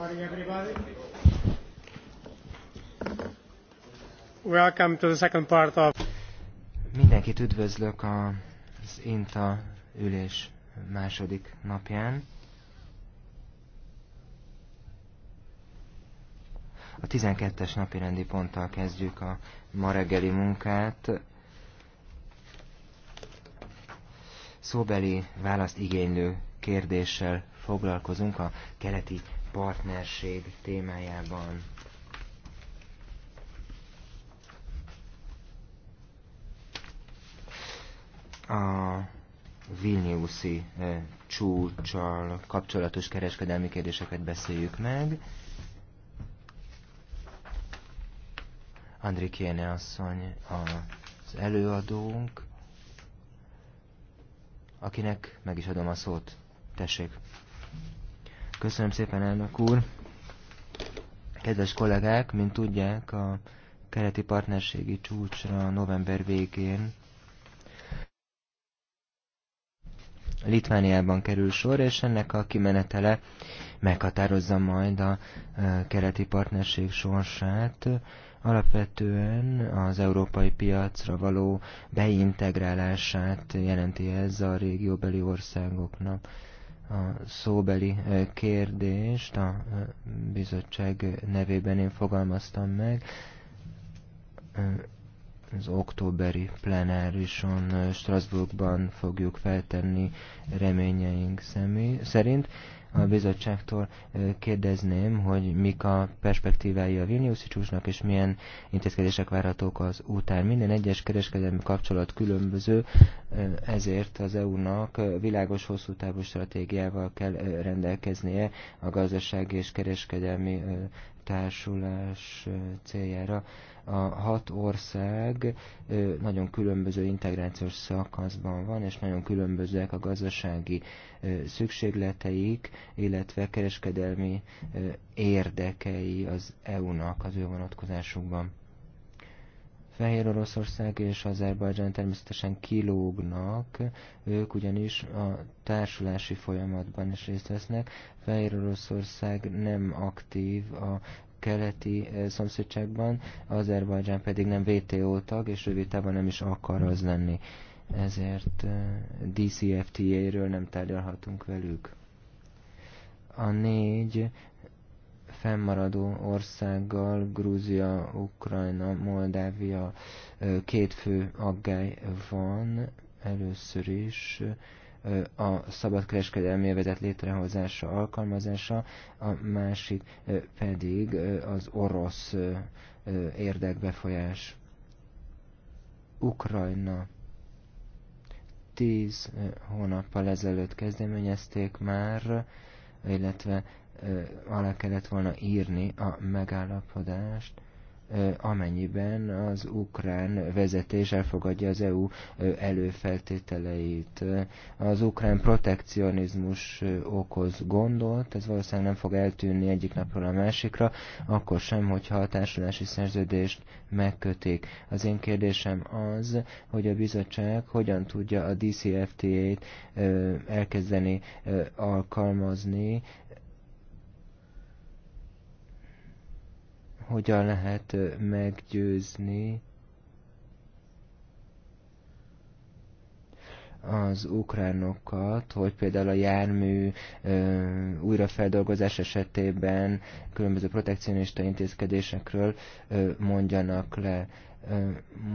Morning, everybody. Welcome to the second part of... Mindenkit üdvözlök az INTA ülés második napján. A 12-es napi rendi ponttal kezdjük a ma reggeli munkát. Szóbeli választ igénylő kérdéssel foglalkozunk a keleti partnerség témájában. A Vilniuszi eh, csúcsal kapcsolatos kereskedelmi kérdéseket beszéljük meg. Andri Kéne asszony az előadónk, akinek meg is adom a szót. Tessék! Köszönöm szépen, elnök úr. Kedves kollégák, mint tudják, a kereti partnerségi csúcsra november végén Litvániában kerül sor, és ennek a kimenetele meghatározza majd a e, kereti partnerség sorsát. Alapvetően az európai piacra való beintegrálását jelenti ez a régióbeli országoknak a szóbeli e, kérdést a e, bizottság nevében én fogalmaztam meg. E, az októberi plenárison Strasbourgban fogjuk feltenni reményeink személy, szerint. A bizottságtól kérdezném, hogy mik a perspektívái a Vilniuszi csúcsnak, és milyen intézkedések várhatók az után. Minden egyes kereskedelmi kapcsolat különböző, ezért az EU-nak világos hosszú távú stratégiával kell rendelkeznie a gazdasági és kereskedelmi társulás céljára. A hat ország nagyon különböző integrációs szakaszban van, és nagyon különbözőek a gazdasági szükségleteik, illetve kereskedelmi érdekei az EU-nak az ő vonatkozásukban. Fehér Oroszország és Azerbajdzsán természetesen kilógnak, ők ugyanis a társulási folyamatban is részt vesznek. Fehér Oroszország nem aktív a keleti eh, szomszédságban, Azerbajdzsán pedig nem WTO tag, és rövid távon nem is akar az lenni. Ezért eh, DCFTA-ről nem tárgyalhatunk velük. A négy fennmaradó országgal, Grúzia, Ukrajna, Moldávia, eh, két fő aggály van először is a kereskedelmi övezet létrehozása, alkalmazása, a másik pedig az orosz érdekbefolyás. Ukrajna. Tíz hónappal ezelőtt kezdeményezték már, illetve alá kellett volna írni a megállapodást, amennyiben az ukrán vezetés elfogadja az EU előfeltételeit. Az ukrán protekcionizmus okoz gondot, ez valószínűleg nem fog eltűnni egyik napról a másikra, akkor sem, hogyha a társulási szerződést megkötik. Az én kérdésem az, hogy a bizottság hogyan tudja a DCFTA-t elkezdeni alkalmazni hogyan lehet meggyőzni az ukránokat, hogy például a jármű ö, újrafeldolgozás esetében különböző protekcionista intézkedésekről ö, mondjanak le.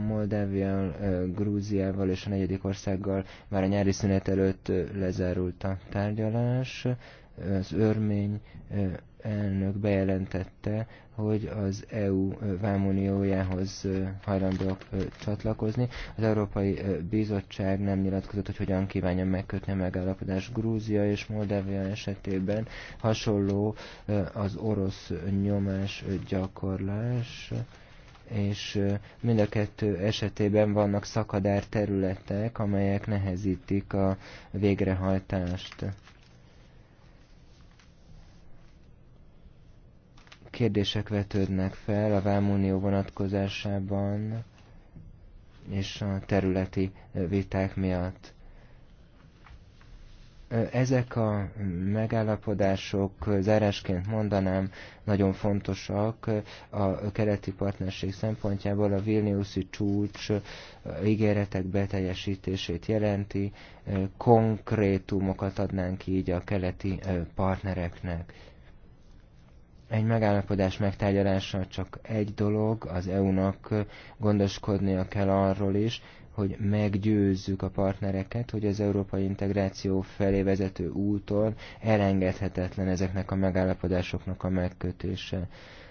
Moldáviával, Grúziával és a negyedik országgal már a nyári szünet előtt lezárult a tárgyalás. Az örmény elnök bejelentette, hogy az EU vámuniójához hajlandóak csatlakozni. Az Európai Bizottság nem nyilatkozott, hogy hogyan kívánja megkötni a megállapodást Grúzia és Moldávia esetében. Hasonló az orosz nyomás gyakorlás és mind a kettő esetében vannak szakadár területek, amelyek nehezítik a végrehajtást. kérdések vetődnek fel a Vámunió vonatkozásában és a területi viták miatt. Ezek a megállapodások, zárásként mondanám, nagyon fontosak a keleti partnerség szempontjából. A Vilniuszi csúcs ígéretek beteljesítését jelenti, konkrétumokat adnánk így a keleti partnereknek. Egy megállapodás megtárgyalása csak egy dolog, az EU-nak gondoskodnia kell arról is, hogy meggyőzzük a partnereket, hogy az európai integráció felé vezető úton elengedhetetlen ezeknek a megállapodásoknak a megkötése.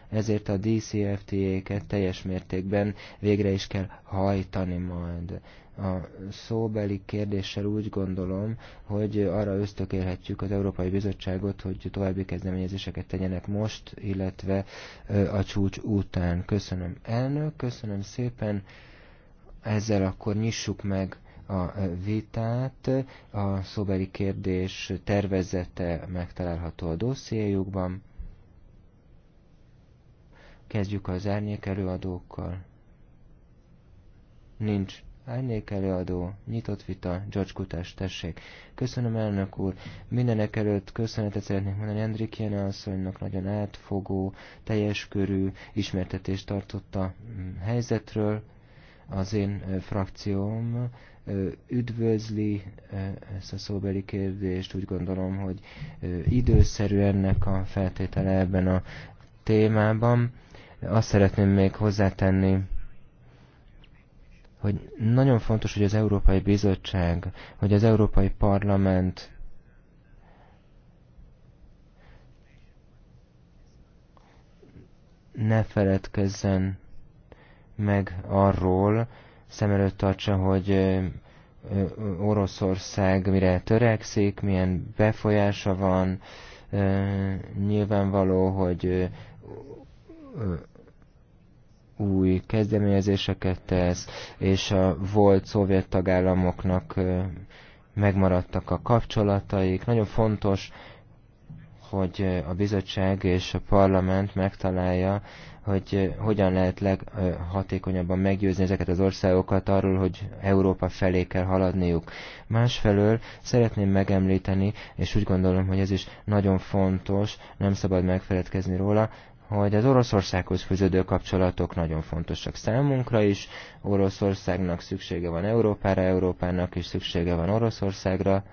Ezért a DCFTA-ket teljes mértékben végre is kell hajtani majd a szóbeli kérdéssel úgy gondolom, hogy arra ösztökélhetjük az Európai Bizottságot, hogy további kezdeményezéseket tegyenek most, illetve a csúcs után. Köszönöm elnök, köszönöm szépen. Ezzel akkor nyissuk meg a vitát. A szóbeli kérdés tervezete megtalálható a dossziéjukban. Kezdjük az árnyék előadókkal. Nincs Árnyék előadó, nyitott vita, George Kutás, tessék. Köszönöm, elnök úr. Mindenek előtt köszönetet szeretnék mondani Endrik Jene asszonynak, nagyon átfogó, teljes körű ismertetést tartott a mm, helyzetről. Az én frakcióm üdvözli ezt a szóbeli kérdést, úgy gondolom, hogy időszerű ennek a feltétele ebben a témában. Azt szeretném még hozzátenni, hogy nagyon fontos, hogy az Európai Bizottság, hogy az Európai Parlament ne feledkezzen meg arról, szem előtt tartsa, hogy Oroszország mire törekszik, milyen befolyása van, nyilvánvaló, hogy új kezdeményezéseket tesz, és a volt szovjet tagállamoknak megmaradtak a kapcsolataik. Nagyon fontos, hogy a bizottság és a parlament megtalálja, hogy hogyan lehet leghatékonyabban meggyőzni ezeket az országokat arról, hogy Európa felé kell haladniuk. Másfelől szeretném megemlíteni, és úgy gondolom, hogy ez is nagyon fontos, nem szabad megfeledkezni róla, hogy az Oroszországhoz fűződő kapcsolatok nagyon fontosak számunkra is. Oroszországnak szüksége van Európára, Európának is szüksége van Oroszországra,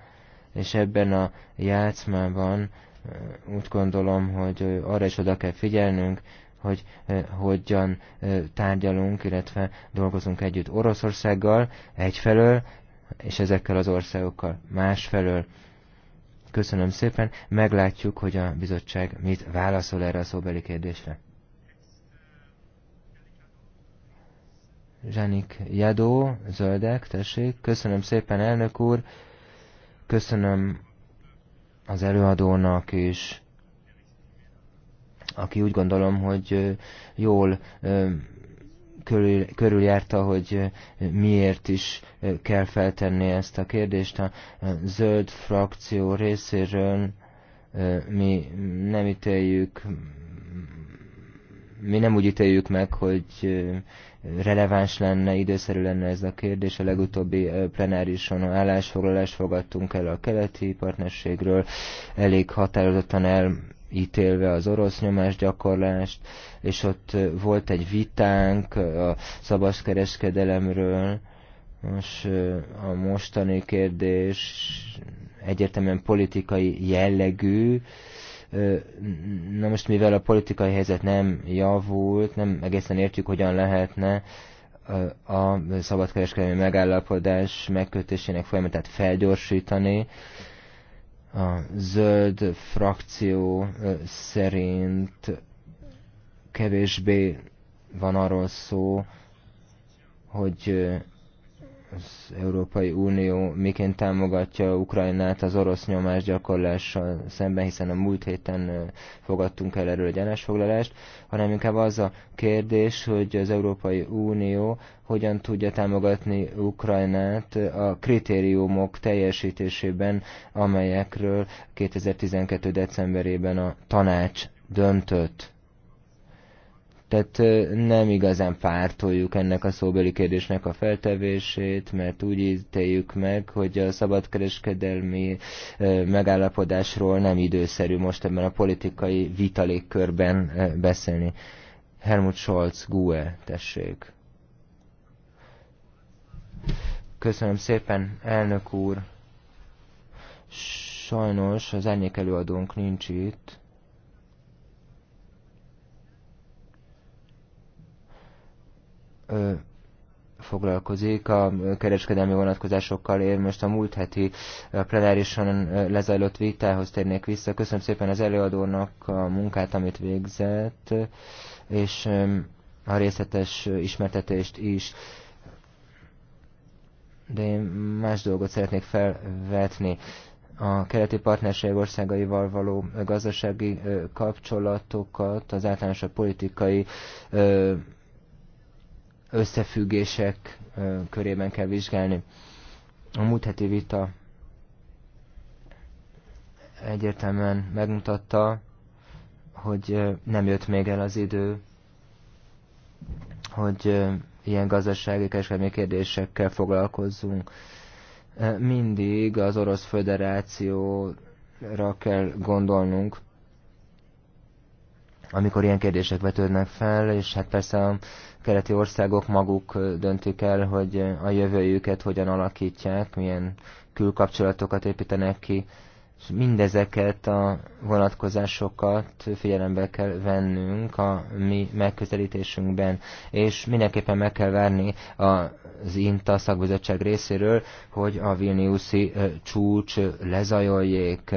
és ebben a játszmában úgy gondolom, hogy arra is oda kell figyelnünk, hogy hogyan tárgyalunk, illetve dolgozunk együtt Oroszországgal egyfelől, és ezekkel az országokkal másfelől. Köszönöm szépen, meglátjuk, hogy a bizottság mit válaszol erre a szóbeli kérdésre. Zsánik Jadó, zöldek, tessék. Köszönöm szépen, elnök úr. Köszönöm az előadónak is, aki úgy gondolom, hogy jól körül, járta, hogy miért is kell feltenni ezt a kérdést. A zöld frakció részéről mi nem ítéljük, mi nem úgy ítéljük meg, hogy releváns lenne, időszerű lenne ez a kérdés. A legutóbbi plenárison állásfoglalást fogadtunk el a keleti partnerségről, elég határozottan el ítélve az orosz gyakorlást, és ott volt egy vitánk a kereskedelemről, Most a mostani kérdés egyértelműen politikai jellegű, Na most, mivel a politikai helyzet nem javult, nem egészen értjük, hogyan lehetne a szabadkereskedelmi megállapodás megkötésének folyamatát felgyorsítani, a zöld frakció szerint kevésbé van arról szó, hogy az Európai Unió miként támogatja Ukrajnát az orosz nyomás gyakorlással szemben, hiszen a múlt héten fogadtunk el erről egy állásfoglalást, hanem inkább az a kérdés, hogy az Európai Unió hogyan tudja támogatni Ukrajnát a kritériumok teljesítésében, amelyekről 2012. decemberében a tanács döntött tehát nem igazán pártoljuk ennek a szóbeli kérdésnek a feltevését, mert úgy ítéljük meg, hogy a szabadkereskedelmi megállapodásról nem időszerű most ebben a politikai vitalékkörben beszélni. Helmut Scholz, GUE, tessék. Köszönöm szépen, elnök úr. Sajnos az ennyi előadónk nincs itt foglalkozik a kereskedelmi vonatkozásokkal. Én most a múlt heti plenárison lezajlott vitához térnék vissza. Köszönöm szépen az előadónak a munkát, amit végzett, és a részletes ismertetést is. De én más dolgot szeretnék felvetni. A keleti partnerség országaival való gazdasági kapcsolatokat az általános politikai összefüggések körében kell vizsgálni. A múlt heti vita egyértelműen megmutatta, hogy nem jött még el az idő, hogy ilyen gazdasági kereskedelmi kérdésekkel foglalkozzunk. Mindig az Orosz Föderációra kell gondolnunk, amikor ilyen kérdések vetődnek fel, és hát persze a keleti országok maguk döntik el, hogy a jövőjüket hogyan alakítják, milyen külkapcsolatokat építenek ki, és mindezeket a vonatkozásokat figyelembe kell vennünk a mi megközelítésünkben, és mindenképpen meg kell várni az INTA szakbizottság részéről, hogy a Vilniuszi csúcs lezajoljék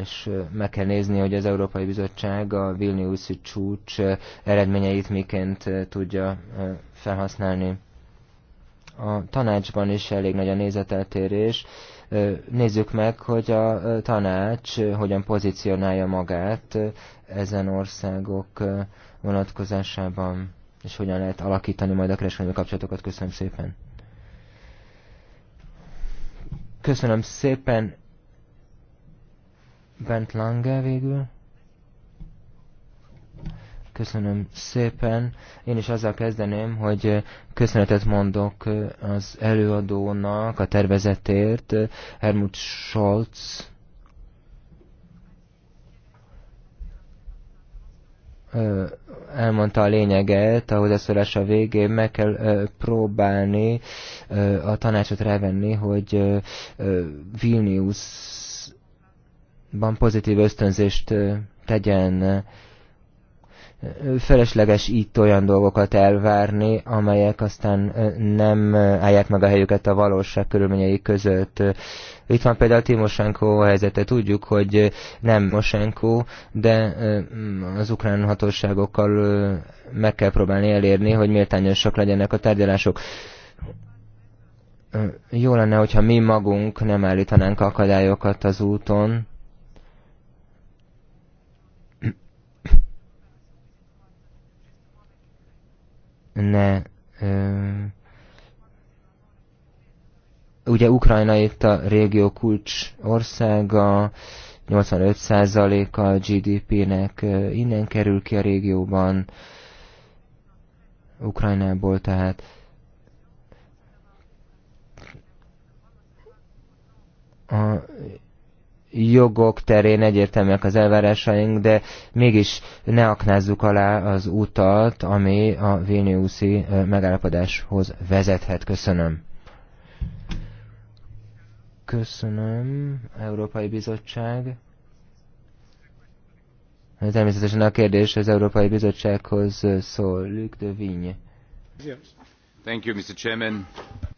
és meg kell nézni, hogy az Európai Bizottság a Vilniuszi csúcs eredményeit miként tudja felhasználni. A tanácsban is elég nagy a nézeteltérés. Nézzük meg, hogy a tanács hogyan pozícionálja magát ezen országok vonatkozásában, és hogyan lehet alakítani majd a kereskedelmi kapcsolatokat. Köszönöm szépen! Köszönöm szépen! Bent Lange végül. Köszönöm szépen. Én is azzal kezdeném, hogy eh, köszönetet mondok eh, az előadónak a tervezetért, eh, Helmut Scholz. elmondta a lényeget, a hozzászólás a végén meg kell próbálni a tanácsot revenni, hogy Vilnius ban pozitív ösztönzést tegyen. Felesleges itt olyan dolgokat elvárni, amelyek aztán nem állják meg a helyüket a valóság körülményei között. Itt van például Timosenko helyzete. Tudjuk, hogy nem Timosenko, de az ukrán hatóságokkal meg kell próbálni elérni, hogy méltányosak legyenek a tárgyalások jó lenne, hogyha mi magunk nem állítanánk akadályokat az úton, ne ugye Ukrajna itt a régió kulcs országa, 85%-a GDP-nek innen kerül ki a régióban, Ukrajnából tehát. A jogok terén egyértelműek az elvárásaink, de mégis ne aknázzuk alá az utat, ami a Vilniuszi megállapodáshoz vezethet. Köszönöm. Köszönöm, Európai Bizottság. Természetesen a kérdés az Európai Bizottsághoz szól. Luc de Vigne. Yes. Thank you, Mr. Chairman.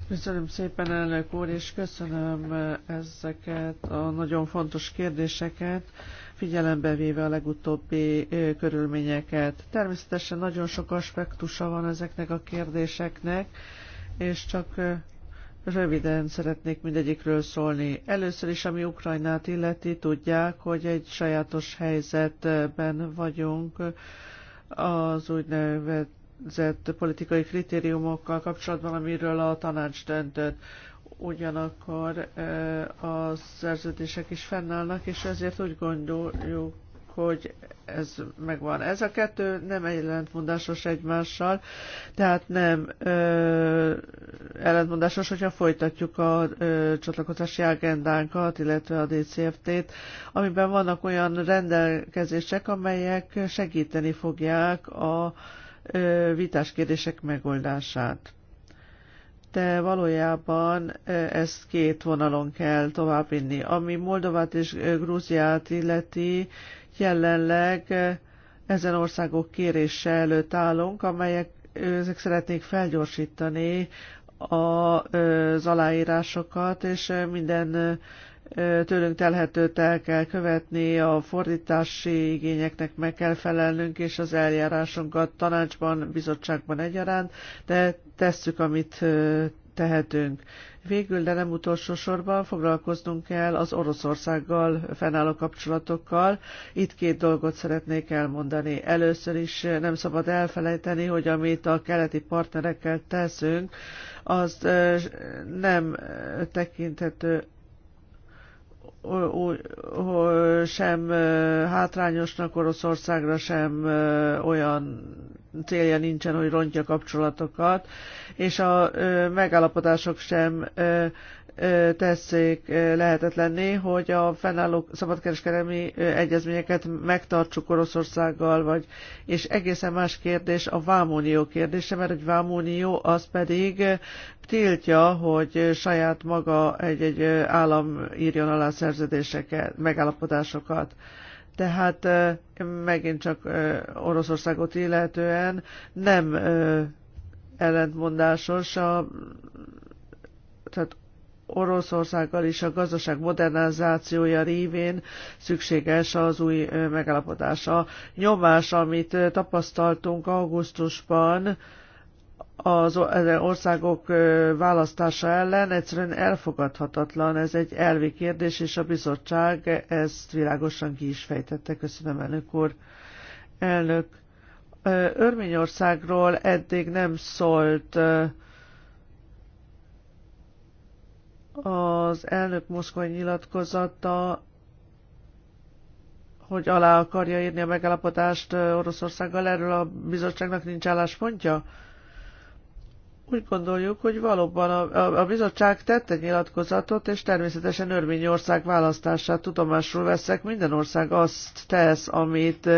Köszönöm szépen, elnök úr, és köszönöm ezeket a nagyon fontos kérdéseket, figyelembe véve a legutóbbi körülményeket. Természetesen nagyon sok aspektusa van ezeknek a kérdéseknek, és csak Röviden szeretnék mindegyikről szólni. Először is, ami Ukrajnát illeti, tudják, hogy egy sajátos helyzetben vagyunk az úgynevezett megnevezett politikai kritériumokkal kapcsolatban, amiről a tanács döntött. Ugyanakkor e, a szerződések is fennállnak, és ezért úgy gondoljuk, hogy ez megvan. Ez a kettő nem ellentmondásos egymással, tehát nem ö, e, ellentmondásos, hogyha folytatjuk a ö, e, csatlakozási agendánkat, illetve a DCFT-t, amiben vannak olyan rendelkezések, amelyek segíteni fogják a ö, vitáskérdések megoldását. De valójában ezt két vonalon kell továbbvinni. Ami Moldovát és Grúziát illeti, jelenleg ezen országok kérése előtt állunk, amelyek ezek szeretnék felgyorsítani az aláírásokat, és minden tőlünk telhetőt el kell követni, a fordítási igényeknek meg kell felelnünk, és az eljárásunkat tanácsban, bizottságban egyaránt, de tesszük, amit tehetünk. Végül, de nem utolsó sorban foglalkoznunk kell az Oroszországgal fennálló kapcsolatokkal. Itt két dolgot szeretnék elmondani. Először is nem szabad elfelejteni, hogy amit a keleti partnerekkel teszünk, az nem tekinthető sem hátrányosnak Oroszországra, sem olyan célja nincsen, hogy rontja kapcsolatokat, és a megállapodások sem teszik lehetetlenné, hogy a fennálló szabadkereskedelmi egyezményeket megtartsuk Oroszországgal, vagy, és egészen más kérdés a vámunió kérdése, mert egy vámunió az pedig tiltja, hogy saját maga egy-egy állam írjon alá szerződéseket, megállapodásokat. Tehát megint csak Oroszországot illetően nem ellentmondásos a tehát Oroszországgal is a gazdaság modernizációja révén szükséges az új A Nyomás, amit tapasztaltunk augusztusban, az e, országok választása ellen egyszerűen elfogadhatatlan. Ez egy elvi kérdés, és a bizottság ezt világosan ki is fejtette. Köszönöm, elnök úr. Elnök, Örményországról eddig nem szólt az elnök Moszkvai nyilatkozata, hogy alá akarja írni a megállapodást Oroszországgal, erről a bizottságnak nincs álláspontja? Úgy gondoljuk, hogy valóban a, a, a bizottság tett egy nyilatkozatot, és természetesen Örményország választását tudomásul veszek. Minden ország azt tesz, amit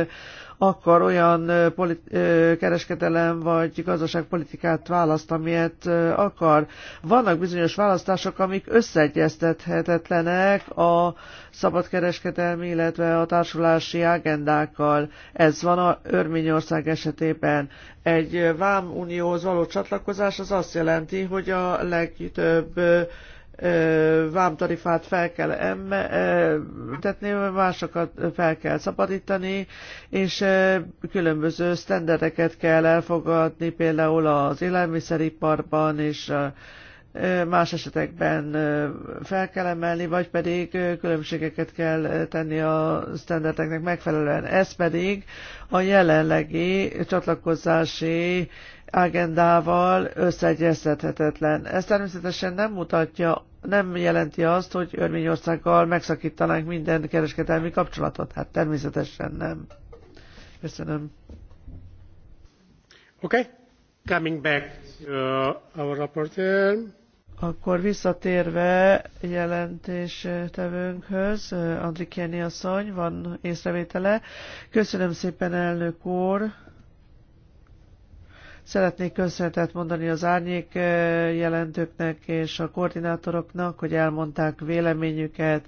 akkor olyan politi- kereskedelem vagy gazdaságpolitikát választ, amilyet akar. Vannak bizonyos választások, amik összeegyeztethetetlenek a szabadkereskedelmi, illetve a társulási agendákkal. Ez van a Örményország esetében. Egy vámunióhoz való csatlakozás az azt jelenti, hogy a legtöbb vámtarifát fel kell emetetni, másokat fel kell szabadítani, és különböző sztendereket kell elfogadni, például az élelmiszeriparban és más esetekben fel kell emelni, vagy pedig különbségeket kell tenni a standardeknek megfelelően. Ez pedig a jelenlegi csatlakozási agendával összeegyeztethetetlen. Ez természetesen nem mutatja nem jelenti azt, hogy Örményországgal megszakítanánk minden kereskedelmi kapcsolatot. Hát természetesen nem. Köszönöm. Oké, okay. coming back to uh, our reporter. Akkor visszatérve jelentéstevőnkhöz, uh, Andri Kéni asszony, van észrevétele. Köszönöm szépen, elnök úr! Szeretnék köszönetet mondani az árnyék jelentőknek és a koordinátoroknak, hogy elmondták véleményüket.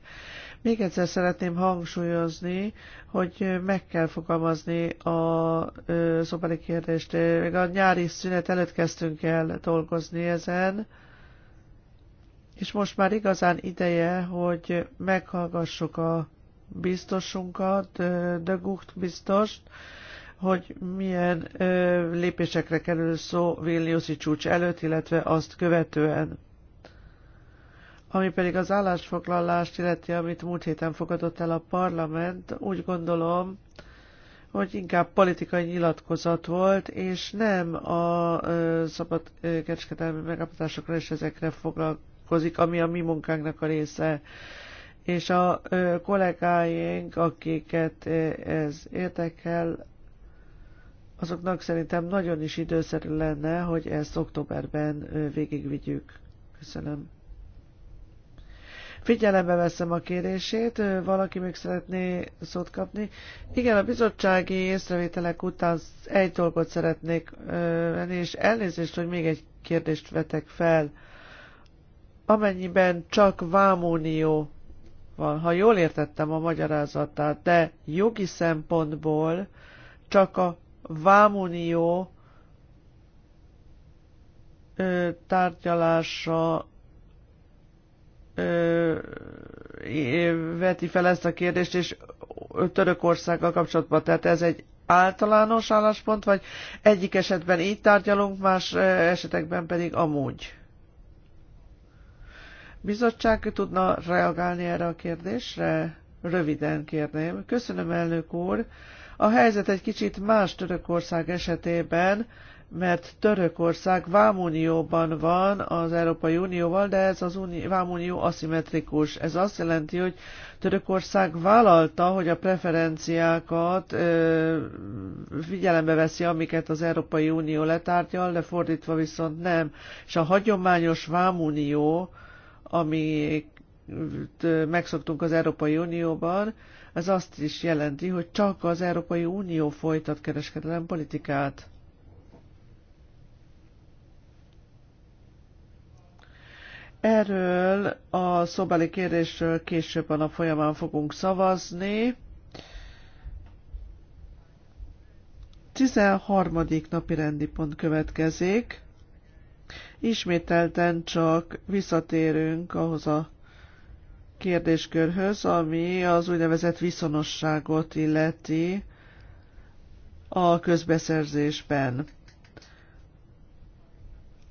Még egyszer szeretném hangsúlyozni, hogy meg kell fogalmazni a szobali kérdést. Még a nyári szünet előtt kezdtünk el dolgozni ezen, és most már igazán ideje, hogy meghallgassuk a biztosunkat, Dögucht biztost, hogy milyen ö, lépésekre kerül szó Vilniuszi csúcs előtt, illetve azt követően. Ami pedig az állásfoglalást illeti, amit múlt héten fogadott el a parlament, úgy gondolom, hogy inkább politikai nyilatkozat volt, és nem a ö, szabad ö, kereskedelmi megállapodásokra és ezekre foglalkozik, ami a mi munkánknak a része és a kollégáink, akiket ez érdekel, azoknak szerintem nagyon is időszerű lenne, hogy ezt októberben végigvigyük. Köszönöm. Figyelembe veszem a kérését, valaki még szeretné szót kapni. Igen, a bizottsági észrevételek után egy dolgot szeretnék venni, és elnézést, hogy még egy kérdést vetek fel. Amennyiben csak vámunió van, ha jól értettem a magyarázatát, de jogi szempontból csak a vámunió tárgyalása veti fel ezt a kérdést, és Törökországgal kapcsolatban. Tehát ez egy általános álláspont, vagy egyik esetben így tárgyalunk, más esetekben pedig amúgy. Bizottság tudna reagálni erre a kérdésre? Röviden kérném. Köszönöm, elnök úr. A helyzet egy kicsit más Törökország esetében, mert Törökország vámunióban van az Európai Unióval, de ez az uni- vámunió aszimmetrikus. Ez azt jelenti, hogy Törökország vállalta, hogy a preferenciákat ö, figyelembe veszi, amiket az Európai Unió letárgyal, de fordítva viszont nem. És a hagyományos vámunió, amit megszoktunk az Európai Unióban, ez azt is jelenti, hogy csak az Európai Unió folytat kereskedelem politikát. Erről a szobeli kérdésről később a nap folyamán fogunk szavazni. 13. napi rendi pont következik. Ismételten csak visszatérünk ahhoz a kérdéskörhöz, ami az úgynevezett viszonosságot illeti a közbeszerzésben.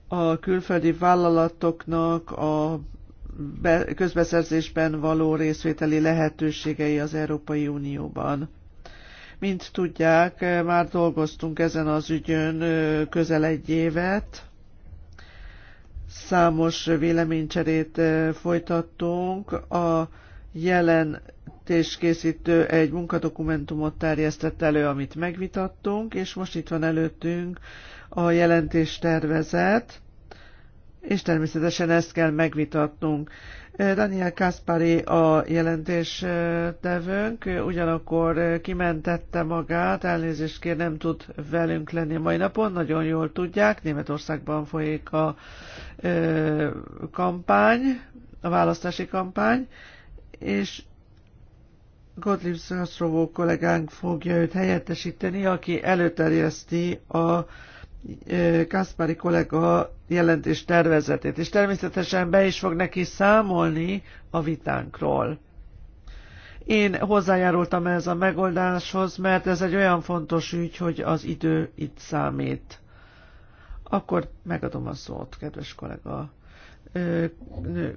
A külföldi vállalatoknak a közbeszerzésben való részvételi lehetőségei az Európai Unióban. Mint tudják, már dolgoztunk ezen az ügyön közel egy évet, Számos véleménycserét folytattunk. A jelentéskészítő egy munkadokumentumot terjesztett elő, amit megvitattunk, és most itt van előttünk a jelentéstervezet és természetesen ezt kell megvitatnunk. Daniel Kaspari a jelentés tevőnk, ugyanakkor kimentette magát, elnézést kér, nem tud velünk lenni mai napon, nagyon jól tudják, Németországban folyik a kampány, a választási kampány, és Gottlieb Szaszrovó kollégánk fogja őt helyettesíteni, aki előterjeszti a Kaspari kollega jelentés tervezetét, és természetesen be is fog neki számolni a vitánkról. Én hozzájárultam ez a megoldáshoz, mert ez egy olyan fontos ügy, hogy az idő itt számít. Akkor megadom a szót, kedves kollega.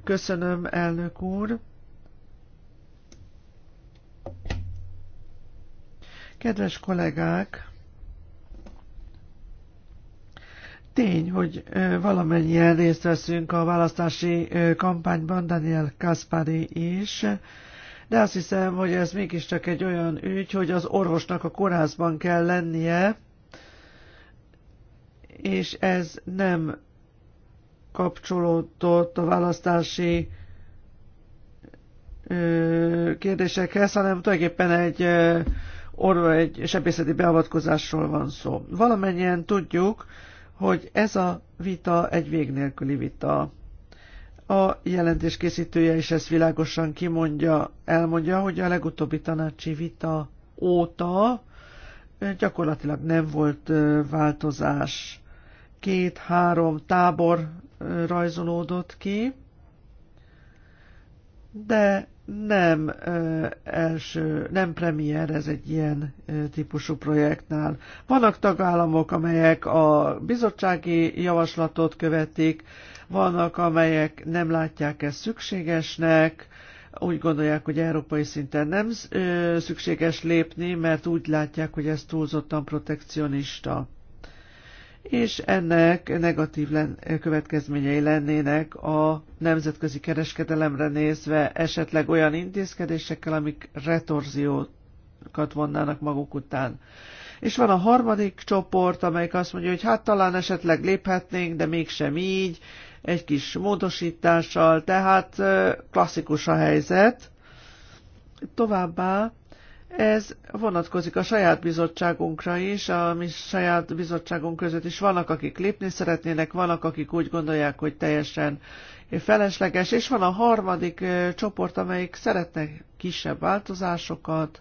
Köszönöm, elnök úr. Kedves kollégák! Tény, hogy valamennyien részt veszünk a választási kampányban, Daniel Kaspari is, de azt hiszem, hogy ez mégiscsak egy olyan ügy, hogy az orvosnak a kórházban kell lennie, és ez nem kapcsolódott a választási kérdésekhez, hanem tulajdonképpen egy orva, egy sebészeti beavatkozásról van szó. Valamennyien tudjuk, hogy ez a vita egy vég nélküli vita. A jelentés készítője is ezt világosan kimondja, elmondja, hogy a legutóbbi tanácsi vita óta gyakorlatilag nem volt változás. Két-három tábor rajzolódott ki, de nem ö, első, nem premier ez egy ilyen ö, típusú projektnál. Vannak tagállamok, amelyek a bizottsági javaslatot követik, vannak, amelyek nem látják ezt szükségesnek, úgy gondolják, hogy európai szinten nem ö, szükséges lépni, mert úgy látják, hogy ez túlzottan protekcionista és ennek negatív len, következményei lennének a nemzetközi kereskedelemre nézve, esetleg olyan intézkedésekkel, amik retorziókat vonnának maguk után. És van a harmadik csoport, amelyik azt mondja, hogy hát talán esetleg léphetnénk, de mégsem így, egy kis módosítással, tehát klasszikus a helyzet. Továbbá ez vonatkozik a saját bizottságunkra is, a mi saját bizottságunk között is vannak, akik lépni szeretnének, vannak, akik úgy gondolják, hogy teljesen felesleges, és van a harmadik csoport, amelyik szeretne kisebb változásokat,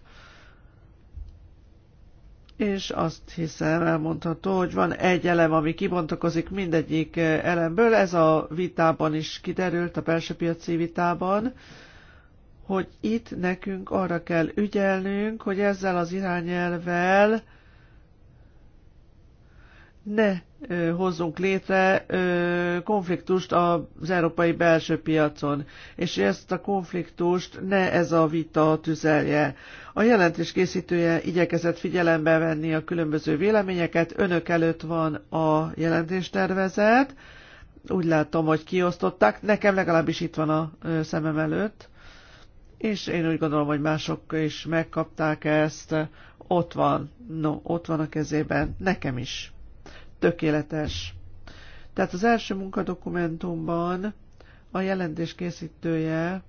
és azt hiszem elmondható, hogy van egy elem, ami kibontakozik mindegyik elemből, ez a vitában is kiderült, a belső piaci vitában, hogy itt nekünk arra kell ügyelnünk, hogy ezzel az irányelvel ne ö, hozzunk létre ö, konfliktust az európai belső piacon, és ezt a konfliktust ne ez a vita tüzelje. A jelentés készítője igyekezett figyelembe venni a különböző véleményeket, önök előtt van a jelentéstervezet, úgy látom, hogy kiosztották, nekem legalábbis itt van a szemem előtt és én úgy gondolom, hogy mások is megkapták ezt. Ott van, no, ott van a kezében, nekem is. Tökéletes. Tehát az első munkadokumentumban a jelentés készítője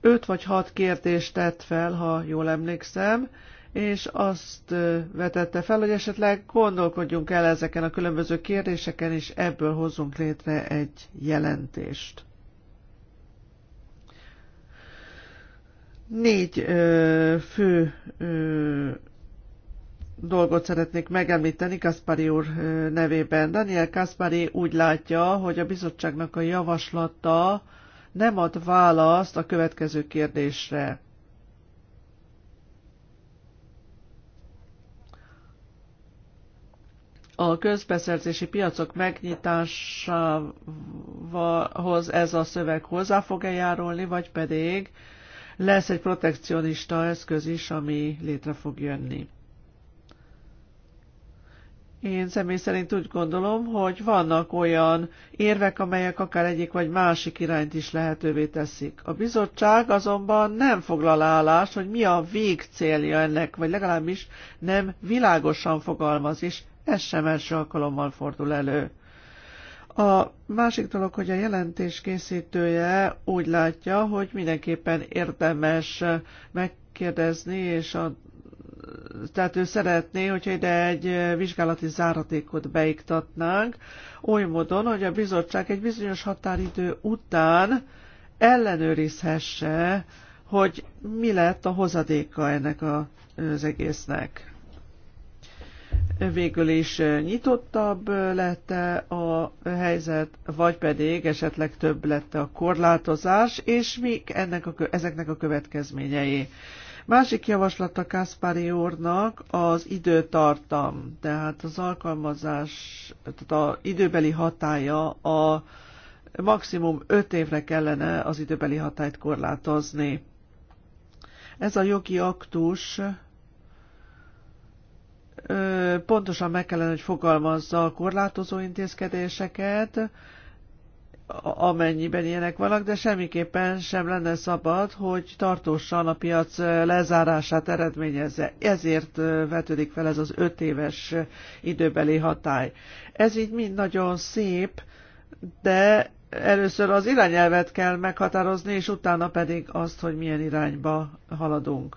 öt vagy hat kérdést tett fel, ha jól emlékszem, és azt vetette fel, hogy esetleg gondolkodjunk el ezeken a különböző kérdéseken, és ebből hozzunk létre egy jelentést. Négy ö, fő ö, dolgot szeretnék megemlíteni Kaspari úr nevében. Daniel Kaspari úgy látja, hogy a bizottságnak a javaslata nem ad választ a következő kérdésre. a közbeszerzési piacok megnyitásához ez a szöveg hozzá fog-e járulni, vagy pedig lesz egy protekcionista eszköz is, ami létre fog jönni. Én személy szerint úgy gondolom, hogy vannak olyan érvek, amelyek akár egyik vagy másik irányt is lehetővé teszik. A bizottság azonban nem foglal állást, hogy mi a végcélja ennek, vagy legalábbis nem világosan fogalmaz, és ez sem első alkalommal fordul elő. A másik dolog, hogy a jelentés készítője úgy látja, hogy mindenképpen érdemes megkérdezni, és a, tehát ő szeretné, hogyha ide egy vizsgálati záratékot beiktatnánk, oly módon, hogy a bizottság egy bizonyos határidő után ellenőrizhesse, hogy mi lett a hozadéka ennek az egésznek végül is nyitottabb lett -e a helyzet, vagy pedig esetleg több lett a korlátozás, és mik ennek a, ezeknek a következményei. Másik javaslat a Kaspari úrnak az időtartam, tehát az alkalmazás, tehát az időbeli hatája a maximum 5 évre kellene az időbeli hatályt korlátozni. Ez a jogi aktus pontosan meg kellene, hogy fogalmazza a korlátozó intézkedéseket, amennyiben ilyenek vannak, de semmiképpen sem lenne szabad, hogy tartósan a piac lezárását eredményezze. Ezért vetődik fel ez az öt éves időbeli hatály. Ez így mind nagyon szép, de először az irányelvet kell meghatározni, és utána pedig azt, hogy milyen irányba haladunk.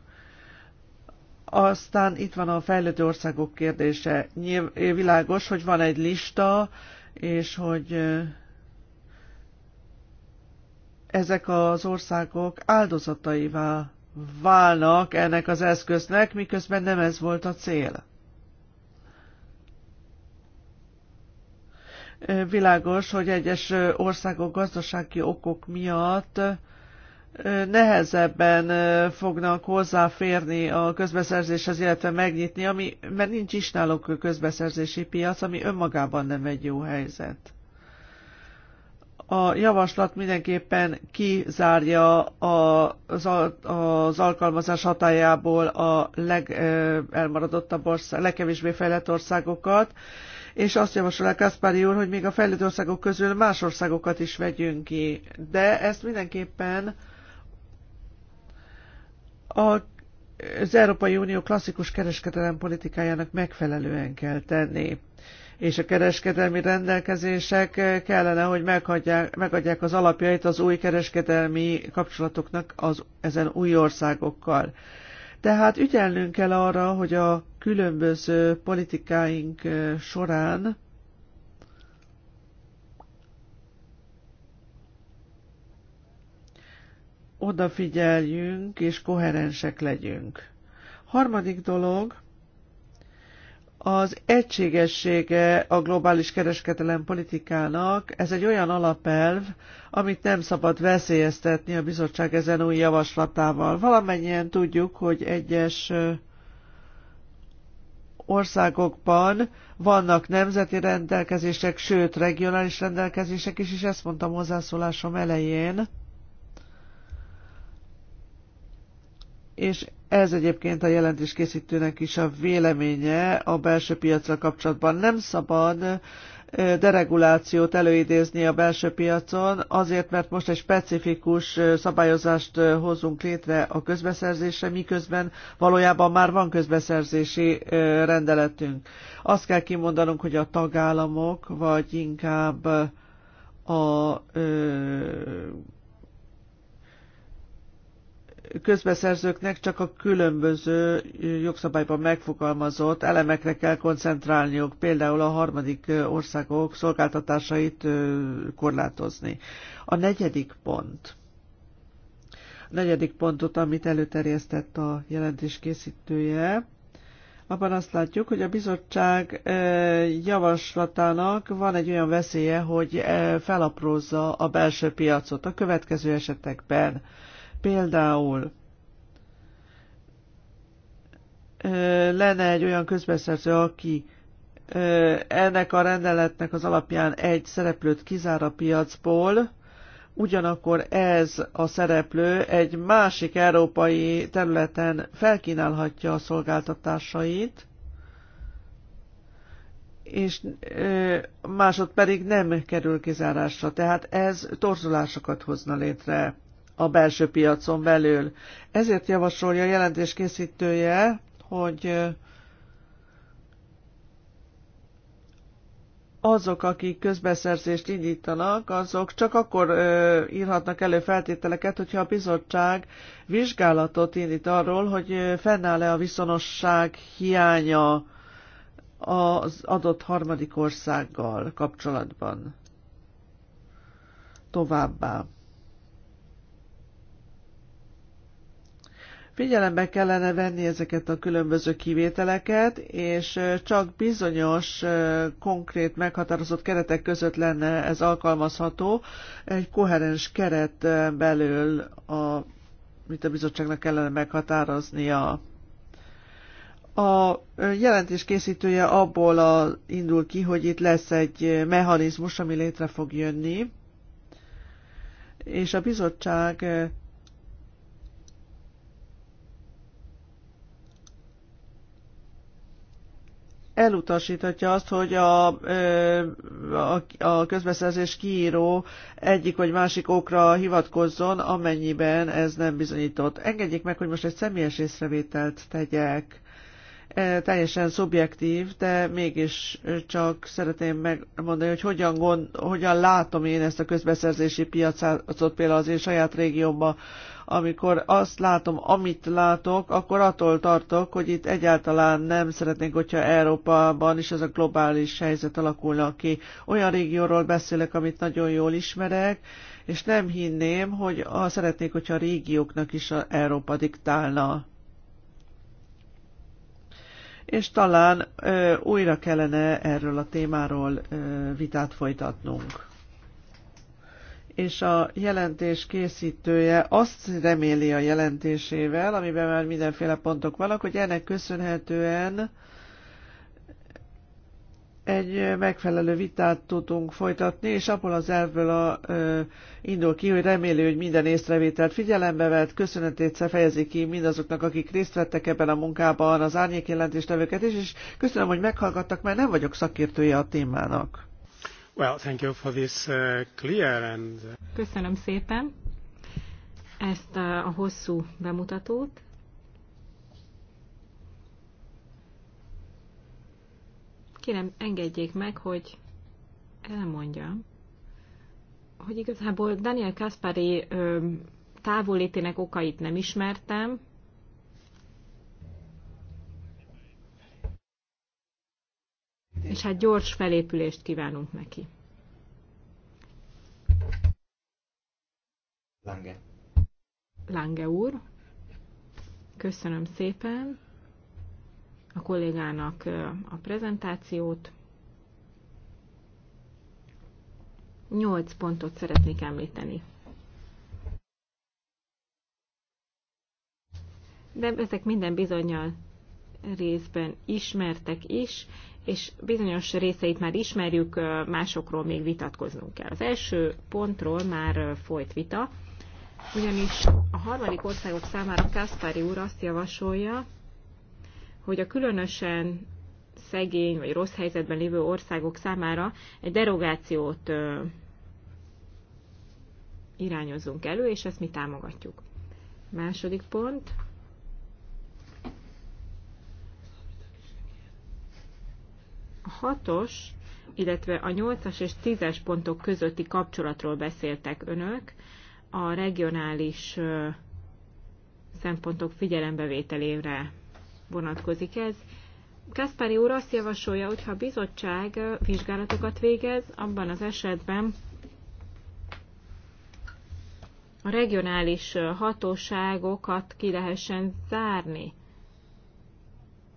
Aztán itt van a fejlődő országok kérdése. Nyilv, világos, hogy van egy lista, és hogy ezek az országok áldozataivá válnak ennek az eszköznek, miközben nem ez volt a cél. Világos, hogy egyes országok gazdasági okok miatt nehezebben fognak hozzáférni a közbeszerzéshez, illetve megnyitni, ami, mert nincs is náluk közbeszerzési piac, ami önmagában nem egy jó helyzet. A javaslat mindenképpen kizárja az, az alkalmazás hatájából a legelmaradottabb ország, legkevésbé fejlett országokat, és azt javasolja Kaspari úr, hogy még a fejlődő országok közül más országokat is vegyünk ki. De ezt mindenképpen a, az Európai Unió klasszikus kereskedelem politikájának megfelelően kell tenni és a kereskedelmi rendelkezések kellene, hogy meghagyják, megadják az alapjait az új kereskedelmi kapcsolatoknak az, ezen új országokkal. Tehát ügyelnünk kell arra, hogy a különböző politikáink során odafigyeljünk és koherensek legyünk. Harmadik dolog, az egységessége a globális kereskedelem politikának, ez egy olyan alapelv, amit nem szabad veszélyeztetni a bizottság ezen új javaslatával. Valamennyien tudjuk, hogy egyes országokban vannak nemzeti rendelkezések, sőt regionális rendelkezések is, és ezt mondtam hozzászólásom elején, és ez egyébként a jelentéskészítőnek is a véleménye a belső piacra kapcsolatban. Nem szabad deregulációt előidézni a belső piacon, azért, mert most egy specifikus szabályozást hozunk létre a közbeszerzésre, miközben valójában már van közbeszerzési rendeletünk. Azt kell kimondanunk, hogy a tagállamok, vagy inkább a közbeszerzőknek csak a különböző jogszabályban megfogalmazott elemekre kell koncentrálniuk, például a harmadik országok szolgáltatásait korlátozni. A negyedik pont. A negyedik pontot, amit előterjesztett a jelentés készítője, abban azt látjuk, hogy a bizottság javaslatának van egy olyan veszélye, hogy felaprózza a belső piacot a következő esetekben Például lenne egy olyan közbeszerző, aki ennek a rendeletnek az alapján egy szereplőt kizár a piacból, ugyanakkor ez a szereplő egy másik európai területen felkínálhatja a szolgáltatásait, és másod pedig nem kerül kizárásra. Tehát ez torzulásokat hozna létre a belső piacon belül. Ezért javasolja a jelentés készítője, hogy azok, akik közbeszerzést indítanak, azok csak akkor ö, írhatnak elő feltételeket, hogyha a bizottság vizsgálatot indít arról, hogy fennáll-e a viszonosság hiánya az adott harmadik országgal kapcsolatban. Továbbá. Figyelembe kellene venni ezeket a különböző kivételeket, és csak bizonyos konkrét meghatározott keretek között lenne ez alkalmazható, egy koherens keret belül, a, amit a bizottságnak kellene meghatároznia. A jelentés készítője abból a, indul ki, hogy itt lesz egy mechanizmus, ami létre fog jönni, és a bizottság elutasítatja azt, hogy a, a, a közbeszerzés kiíró egyik vagy másik okra hivatkozzon, amennyiben ez nem bizonyított. Engedjék meg, hogy most egy személyes észrevételt tegyek. E, teljesen szubjektív, de mégis csak szeretném megmondani, hogy hogyan, gond, hogyan látom én ezt a közbeszerzési piacot például az én saját régiómban amikor azt látom, amit látok, akkor attól tartok, hogy itt egyáltalán nem szeretnénk, hogyha Európában is ez a globális helyzet alakulna ki. Olyan régióról beszélek, amit nagyon jól ismerek, és nem hinném, hogy a, szeretnék, hogyha a régióknak is a Európa diktálna. És talán ö, újra kellene erről a témáról ö, vitát folytatnunk és a jelentés készítője azt reméli a jelentésével, amiben már mindenféle pontok vannak, hogy ennek köszönhetően egy megfelelő vitát tudunk folytatni, és abból az elvből a, ö, indul ki, hogy reméli, hogy minden észrevételt figyelembe vett, köszönetét fejezi ki mindazoknak, akik részt vettek ebben a munkában, az árnyékjelentéstevőket is, és köszönöm, hogy meghallgattak, mert nem vagyok szakértője a témának. Well, thank you for this uh, clear and... Uh, Köszönöm szépen ezt uh, a hosszú bemutatót. Kérem, engedjék meg, hogy elmondjam, hogy igazából Daniel Kaspari távolétének okait nem ismertem, és hát gyors felépülést kívánunk neki. Lange. Lange úr, köszönöm szépen a kollégának a prezentációt. Nyolc pontot szeretnék említeni. De ezek minden bizonyal részben ismertek is, és bizonyos részeit már ismerjük, másokról még vitatkoznunk kell. Az első pontról már folyt vita, ugyanis a harmadik országok számára Kaspari úr azt javasolja, hogy a különösen szegény vagy rossz helyzetben lévő országok számára egy derogációt irányozzunk elő, és ezt mi támogatjuk. Második pont. A hatos, illetve a nyolcas és tízes pontok közötti kapcsolatról beszéltek önök, a regionális szempontok figyelembevételére vonatkozik ez. Kaspari úr azt javasolja, hogy ha a bizottság vizsgálatokat végez, abban az esetben a regionális hatóságokat ki lehessen zárni.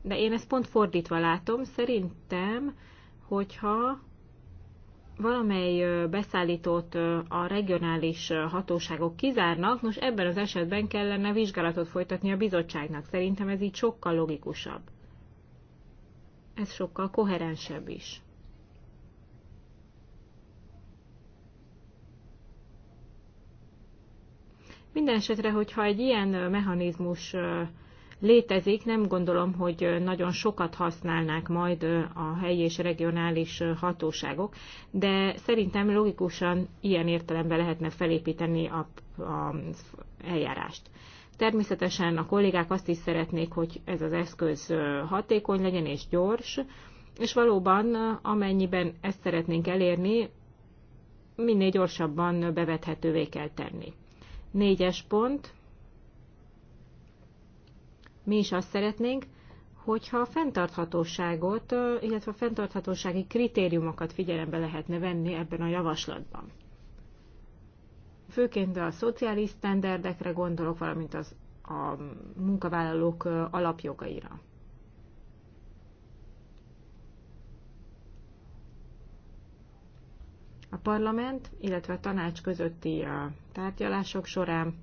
De én ezt pont fordítva látom. Szerintem, hogyha valamely beszállítót a regionális hatóságok kizárnak, most ebben az esetben kellene vizsgálatot folytatni a bizottságnak. Szerintem ez így sokkal logikusabb. Ez sokkal koherensebb is. Minden esetre, hogyha egy ilyen mechanizmus létezik, nem gondolom, hogy nagyon sokat használnák majd a helyi és regionális hatóságok, de szerintem logikusan ilyen értelemben lehetne felépíteni a, a eljárást. Természetesen a kollégák azt is szeretnék, hogy ez az eszköz hatékony legyen és gyors, és valóban amennyiben ezt szeretnénk elérni, minél gyorsabban bevethetővé kell tenni. Négyes pont mi is azt szeretnénk, hogyha a fenntarthatóságot, illetve a fenntarthatósági kritériumokat figyelembe lehetne venni ebben a javaslatban. Főként a szociális sztenderdekre gondolok, valamint az, a munkavállalók alapjogaira. A parlament, illetve a tanács közötti tárgyalások során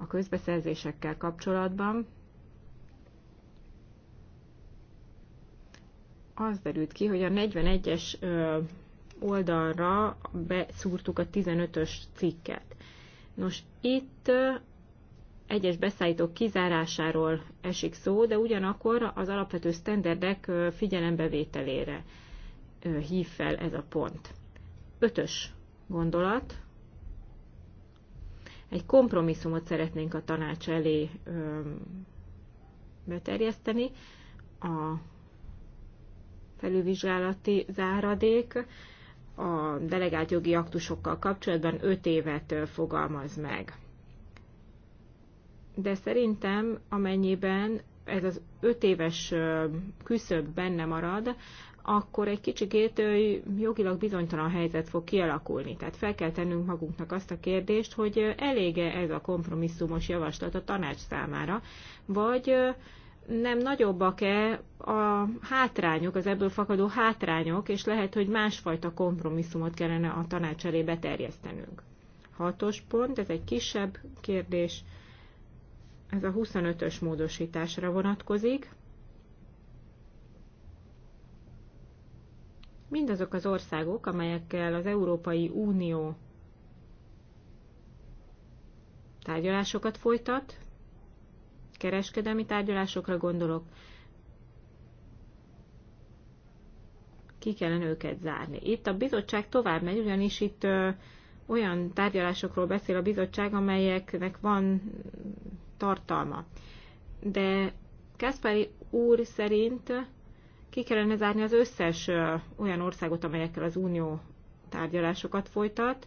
a közbeszerzésekkel kapcsolatban az derült ki, hogy a 41-es oldalra beszúrtuk a 15-ös cikket. Nos, itt egyes beszállítók kizárásáról esik szó, de ugyanakkor az alapvető sztenderdek figyelembevételére hív fel ez a pont. Ötös gondolat, egy kompromisszumot szeretnénk a tanács elé beterjeszteni. A felülvizsgálati záradék a delegált jogi aktusokkal kapcsolatban 5 évet fogalmaz meg. De szerintem, amennyiben ez az 5 éves küszöb benne marad, akkor egy kicsikét jogilag bizonytalan helyzet fog kialakulni. Tehát fel kell tennünk magunknak azt a kérdést, hogy elége ez a kompromisszumos javaslat a tanács számára, vagy nem nagyobbak-e a hátrányok, az ebből fakadó hátrányok, és lehet, hogy másfajta kompromisszumot kellene a tanács elé beterjesztenünk. Hatos pont, ez egy kisebb kérdés, ez a 25-ös módosításra vonatkozik. mindazok az országok, amelyekkel az Európai Unió tárgyalásokat folytat, kereskedelmi tárgyalásokra gondolok, ki kellene őket zárni. Itt a bizottság tovább megy, ugyanis itt ö, olyan tárgyalásokról beszél a bizottság, amelyeknek van tartalma. De Kaspari úr szerint ki kellene zárni az összes olyan országot, amelyekkel az Unió tárgyalásokat folytat,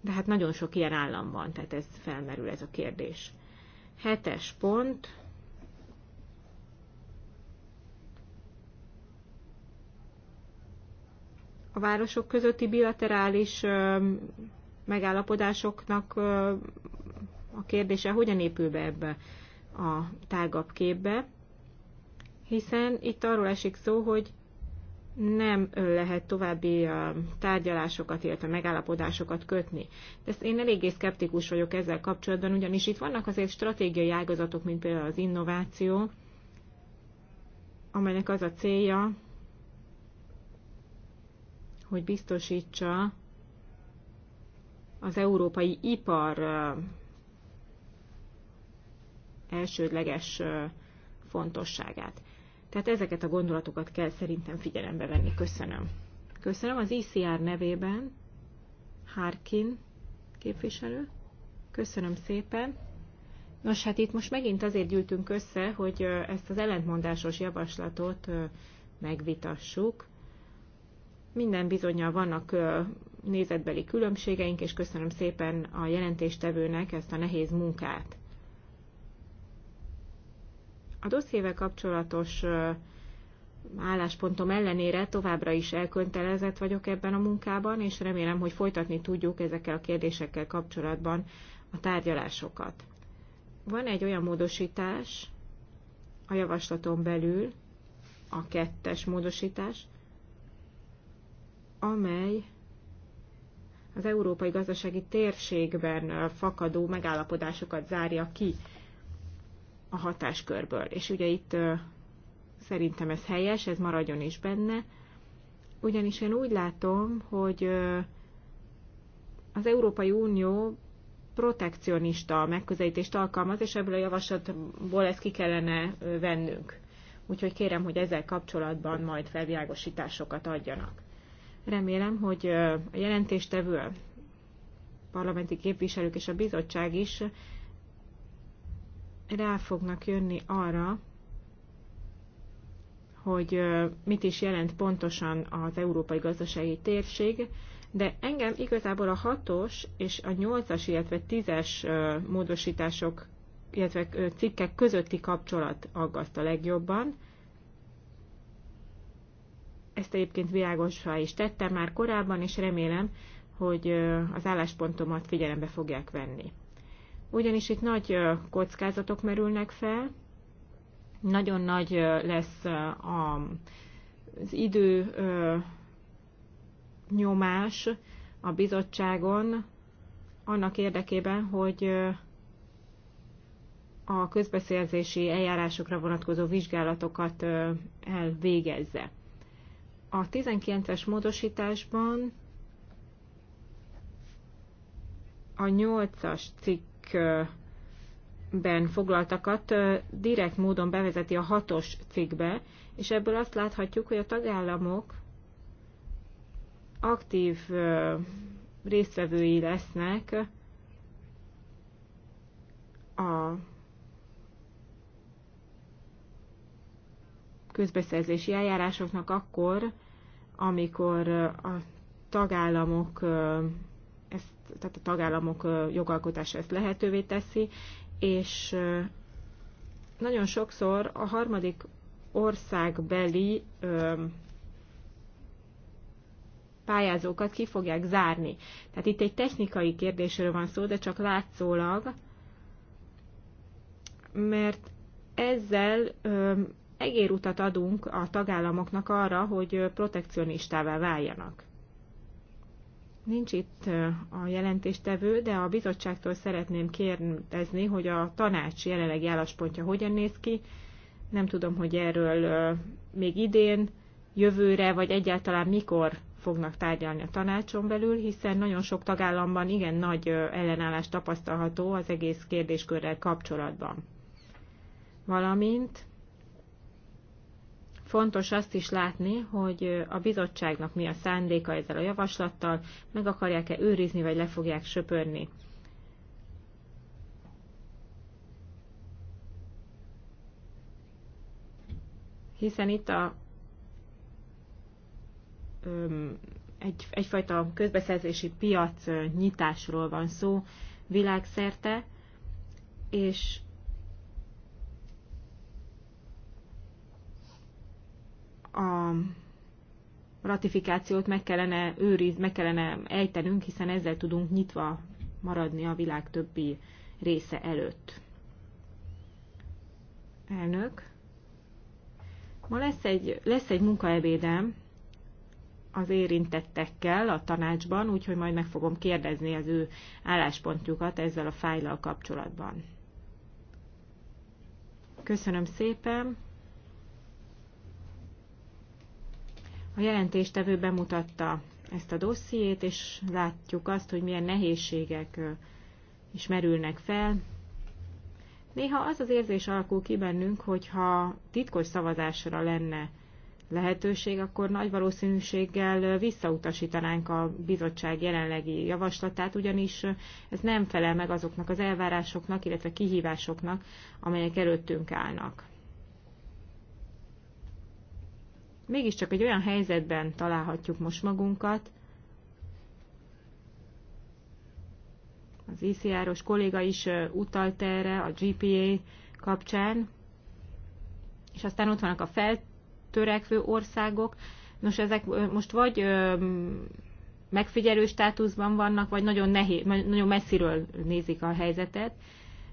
de hát nagyon sok ilyen állam van, tehát ez felmerül ez a kérdés. Hetes pont. A városok közötti bilaterális megállapodásoknak a kérdése hogyan épül be ebbe a tágabb képbe hiszen itt arról esik szó, hogy nem lehet további tárgyalásokat, illetve megállapodásokat kötni. De én eléggé szkeptikus vagyok ezzel kapcsolatban, ugyanis itt vannak azért stratégiai ágazatok, mint például az innováció, amelynek az a célja, hogy biztosítsa az európai ipar elsődleges fontosságát. Tehát ezeket a gondolatokat kell szerintem figyelembe venni. Köszönöm. Köszönöm az ICR nevében, Harkin képviselő. Köszönöm szépen. Nos, hát itt most megint azért gyűltünk össze, hogy ezt az ellentmondásos javaslatot megvitassuk. Minden bizonyal vannak nézetbeli különbségeink, és köszönöm szépen a jelentéstevőnek ezt a nehéz munkát. A dossziével kapcsolatos álláspontom ellenére továbbra is elköntelezett vagyok ebben a munkában, és remélem, hogy folytatni tudjuk ezekkel a kérdésekkel kapcsolatban a tárgyalásokat. Van egy olyan módosítás a javaslaton belül, a kettes módosítás, amely az európai gazdasági térségben fakadó megállapodásokat zárja ki a hatáskörből. És ugye itt szerintem ez helyes, ez maradjon is benne, ugyanis én úgy látom, hogy az Európai Unió protekcionista megközelítést alkalmaz, és ebből a javaslatból ezt ki kellene vennünk. Úgyhogy kérem, hogy ezzel kapcsolatban majd felvilágosításokat adjanak. Remélem, hogy a jelentéstevő, a parlamenti képviselők és a bizottság is rá fognak jönni arra, hogy mit is jelent pontosan az európai gazdasági térség, de engem igazából a hatos és a nyolcas, illetve tízes módosítások, illetve cikkek közötti kapcsolat aggaszt a legjobban. Ezt egyébként világosra is tettem már korábban, és remélem, hogy az álláspontomat figyelembe fogják venni ugyanis itt nagy kockázatok merülnek fel, nagyon nagy lesz az idő nyomás a bizottságon annak érdekében, hogy a közbeszerzési eljárásokra vonatkozó vizsgálatokat elvégezze. A 19-es módosításban a 8-as cikk cikkben foglaltakat direkt módon bevezeti a hatos cikkbe, és ebből azt láthatjuk, hogy a tagállamok aktív résztvevői lesznek a közbeszerzési eljárásoknak akkor, amikor a tagállamok ezt, tehát a tagállamok jogalkotása ezt lehetővé teszi, és nagyon sokszor a harmadik országbeli pályázókat ki fogják zárni. Tehát itt egy technikai kérdésről van szó, de csak látszólag, mert ezzel egérutat adunk a tagállamoknak arra, hogy protekcionistává váljanak. Nincs itt a jelentéstevő, de a bizottságtól szeretném kérdezni, hogy a tanács jelenlegi álláspontja hogyan néz ki. Nem tudom, hogy erről még idén, jövőre, vagy egyáltalán mikor fognak tárgyalni a tanácson belül, hiszen nagyon sok tagállamban igen nagy ellenállás tapasztalható az egész kérdéskörrel kapcsolatban. Valamint Fontos azt is látni, hogy a bizottságnak mi a szándéka ezzel a javaslattal, meg akarják-e őrizni, vagy le fogják söpörni. Hiszen itt a öm, egy, egyfajta közbeszerzési piac nyitásról van szó világszerte, és a ratifikációt meg kellene őriz, meg kellene ejtenünk, hiszen ezzel tudunk nyitva maradni a világ többi része előtt. Elnök. Ma lesz egy, lesz egy munkaebédem az érintettekkel a tanácsban, úgyhogy majd meg fogom kérdezni az ő álláspontjukat ezzel a fájlal kapcsolatban. Köszönöm szépen! A jelentéstevő bemutatta ezt a dossziét, és látjuk azt, hogy milyen nehézségek is merülnek fel. Néha az az érzés alakul ki bennünk, hogyha titkos szavazásra lenne lehetőség, akkor nagy valószínűséggel visszautasítanánk a bizottság jelenlegi javaslatát, ugyanis ez nem felel meg azoknak az elvárásoknak, illetve kihívásoknak, amelyek előttünk állnak. mégiscsak egy olyan helyzetben találhatjuk most magunkat, az ICR-os kolléga is utalt erre a GPA kapcsán, és aztán ott vannak a feltörekvő országok. Nos, ezek most vagy megfigyelő státuszban vannak, vagy nagyon, nehéz, nagyon messziről nézik a helyzetet,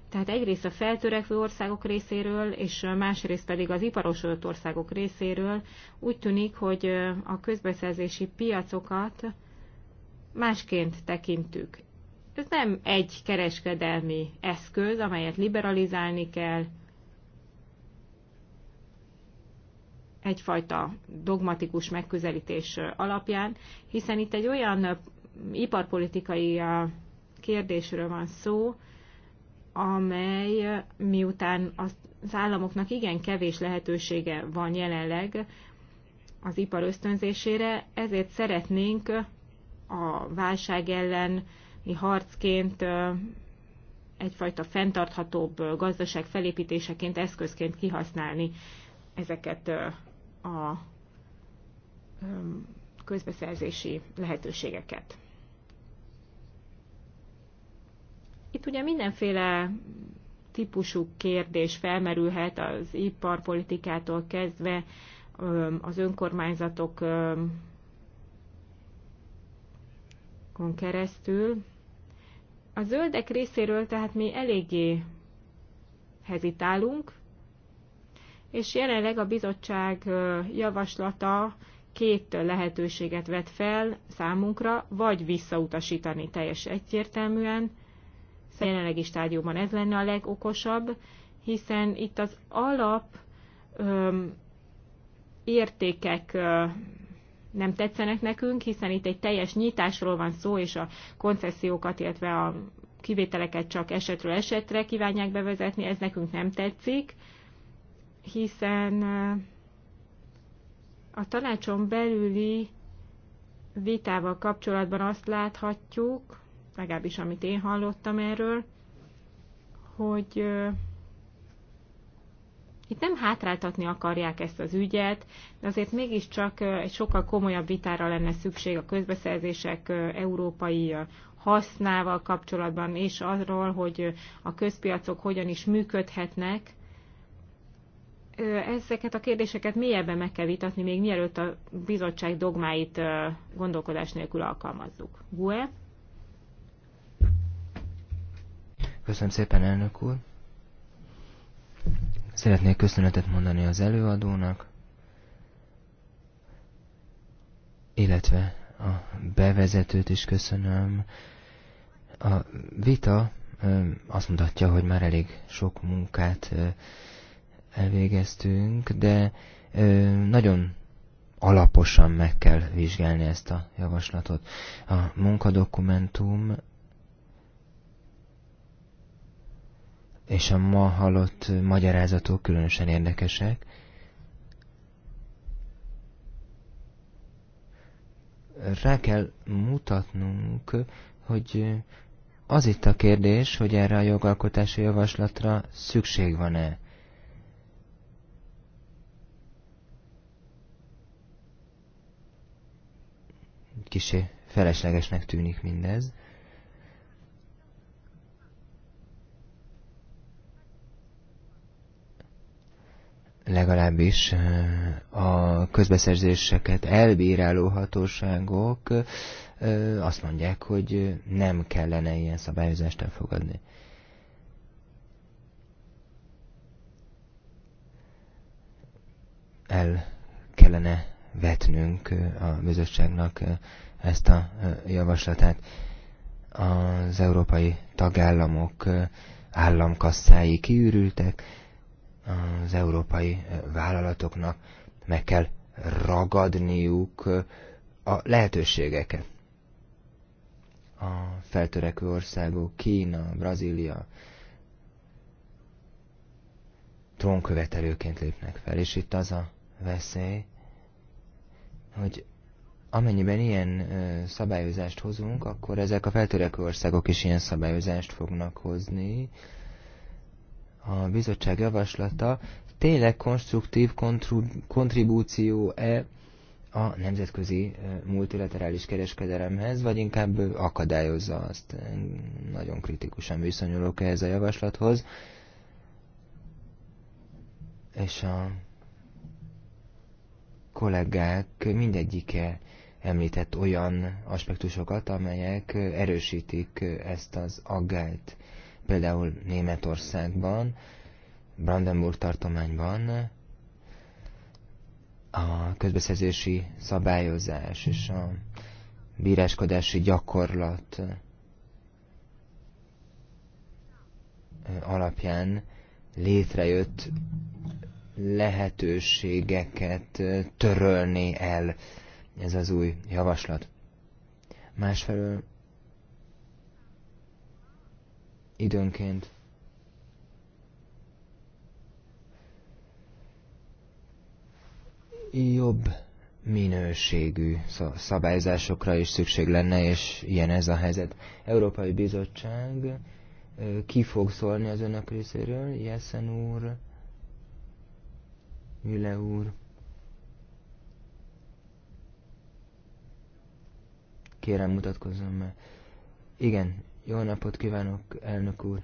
tehát egyrészt a feltörekvő országok részéről, és másrészt pedig az iparosodott országok részéről úgy tűnik, hogy a közbeszerzési piacokat másként tekintük. Ez nem egy kereskedelmi eszköz, amelyet liberalizálni kell, egyfajta dogmatikus megközelítés alapján, hiszen itt egy olyan iparpolitikai kérdésről van szó, amely miután az államoknak igen kevés lehetősége van jelenleg az ipar ösztönzésére, ezért szeretnénk a válság ellen mi harcként egyfajta fenntarthatóbb gazdaság felépítéseként, eszközként kihasználni ezeket a közbeszerzési lehetőségeket. Itt ugye mindenféle típusú kérdés felmerülhet az iparpolitikától kezdve az önkormányzatokon keresztül. A zöldek részéről tehát mi eléggé hezitálunk, és jelenleg a bizottság javaslata két lehetőséget vet fel számunkra, vagy visszautasítani teljes egyértelműen, a szóval jelenlegi stádiumban ez lenne a legokosabb, hiszen itt az alap öm, értékek öm, nem tetszenek nekünk, hiszen itt egy teljes nyitásról van szó, és a koncesziókat, illetve a kivételeket csak esetről esetre kívánják bevezetni, ez nekünk nem tetszik, hiszen a tanácson belüli vitával kapcsolatban azt láthatjuk, legalábbis amit én hallottam erről, hogy itt nem hátráltatni akarják ezt az ügyet, de azért mégiscsak egy sokkal komolyabb vitára lenne szükség a közbeszerzések európai hasznával kapcsolatban, és arról, hogy a közpiacok hogyan is működhetnek. Ezeket a kérdéseket mélyebben meg kell vitatni, még mielőtt a bizottság dogmáit gondolkodás nélkül alkalmazzuk. Bue? Köszönöm szépen, elnök úr. Szeretnék köszönetet mondani az előadónak, illetve a bevezetőt is köszönöm. A vita azt mutatja, hogy már elég sok munkát elvégeztünk, de nagyon alaposan meg kell vizsgálni ezt a javaslatot. A munkadokumentum és a ma halott magyarázatok különösen érdekesek. Rá kell mutatnunk, hogy az itt a kérdés, hogy erre a jogalkotási javaslatra szükség van-e. Kicsi feleslegesnek tűnik mindez. legalábbis eh, a közbeszerzéseket elbíráló hatóságok eh, azt mondják, hogy nem kellene ilyen szabályozást elfogadni. El kellene vetnünk eh, a bizottságnak ezt a javaslatát. Az európai tagállamok államkasszái kiürültek, az európai eh, vállalatoknak meg kell ragadniuk eh, a lehetőségeket. A feltörekvő országok, Kína, Brazília trónkövetelőként lépnek fel, és itt az a veszély, hogy amennyiben ilyen eh, szabályozást hozunk, akkor ezek a feltörekvő országok is ilyen szabályozást fognak hozni, a bizottság javaslata tényleg konstruktív kontribúció-e a nemzetközi e, multilaterális kereskedelemhez, vagy inkább akadályozza azt. Nagyon kritikusan viszonyulok ehhez a javaslathoz. És a kollégák mindegyike említett olyan aspektusokat, amelyek erősítik ezt az aggályt például Németországban, Brandenburg tartományban a közbeszerzési szabályozás és a bíráskodási gyakorlat alapján létrejött lehetőségeket törölni el ez az új javaslat. Másfelől időnként. Jobb minőségű szabályzásokra is szükség lenne, és ilyen ez a helyzet. Európai Bizottság ki fog szólni az önök részéről? Jessen úr, Jüle úr. Kérem, mutatkozzon meg. Igen, jó napot kívánok, elnök úr!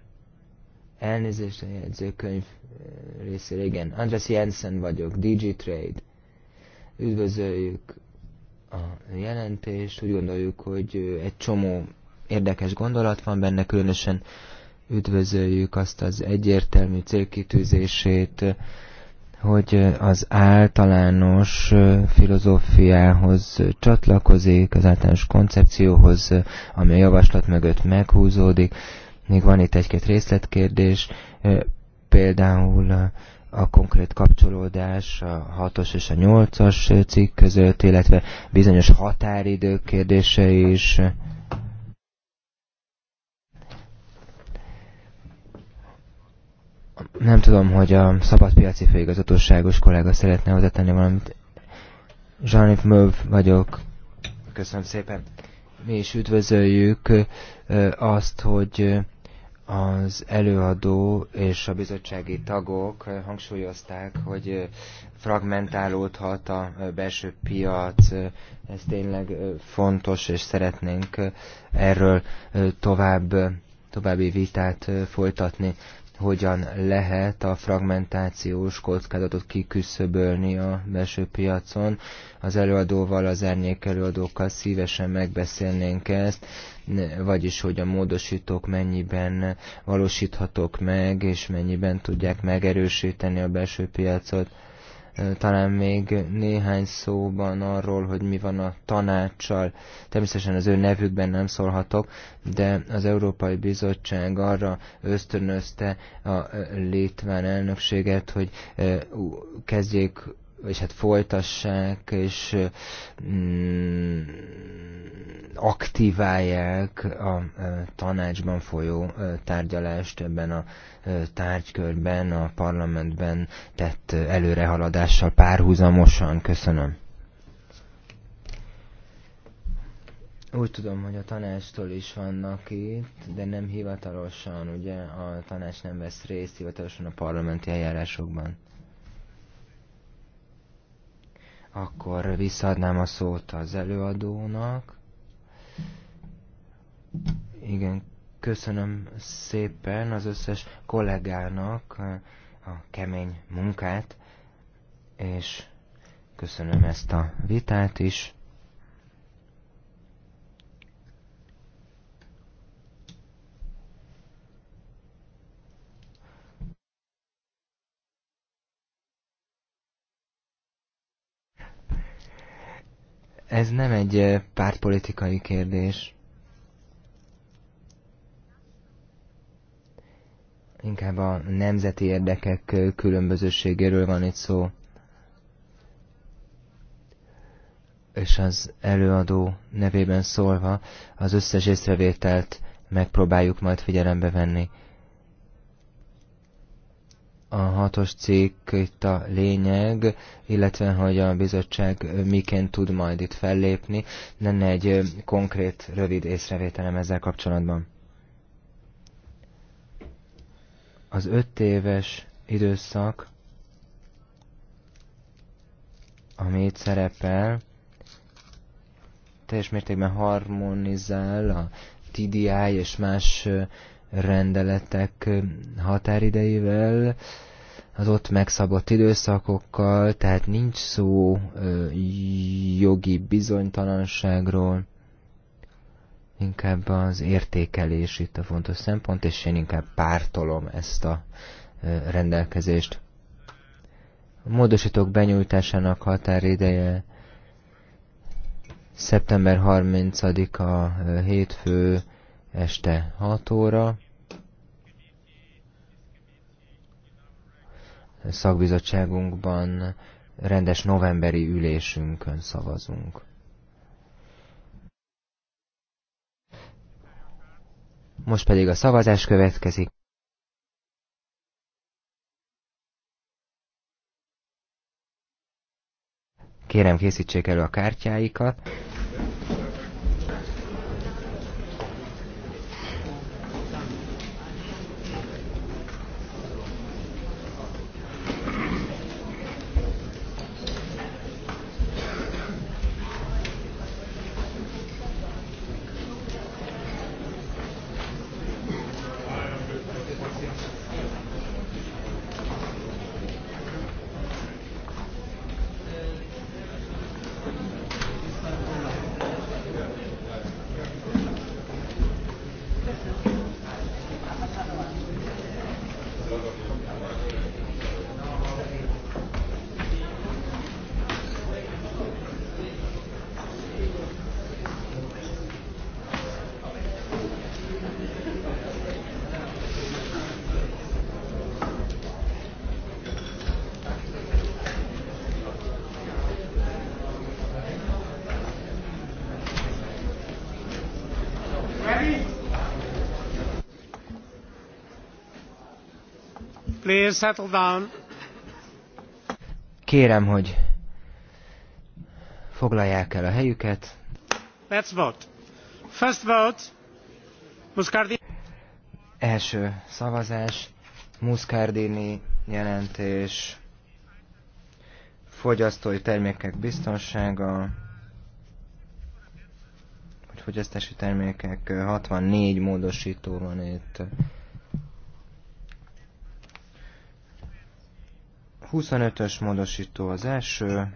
Elnézést a jegyzőkönyv eh, részére, igen. Andres Jensen vagyok, DG Trade. Üdvözöljük a jelentést, úgy gondoljuk, hogy eh, egy csomó érdekes gondolat van benne, különösen üdvözöljük azt az egyértelmű célkitűzését, hogy az általános filozófiához csatlakozik, az általános koncepcióhoz, ami a javaslat mögött meghúzódik. Még van itt egy-két részletkérdés, például a konkrét kapcsolódás a 6-os és a 8-as cikk között, illetve bizonyos határidők kérdése is Nem tudom, hogy a szabadpiaci főigazgatóságos kollega szeretne hozzátenni valamit. Jean-Yves Möv vagyok. Köszönöm szépen. Mi is üdvözöljük azt, hogy az előadó és a bizottsági tagok hangsúlyozták, hogy fragmentálódhat a belső piac, ez tényleg fontos, és szeretnénk erről tovább, további vitát folytatni hogyan lehet a fragmentációs kockázatot kiküszöbölni a belső piacon. Az előadóval, az árnyék előadókkal szívesen megbeszélnénk ezt, vagyis hogy a módosítók mennyiben valósíthatók meg, és mennyiben tudják megerősíteni a belső piacot talán még néhány szóban arról, hogy mi van a tanácssal. Természetesen az ő nevükben nem szólhatok, de az Európai Bizottság arra ösztönözte a litván elnökséget, hogy kezdjék és hát folytassák, és mm, aktiválják a tanácsban folyó tárgyalást ebben a tárgykörben, a parlamentben tett előrehaladással párhuzamosan. Köszönöm. Úgy tudom, hogy a tanácstól is vannak itt, de nem hivatalosan, ugye a tanács nem vesz részt hivatalosan a parlamenti eljárásokban. Akkor visszaadnám a szót az előadónak. Igen, köszönöm szépen az összes kollégának a kemény munkát, és köszönöm ezt a vitát is. Ez nem egy eh, pártpolitikai kérdés. Inkább a nemzeti érdekek eh, különbözőségéről van itt szó. És az előadó nevében szólva az összes észrevételt megpróbáljuk majd figyelembe venni a hatos cikk itt a lényeg, illetve hogy a bizottság miként tud majd itt fellépni. Lenne egy konkrét, rövid észrevételem ezzel kapcsolatban. Az öt éves időszak, ami itt szerepel, teljes mértékben harmonizál a TDI és más rendeletek határidejével, az ott megszabott időszakokkal, tehát nincs szó jogi bizonytalanságról, inkább az értékelés itt a fontos szempont, és én inkább pártolom ezt a rendelkezést. A módosítók benyújtásának határideje szeptember 30-a hétfő este 6 óra. szakbizottságunkban rendes novemberi ülésünkön szavazunk. Most pedig a szavazás következik. Kérem készítsék elő a kártyáikat. Kérem, hogy foglalják el a helyüket. Let's vote. First vote. Muscardini. Első szavazás. Muscardini jelentés. Fogyasztói termékek biztonsága. Fogyasztási termékek 64 eh, módosító van itt. 25-ös módosító az első.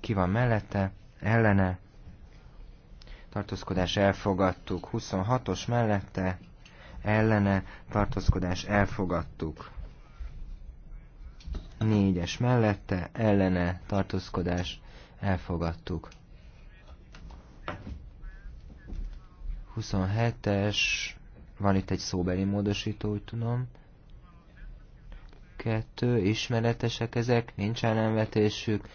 Ki van mellette? Ellene. Tartózkodás elfogadtuk. 26-os mellette. Ellene. Tartózkodás elfogadtuk. 4-es mellette. Ellene. Tartózkodás elfogadtuk. 27-es, van itt egy szóbeli módosító, úgy tudom kettő, ismeretesek ezek, nincs ellenvetésük,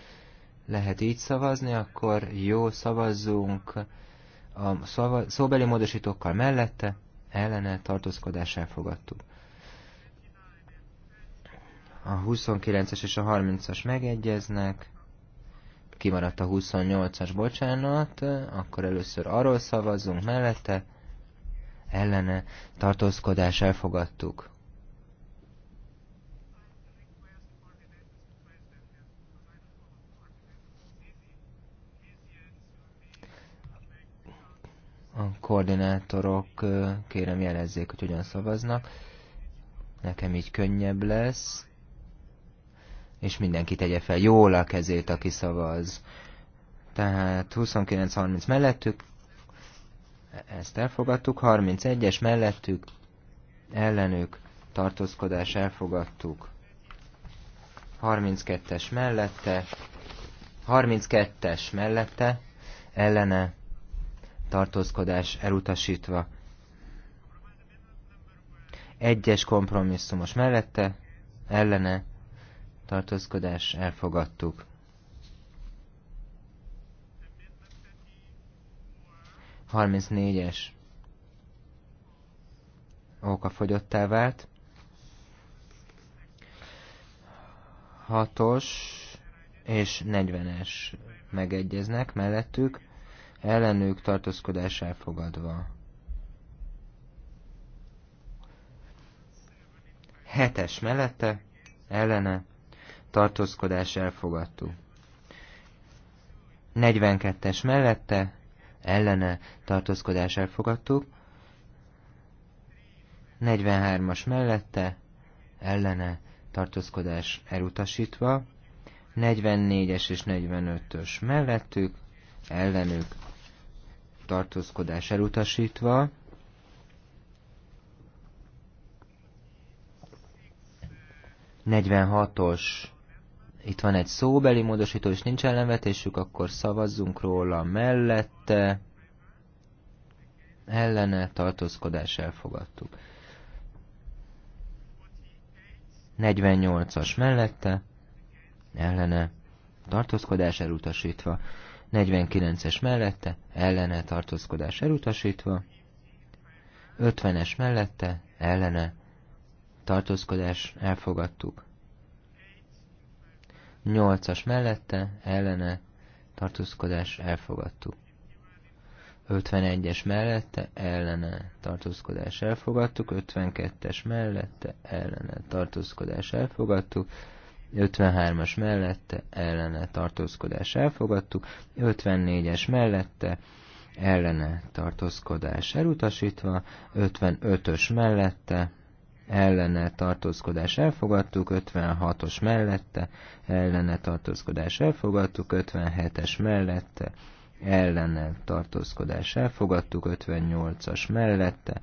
lehet így szavazni, akkor jó, szavazzunk a szava, szóbeli módosítókkal mellette, ellene tartózkodás elfogadtuk. A 29-es és a 30-as megegyeznek, kimaradt a 28-as, bocsánat, akkor először arról szavazzunk mellette, ellene tartózkodás elfogadtuk. A koordinátorok kérem jelezzék, hogy hogyan szavaznak. Nekem így könnyebb lesz. És mindenki tegye fel jól a kezét, aki szavaz. Tehát 29-30 mellettük, ezt elfogadtuk, 31-es mellettük, ellenük, tartózkodás elfogadtuk. 32-es mellette, 32-es mellette, ellene, tartózkodás elutasítva. Egyes kompromisszumos mellette, ellene, tartózkodás elfogadtuk. Harmincnégyes fogyottá vált. Hatos és negyvenes megegyeznek mellettük ellenők tartózkodás elfogadva. Hetes mellette, ellene, tartózkodás elfogadtuk. 42-es mellette, ellene, tartózkodás elfogadtuk. 43-as mellette, ellene, tartózkodás elutasítva. 44-es és 45-ös mellettük, ellenük tartózkodás elutasítva. Negyvenhatos. Itt van egy szóbeli módosító, és nincs ellenvetésük, akkor szavazzunk róla mellette. Ellene tartózkodás elfogadtuk. 48-as mellette, ellene, tartózkodás elutasítva, 49-es mellette, ellene tartózkodás elutasítva, 50-es mellette, ellene tartózkodás elfogadtuk. 8-as mellette, ellene tartózkodás elfogadtuk. 51-es mellette, ellene tartózkodás elfogadtuk, 52-es mellette, ellene tartózkodás elfogadtuk, 53-as mellette ellene tartózkodás elfogadtuk, 54-es mellette ellene tartózkodás elutasítva, 55-ös mellette ellene tartózkodás elfogadtuk, 56-os mellette ellene tartózkodás elfogadtuk, 57-es mellette ellene tartózkodás elfogadtuk, 58-as mellette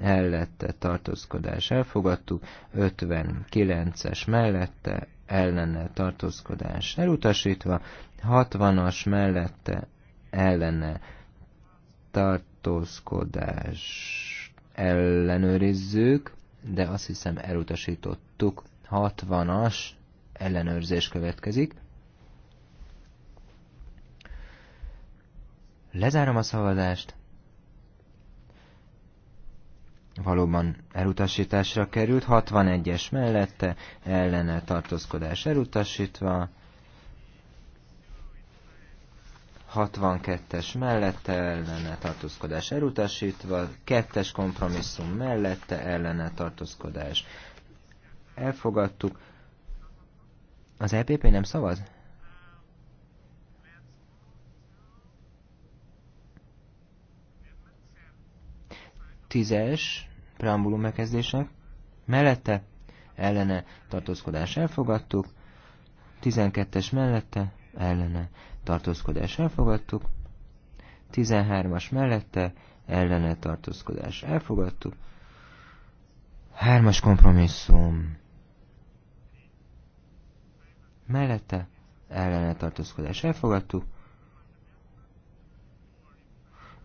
ellette tartózkodás elfogadtuk, 59-es mellette ellene tartózkodás elutasítva, 60-as mellette ellene tartózkodás ellenőrizzük, de azt hiszem elutasítottuk. 60-as ellenőrzés következik. Lezárom a szavazást valóban elutasításra került, 61-es mellette ellene tartózkodás elutasítva, 62-es mellette ellene tartózkodás elutasítva, 2-es kompromisszum mellette ellene tartózkodás. Elfogadtuk. Az EPP nem szavaz? 10-es preambulum megkezdések, mellette ellene tartózkodás elfogadtuk, 12-es mellette ellene tartózkodás elfogadtuk, 13-as mellette ellene tartózkodás elfogadtuk, 3-as kompromisszum mellette ellene tartózkodás elfogadtuk,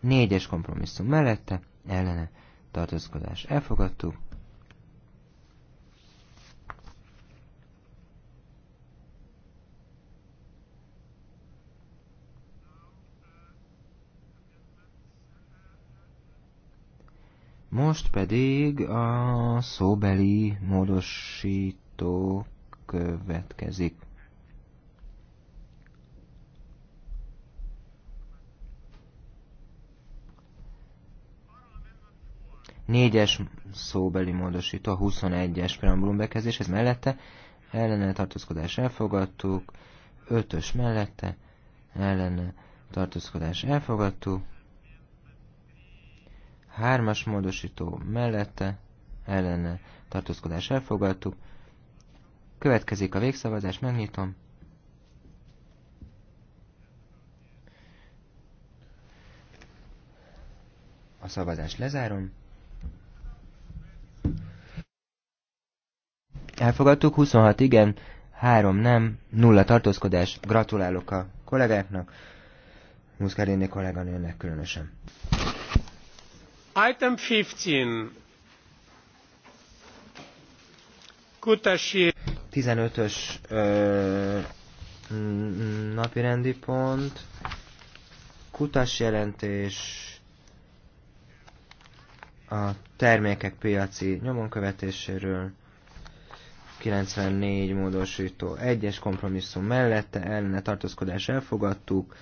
4-es kompromisszum mellette ellene tartózkodás elfogadtuk. Most pedig a szóbeli módosító következik. Négyes szóbeli módosító, a 21-es preambulum bekezdés, ez mellette, ellene tartózkodás elfogadtuk, ötös mellette, ellene tartózkodás elfogadtuk, hármas módosító mellette, ellene tartózkodás elfogadtuk, következik a végszavazás, megnyitom, a szavazást lezárom, Elfogadtuk, 26 igen, 3 nem, 0 tartózkodás. Gratulálok a kollégáknak, Muszkáréni kolléganőnek különösen. Item 15. 15-ös napi rendi pont. Kutas jelentés a termékek piaci nyomonkövetéséről. követéséről. 94 módosító, egyes kompromisszum mellette, ellene tartózkodás elfogadtuk,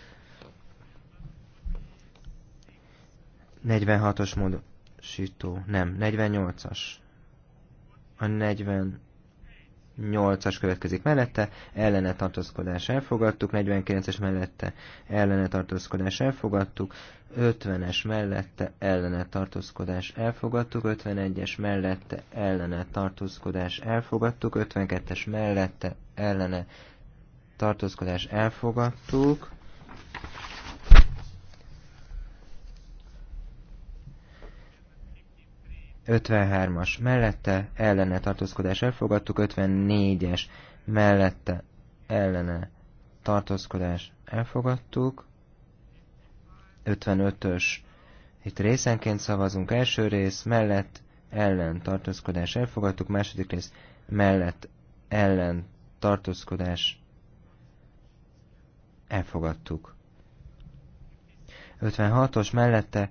46-os módosító, nem, 48-as, a 40 8-as következik mellette, ellene tartózkodás elfogadtuk, 49-es mellette ellene tartózkodás elfogadtuk, 50-es mellette ellene tartózkodás elfogadtuk, 51-es mellette ellene tartózkodás elfogadtuk, 52-es mellette ellene tartózkodás elfogadtuk, 53-as mellette ellene tartózkodás elfogadtuk, 54-es mellette ellene tartózkodás elfogadtuk, 55-ös itt részenként szavazunk, első rész mellett ellen tartózkodás elfogadtuk, második rész mellett ellen tartózkodás elfogadtuk. 56-os mellette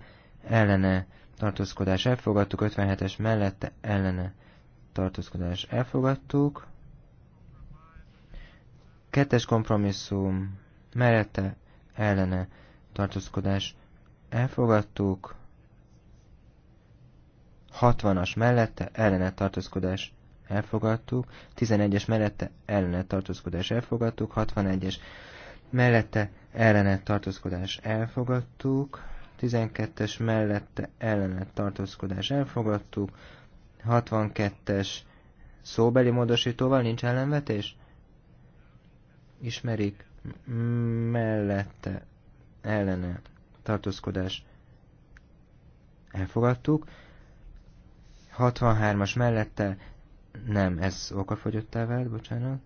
ellene tartózkodás elfogadtuk, 57-es mellette ellene tartózkodás elfogadtuk. Kettes kompromisszum mellette ellene tartózkodás elfogadtuk. 60-as mellette ellene tartózkodás elfogadtuk, 11-es mellette ellene tartózkodás elfogadtuk, 61-es mellette ellene tartózkodás elfogadtuk, 12-es mellette ellenet tartózkodás elfogadtuk, 62-es szóbeli módosítóval nincs ellenvetés? Ismerik mellette ellene tartózkodás elfogadtuk, 63-as mellette nem, ez okafogyottá vált, bocsánat.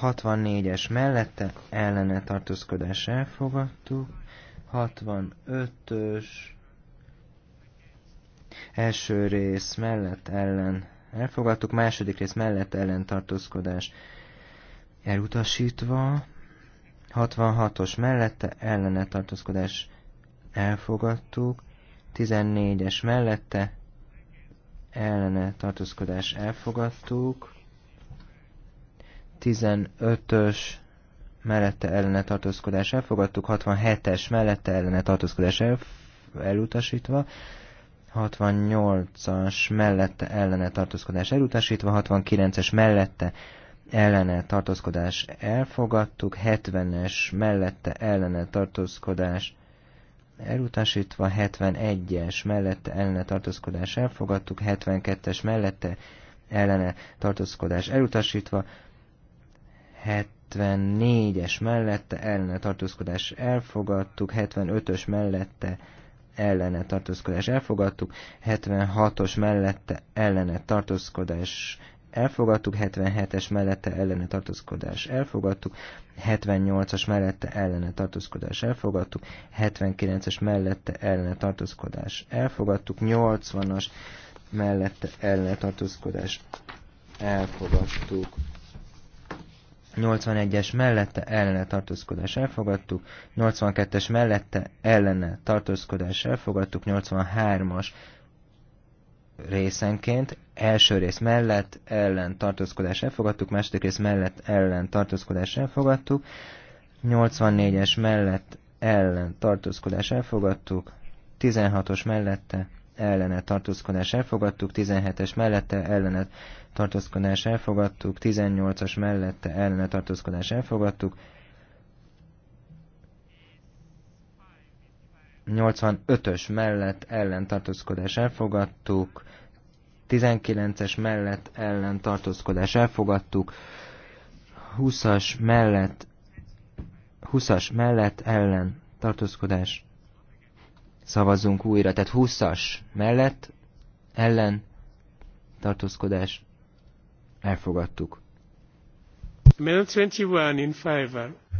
64-es mellette ellene tartózkodás elfogadtuk, 65-ös első rész mellett ellen elfogadtuk, második rész mellett ellen tartózkodás elutasítva, 66-os mellette ellene tartózkodás elfogadtuk, 14-es mellette ellene tartózkodás elfogadtuk, 15-ös mellette ellene tartózkodás elfogadtuk, 67-es mellette ellene tartózkodás el, elutasítva, 68-as mellette ellene tartózkodás elutasítva, 69-es mellette ellene tartózkodás elfogadtuk, 70-es mellette ellene tartózkodás elutasítva, 71-es mellette ellene tartózkodás elfogadtuk, 72-es mellette ellene tartózkodás elutasítva, 74-es mellette ellene tartózkodás elfogadtuk, 75-ös mellette ellene tartózkodás elfogadtuk, 76-os mellette ellene tartózkodás elfogadtuk, 77-es mellette ellene tartózkodás elfogadtuk, 78-as mellette ellene tartózkodás elfogadtuk, 79-es mellette ellene tartózkodás elfogadtuk, 80-as mellette ellene tartózkodás elfogadtuk. 81-es mellette ellene tartózkodás elfogadtuk, 82-es mellette ellene tartózkodás elfogadtuk, 83-as részenként, első rész mellett ellen tartózkodás elfogadtuk, második rész mellett ellen tartózkodás elfogadtuk, 84-es mellett ellen tartózkodás elfogadtuk, 16-os mellette ellene tartózkodás elfogadtuk, 17-es mellette ellene tartózkodás elfogadtuk, 18-as mellette ellene tartózkodás elfogadtuk, 85-ös mellett ellen tartózkodás elfogadtuk, 19-es mellett ellen tartózkodás elfogadtuk, 20-as mellett 20-as mellett ellen tartózkodás szavazzunk újra, tehát 20-as mellett ellen tartózkodás Elfogadtuk. 21 in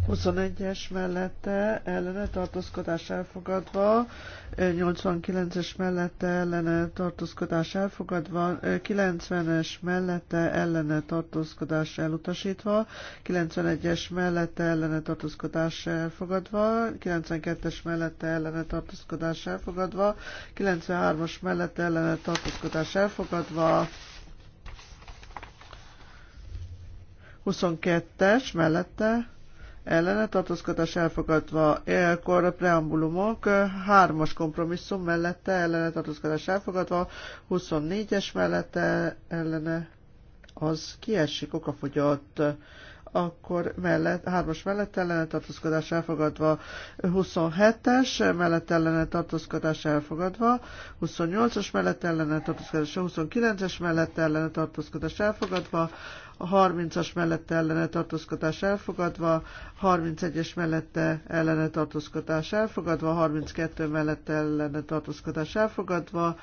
21-es mellette ellene tartózkodás elfogadva, 89-es mellette ellene tartózkodás elfogadva, 90-es mellette ellene tartózkodás elutasítva, 91-es mellette ellene tartózkodás elfogadva, 92-es mellette ellene tartózkodás elfogadva, 93-as mellette ellene tartózkodás elfogadva, 22-es mellette ellene tartózkodás elfogadva. Ekkor a preambulumok 3-as kompromisszum mellette ellene tartózkodás elfogadva, 24-es mellette ellene az kiesik, okafogyott akkor mellett, hármas as mellett ellene tartózkodás elfogadva, 27-es mellett ellene tartózkodás elfogadva, 28-as mellett ellene tartózkodás, 29-es mellett ellene tartózkodás elfogadva, a 30-as mellette ellene tartózkodás elfogadva, 31-es mellette ellene tartózkodás elfogadva, 32 mellette ellene tartózkodás elfogadva,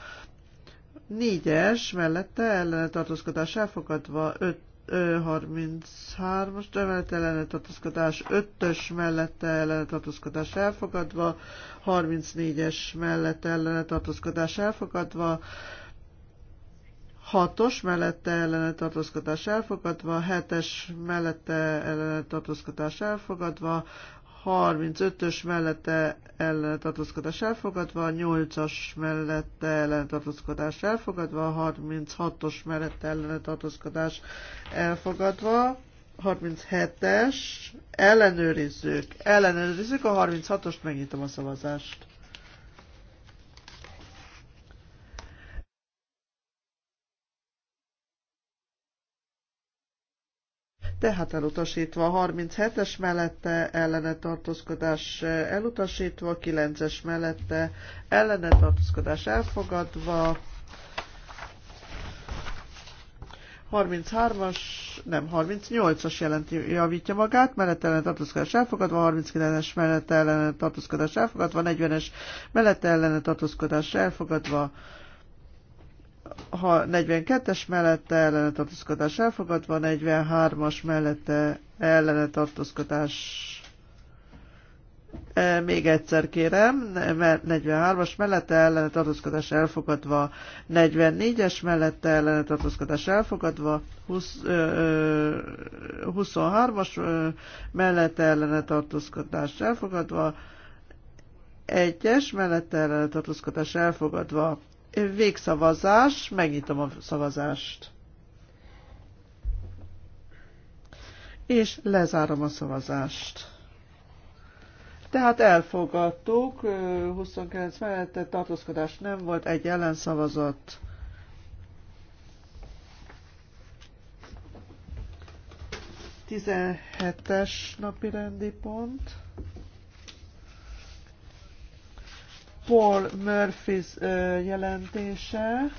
4-es mellette ellene tartózkodás elfogadva, 5 33-as emelet ellene tartózkodás, 5-ös mellette ellene tartózkodás elfogadva, 34-es mellette ellene tartózkodás elfogadva, 6-os mellette ellene tartózkodás elfogadva, 7-es mellette ellene tartózkodás elfogadva, 35-ös mellette ellentartózkodás elfogadva, 8-as mellette ellentartózkodás elfogadva, 36-os mellette ellentartózkodás elfogadva, 37-es, ellenőrizzük, ellenőrizzük a 36-ost, megnyitom a szavazást. tehát elutasítva 37-es mellette ellene tartózkodás eh, elutasítva, 9-es mellette ellene tartózkodás elfogadva, 33-as, nem, 38-as jelenti, javítja magát, mellette ellen tartózkodás elfogadva, 39-es mellette ellen tartózkodás elfogadva, 40-es mellette ellen tartózkodás elfogadva, ha 42-es mellette ellene tartózkodás elfogadva, 43-as mellette ellene tartózkodás e, még egyszer kérem, 43-as mellette ellene tartózkodás elfogadva, 44-es mellette ellene tartózkodás elfogadva, 23-as mellette ellene tartózkodás elfogadva, 1-es mellette ellene tartózkodás elfogadva, Végszavazás, megnyitom a szavazást. És lezárom a szavazást. Tehát elfogadtuk, 29 mellett tartózkodás nem volt, egy ellenszavazat. 17-es napi rendi pont. Paul Murphys jelentése.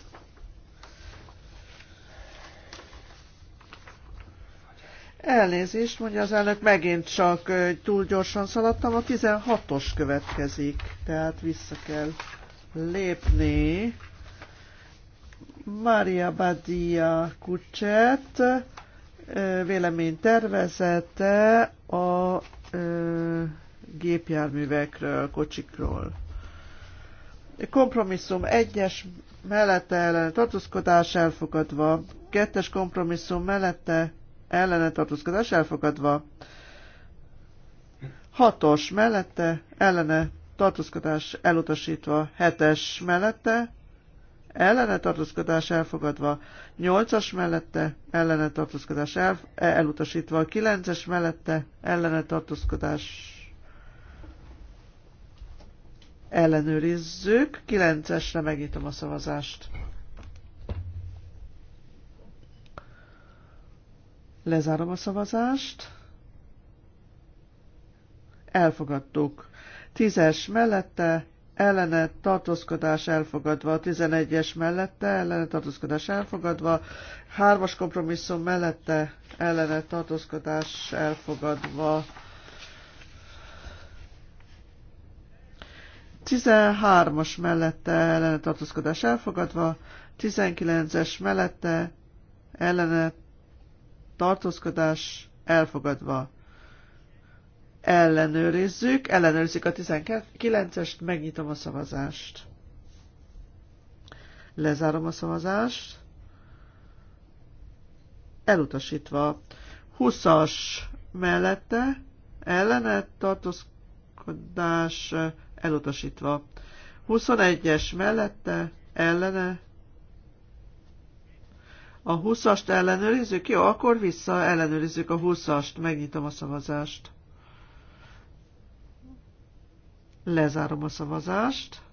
Elnézést, mondja az elnök, megint csak túl gyorsan szaladtam, a 16-os következik, tehát vissza kell lépni. Maria Badia Kucset véleménytervezete a gépjárművekről, kocsikról kompromisszum egyes mellette ellen tartózkodás elfogadva, kettes kompromisszum mellette ellene tartózkodás elfogadva, hatos mellette ellene tartózkodás elutasítva, hetes mellette ellene tartózkodás elfogadva, nyolcas mellette ellene tartózkodás el, elutasítva, kilences mellette ellene tartózkodás ellenőrizzük. 9-esre megnyitom a szavazást. Lezárom a szavazást. Elfogadtuk. 10-es mellette ellene tartózkodás elfogadva, 11-es mellette ellene tartózkodás elfogadva, 3-as kompromisszum mellette ellene tartózkodás elfogadva. 13-as mellette ellene tartózkodás elfogadva, 19-es mellette ellene tartózkodás elfogadva. Ellenőrizzük, ellenőrizzük a 19-est, megnyitom a szavazást. Lezárom a szavazást. Elutasítva. 20-as mellette ellene tartózkodás elfogadva elutasítva. 21-es mellette, ellene. A 20-ast ellenőrizzük? Jó, akkor vissza ellenőrizzük a 20-ast. Megnyitom a szavazást. Lezárom a szavazást.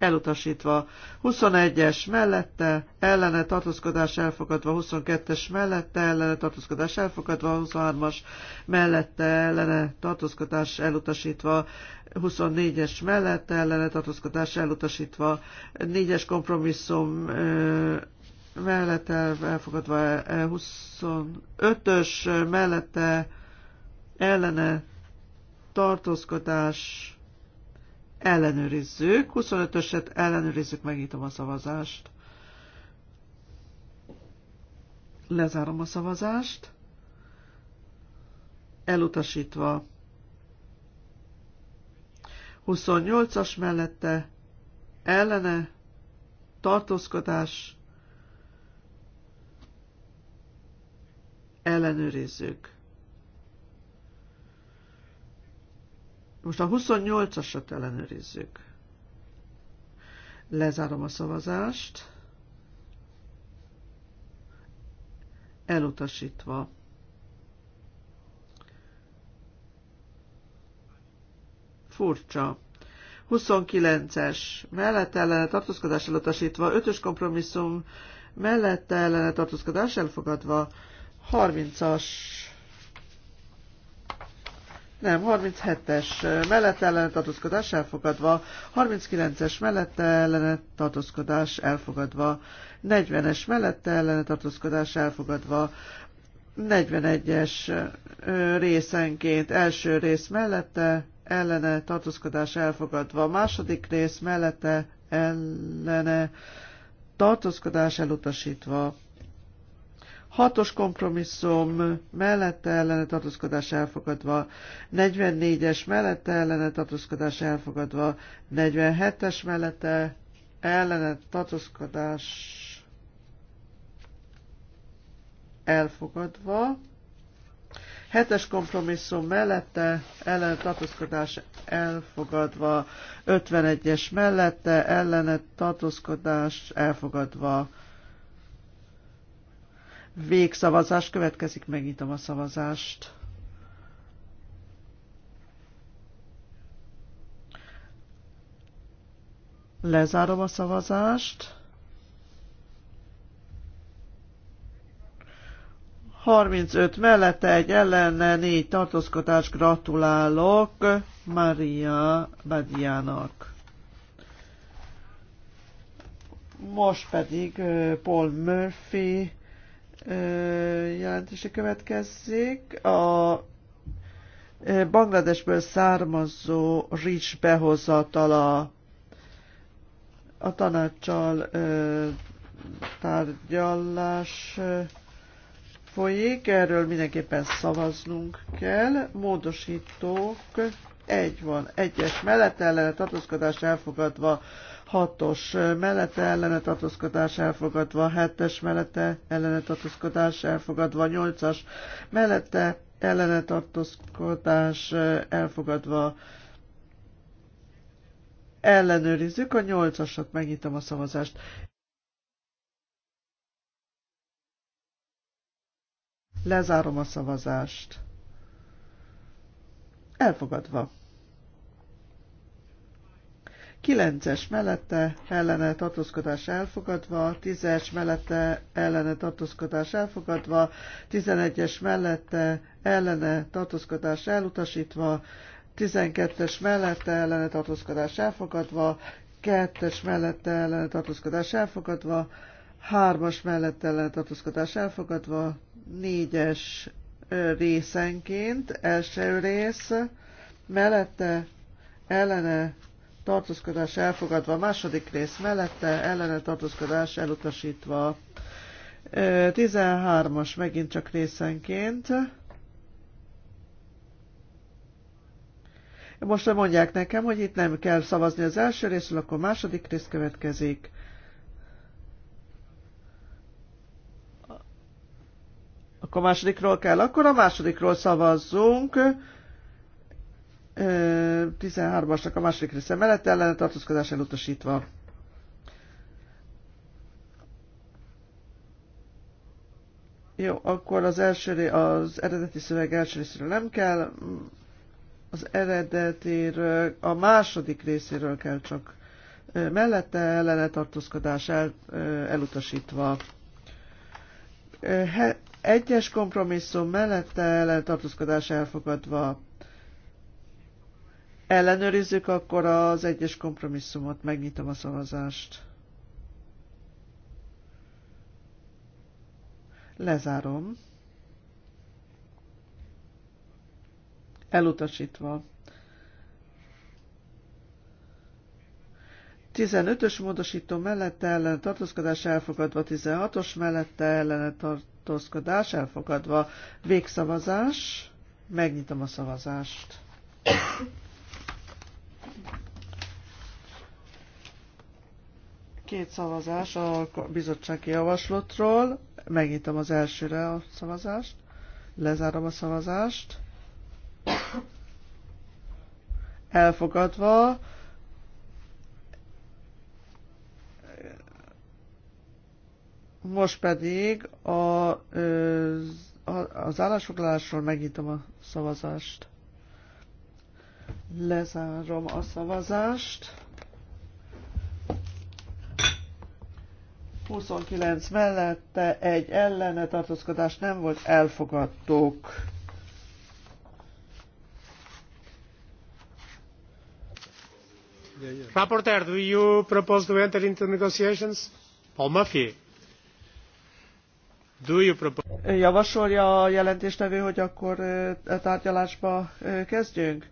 elutasítva. 21-es mellette, ellene tartózkodás elfogadva, 22-es mellette, ellene tartózkodás elfogadva, 23-as mellette, ellene tartózkodás elutasítva, 24-es mellette, ellene tartózkodás elutasítva, 4-es kompromisszum mellette elfogadva, 25-ös mellette, ellene tartózkodás ellenőrizzük. 25-öset ellenőrizzük, megnyitom a szavazást. Lezárom a szavazást. Elutasítva. 28-as mellette ellene tartózkodás ellenőrizzük. Most a 28-asat ellenőrizzük. Lezárom a szavazást. Elutasítva. Furcsa. 29-es mellette ellene tartózkodás elutasítva, 5-ös kompromisszum mellette ellene tartózkodás elfogadva, 30-as nem, 37-es eh, mellette ellenet tartózkodás elfogadva, 39-es mellette ellenet tartózkodás elfogadva, 40-es mellette ellenet tartózkodás elfogadva, 41-es eh, részenként első rész mellette ellene tartózkodás elfogadva, második rész mellette ellene tartózkodás elutasítva. Hatos kompromisszum mellette ellene tartózkodás elfogadva, 44-es mellette ellene tartózkodás elfogadva, 47-es mellette ellene tartózkodás elfogadva, 7-es kompromisszum mellette ellene tartózkodás elfogadva, 51-es mellette ellene tartózkodás elfogadva. Végszavazás következik, megnyitom a szavazást. Lezárom a szavazást. 35 mellette egy ellene, négy tartózkodás. Gratulálok Maria Badiának. Most pedig Paul Murphy jelentése következzék. A Bangladesből származó rics behozatala a tanácssal tárgyalás folyik, erről mindenképpen szavaznunk kell. Módosítók, egy van, egyes mellett ellene tartózkodás elfogadva, 6-os mellette ellene tartózkodás elfogadva, 7-es mellette ellene tartózkodás elfogadva, 8-as mellette ellene tartózkodás elfogadva. Ellenőrizzük a 8-asat, megnyitom a szavazást. Lezárom a szavazást. Elfogadva. 9-es mellette ellene tartózkodás elfogadva, 10-es mellette ellene tartózkodás elfogadva, 11-es mellette ellene tartózkodás elutasítva, 12-es mellette ellene tartózkodás elfogadva, 2-es mellette ellene tartózkodás elfogadva, 3-as mellette ellene tartózkodás elfogadva, 4-es részenként, első rész, mellette ellene tartózkodás elfogadva, második rész mellette, ellene tartózkodás elutasítva. 13-as megint csak részenként. Most mondják nekem, hogy itt nem kell szavazni az első részről, akkor második rész következik. Akkor másodikról kell, akkor a másodikról szavazzunk. 13-asnak a második része mellett ellen tartózkodás elutasítva. Jó, akkor az első, az eredeti szöveg első részéről nem kell, az eredetéről, a második részéről kell csak mellette ellene tartózkodás el, elutasítva. Egyes kompromisszum mellette ellene tartózkodás elfogadva ellenőrizzük akkor az egyes kompromisszumot. Megnyitom a szavazást. Lezárom. Elutasítva. 15-ös módosító mellette ellen tartózkodás elfogadva, 16-os mellette ellen tartózkodás elfogadva. Végszavazás. Megnyitom a szavazást. Két szavazás a bizottsági javaslatról. Megnyitom az elsőre a szavazást. Lezárom a szavazást. Elfogadva. Most pedig a, az állásfoglalásról megnyitom a szavazást. Lezárom a szavazást. 29 mellette, egy ellene tartózkodás nem volt, elfogadtuk. Rapporteur, do you propose to enter into negotiations? Paul Murphy. Do you propose... Javasolja a jelentéstevő, hogy akkor tárgyalásba kezdjünk?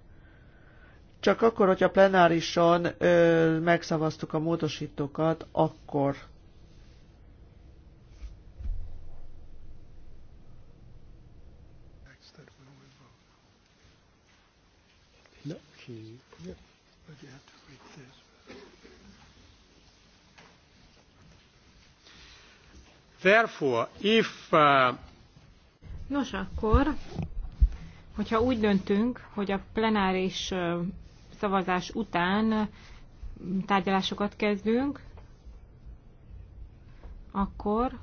Csak akkor, hogyha plenárison ö, megszavaztuk a módosítókat, akkor But you have to read this. Therefore, if. Uh, Nos, akkor, hogyha úgy döntünk, hogy a plenáris szavazás után tárgyalásokat kezdünk, akkor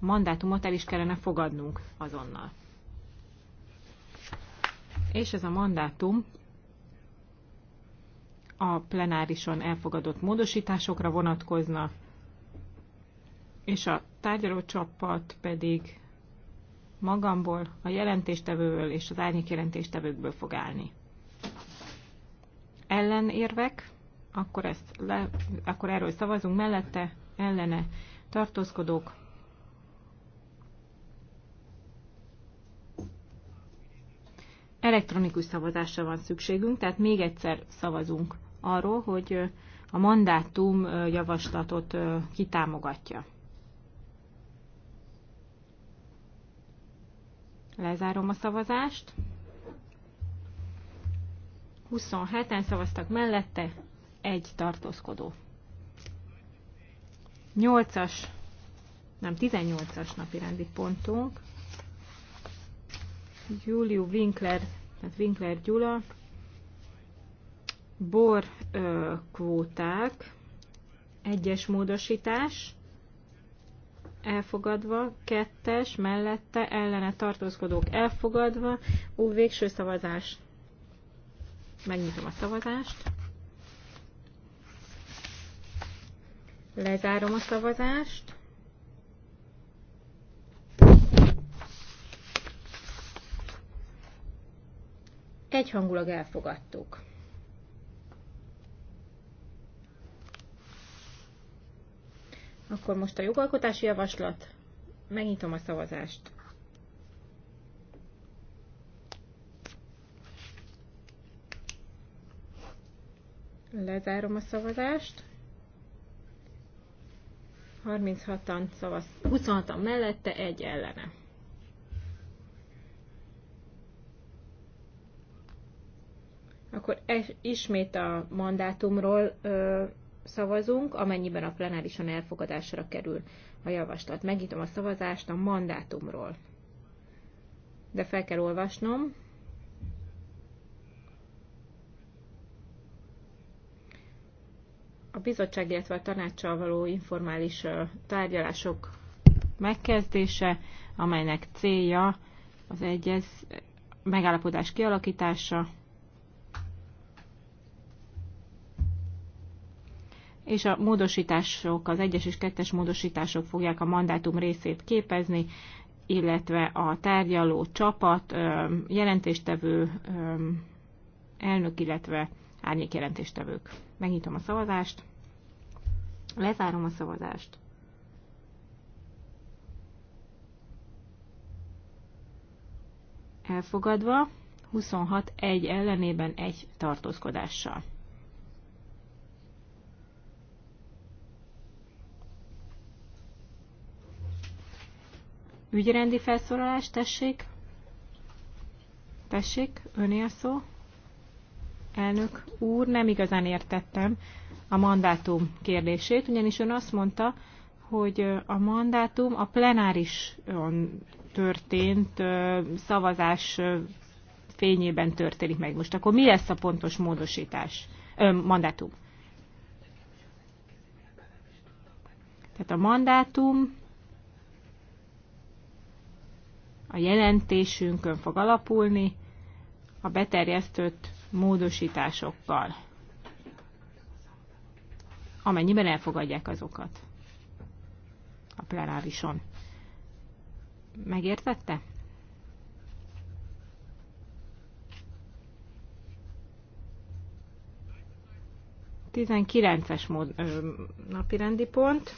mandátumot el is kellene fogadnunk azonnal és ez a mandátum a plenárison elfogadott módosításokra vonatkozna, és a tárgyalócsapat pedig magamból, a jelentéstevőből és az árnyék jelentéstevőkből fog állni. Ellenérvek, akkor, ezt le, akkor erről szavazunk mellette, ellene tartózkodók, elektronikus szavazásra van szükségünk, tehát még egyszer szavazunk arról, hogy a mandátum javaslatot kitámogatja. Lezárom a szavazást. 27-en szavaztak mellette, egy tartózkodó. 8-as, nem 18-as napi rendi pontunk. Júliu Winkler, tehát Winkler Gyula, bor ö, kvóták, egyes módosítás, elfogadva, kettes, mellette, ellene tartózkodók elfogadva, ú, végső szavazás. Megnyitom a szavazást. Lezárom a szavazást. Egyhangulag elfogadtuk. Akkor most a jogalkotási javaslat. Megnyitom a szavazást. Lezárom a szavazást. 36-an szavaz, 26-an mellette, egy ellene. akkor ismét a mandátumról ö, szavazunk, amennyiben a plenárison elfogadásra kerül a javaslat. Megnyitom a szavazást a mandátumról. De fel kell olvasnom. A bizottság, illetve a tanácssal való informális tárgyalások megkezdése, amelynek célja az egyez megállapodás kialakítása, és a módosítások, az egyes és kettes módosítások fogják a mandátum részét képezni, illetve a tárgyaló csapat, jelentéstevő elnök, illetve árnyék jelentéstevők. Megnyitom a szavazást, lezárom a szavazást. Elfogadva, 26 egy ellenében egy tartózkodással. Ügyrendi felszólalás, tessék. Tessék, öné a szó. Elnök úr, nem igazán értettem a mandátum kérdését, ugyanis ön azt mondta, hogy a mandátum a plenáris történt szavazás fényében történik meg most. Akkor mi lesz a pontos módosítás, ö, mandátum? Tehát a mandátum a jelentésünkön fog alapulni a beterjesztött módosításokkal, amennyiben elfogadják azokat a plenárison. Megértette? Tizenkilences napirendi pont.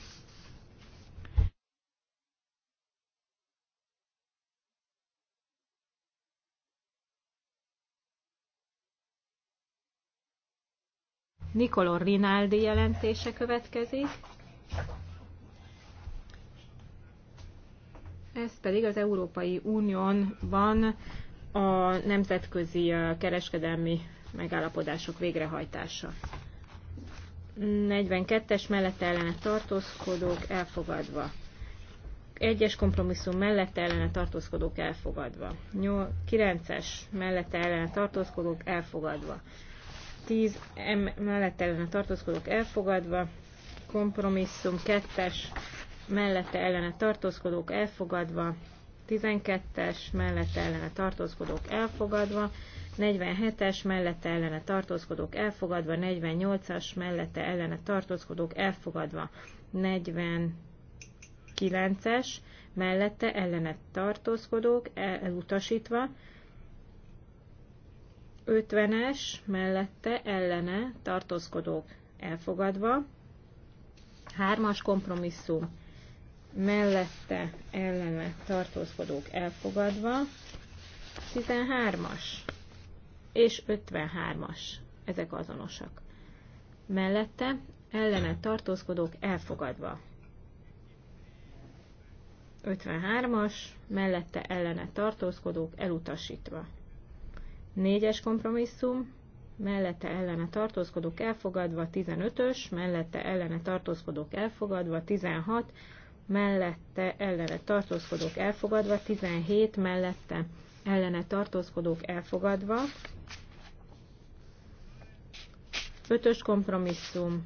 Nicolò Rinaldi jelentése következik. Ez pedig az Európai Unión van a nemzetközi kereskedelmi megállapodások végrehajtása. 42-es mellette ellene tartózkodók elfogadva. Egyes kompromisszum mellette ellene tartózkodók elfogadva. 9-es mellette ellene tartózkodók elfogadva. 10 mellette ellene tartózkodók elfogadva, kompromisszum 2-es mellette ellene tartózkodók elfogadva, 12-es mellette ellene tartózkodók elfogadva, 47-es mellette ellene tartózkodók elfogadva, 48-as mellette ellene tartózkodók elfogadva, 49-es mellette ellene tartózkodók elutasítva, 50-es mellette ellene tartózkodók elfogadva, 3-as kompromisszum mellette ellene tartózkodók elfogadva, 13-as és 53-as, ezek azonosak. Mellette ellene tartózkodók elfogadva. 53-as, mellette ellene tartózkodók elutasítva. Négyes kompromisszum, mellette ellene tartózkodók elfogadva, 15-ös, mellette ellene tartózkodók elfogadva, 16, mellette ellene tartózkodók elfogadva, 17 mellette ellene tartózkodók elfogadva, 5-ös kompromisszum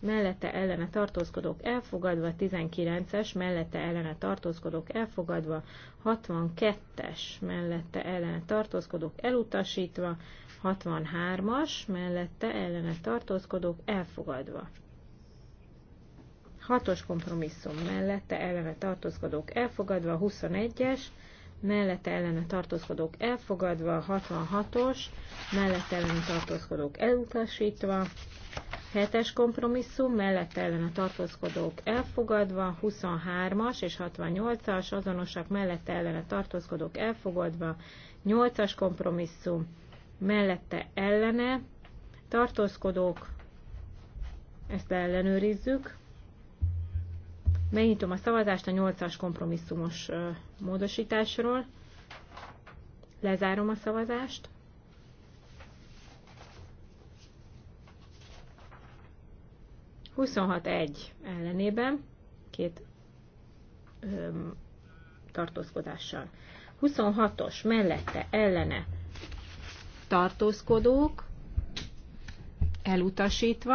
mellette ellene tartózkodók elfogadva, 19-es mellette ellene tartózkodók elfogadva, 62-es mellette ellene tartózkodók elutasítva, 63-as mellette ellene tartózkodók elfogadva. 6-os kompromisszum mellette ellene tartózkodók elfogadva, 21-es mellette ellene tartózkodók elfogadva, 66-os mellette ellene tartózkodók elutasítva, 7-es kompromisszum, mellett ellene tartózkodók elfogadva, 23-as és 68-as azonosak, mellett ellene tartózkodók elfogadva, 8-as kompromisszum, mellette ellene tartózkodók, ezt ellenőrizzük. Megnyitom a szavazást a 8-as kompromisszumos módosításról. Lezárom a szavazást. 26-1 ellenében, két öm, tartózkodással. 26-os mellette ellene tartózkodók elutasítva,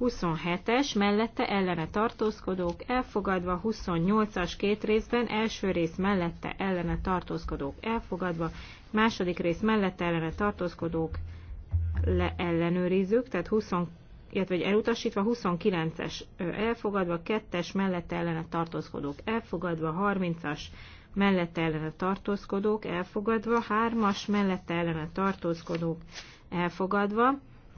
27-es mellette ellene tartózkodók elfogadva, 28-as két részben első rész mellette ellene tartózkodók elfogadva, második rész mellette ellene tartózkodók leellenőrizzük, tehát 20 illetve egy elutasítva, 29-es elfogadva, 2-es mellette ellene tartózkodók elfogadva, 30-as mellette ellene tartózkodók elfogadva, 3-as mellette ellene tartózkodók elfogadva,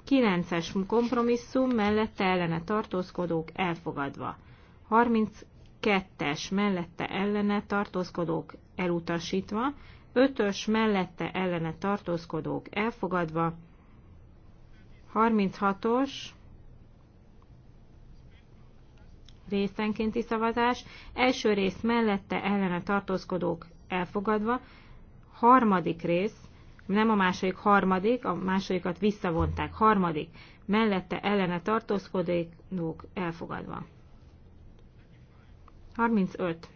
9-es kompromisszum mellette ellene tartózkodók elfogadva, 32-es mellette ellene tartózkodók elutasítva, 5-ös mellette ellene tartózkodók elfogadva, 36-os részenkénti szavazás. Első rész mellette ellene tartózkodók elfogadva. Harmadik rész, nem a második, harmadik, a másodikat visszavonták. Harmadik, mellette ellene tartózkodók elfogadva. 35.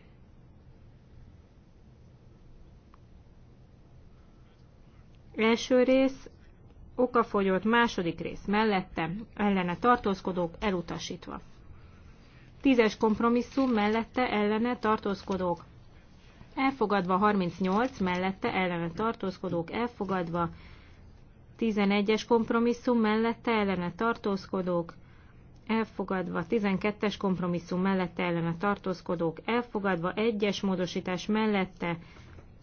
Első rész, okafogyott második rész mellette, ellene tartózkodók elutasítva. Tízes kompromisszum mellette ellene tartózkodók elfogadva, 38 mellette ellene tartózkodók elfogadva, 11-es kompromisszum mellette ellene tartózkodók elfogadva, 12-es kompromisszum mellette ellene tartózkodók elfogadva, 1-es módosítás mellette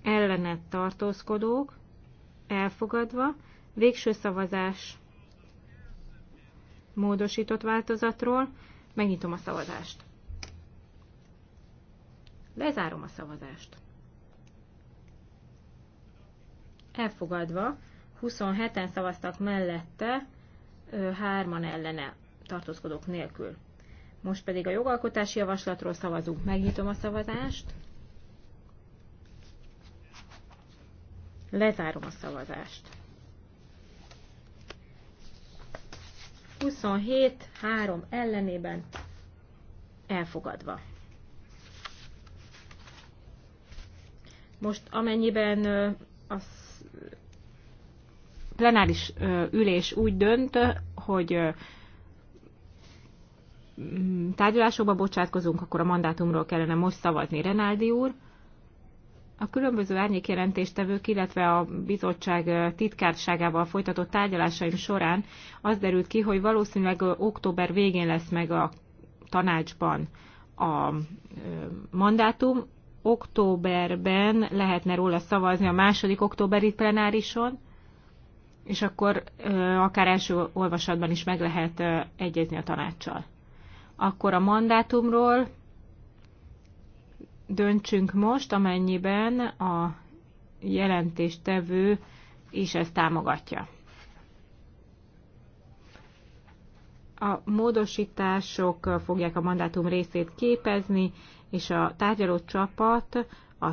ellene tartózkodók elfogadva, végső szavazás módosított változatról, Megnyitom a szavazást. Lezárom a szavazást. Elfogadva, 27-en szavaztak mellette, 3-an ellene tartózkodók nélkül. Most pedig a jogalkotási javaslatról szavazunk. Megnyitom a szavazást. Lezárom a szavazást. 27, 3 ellenében elfogadva. Most amennyiben a plenáris ülés úgy dönt, hogy tárgyalásokba bocsátkozunk, akkor a mandátumról kellene most szavazni, Renáldi úr. A különböző árnyékjelentéstevők, illetve a bizottság titkárságával folytatott tárgyalásaim során az derült ki, hogy valószínűleg október végén lesz meg a tanácsban a mandátum. Októberben lehetne róla szavazni a második októberi plenárison, és akkor akár első olvasatban is meg lehet egyezni a tanácssal. Akkor a mandátumról döntsünk most, amennyiben a jelentéstevő is ezt támogatja. A módosítások fogják a mandátum részét képezni, és a tárgyaló csapat, a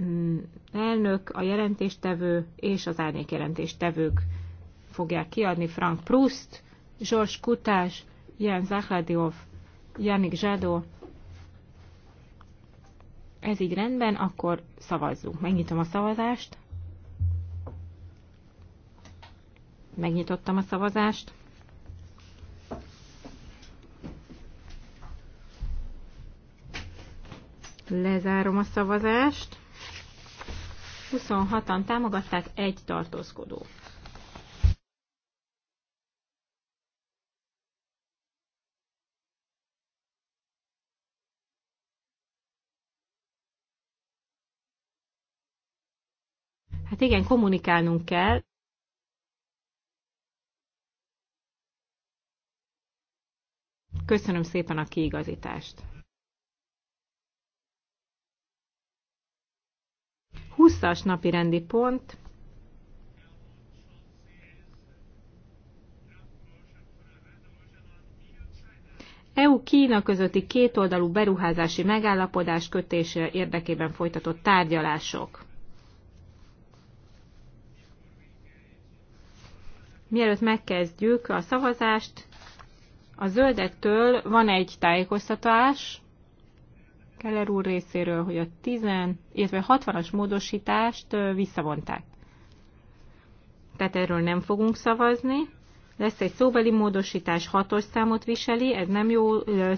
mm, elnök, a jelentéstevő és az árnyék jelentéstevők fogják kiadni Frank Proust, Georges Kutás, Jan Zahladiov, Janik Zsadó, ez így rendben, akkor szavazzunk. Megnyitom a szavazást. Megnyitottam a szavazást. Lezárom a szavazást. 26-an támogatták, egy tartózkodó. Hát igen, kommunikálnunk kell. Köszönöm szépen a kiigazítást. 20-as napi rendi pont. EU-Kína közötti kétoldalú beruházási megállapodás kötése érdekében folytatott tárgyalások. Mielőtt megkezdjük a szavazást, a zöldektől van egy tájékoztatás, Keller úr részéről, hogy a 10, illetve 60-as módosítást visszavonták. Tehát erről nem fogunk szavazni. Lesz egy szóbeli módosítás, hatos számot viseli, ez nem jó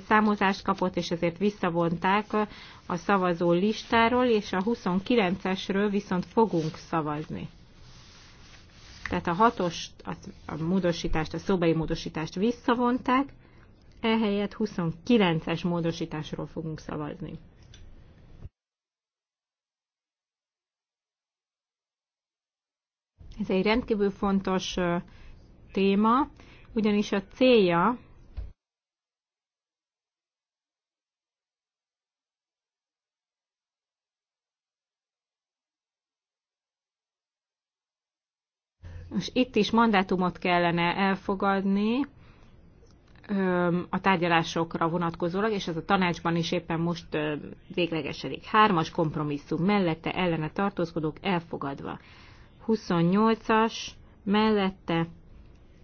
számozást kapott, és ezért visszavonták a szavazó listáról, és a 29-esről viszont fogunk szavazni. Tehát a hatos, a, a módosítást, a szobai módosítást visszavonták, ehelyett 29-es módosításról fogunk szavazni. Ez egy rendkívül fontos téma, ugyanis a célja És itt is mandátumot kellene elfogadni a tárgyalásokra vonatkozólag, és ez a tanácsban is éppen most véglegesedik. Hármas kompromisszum mellette ellene tartózkodók elfogadva. 28-as mellette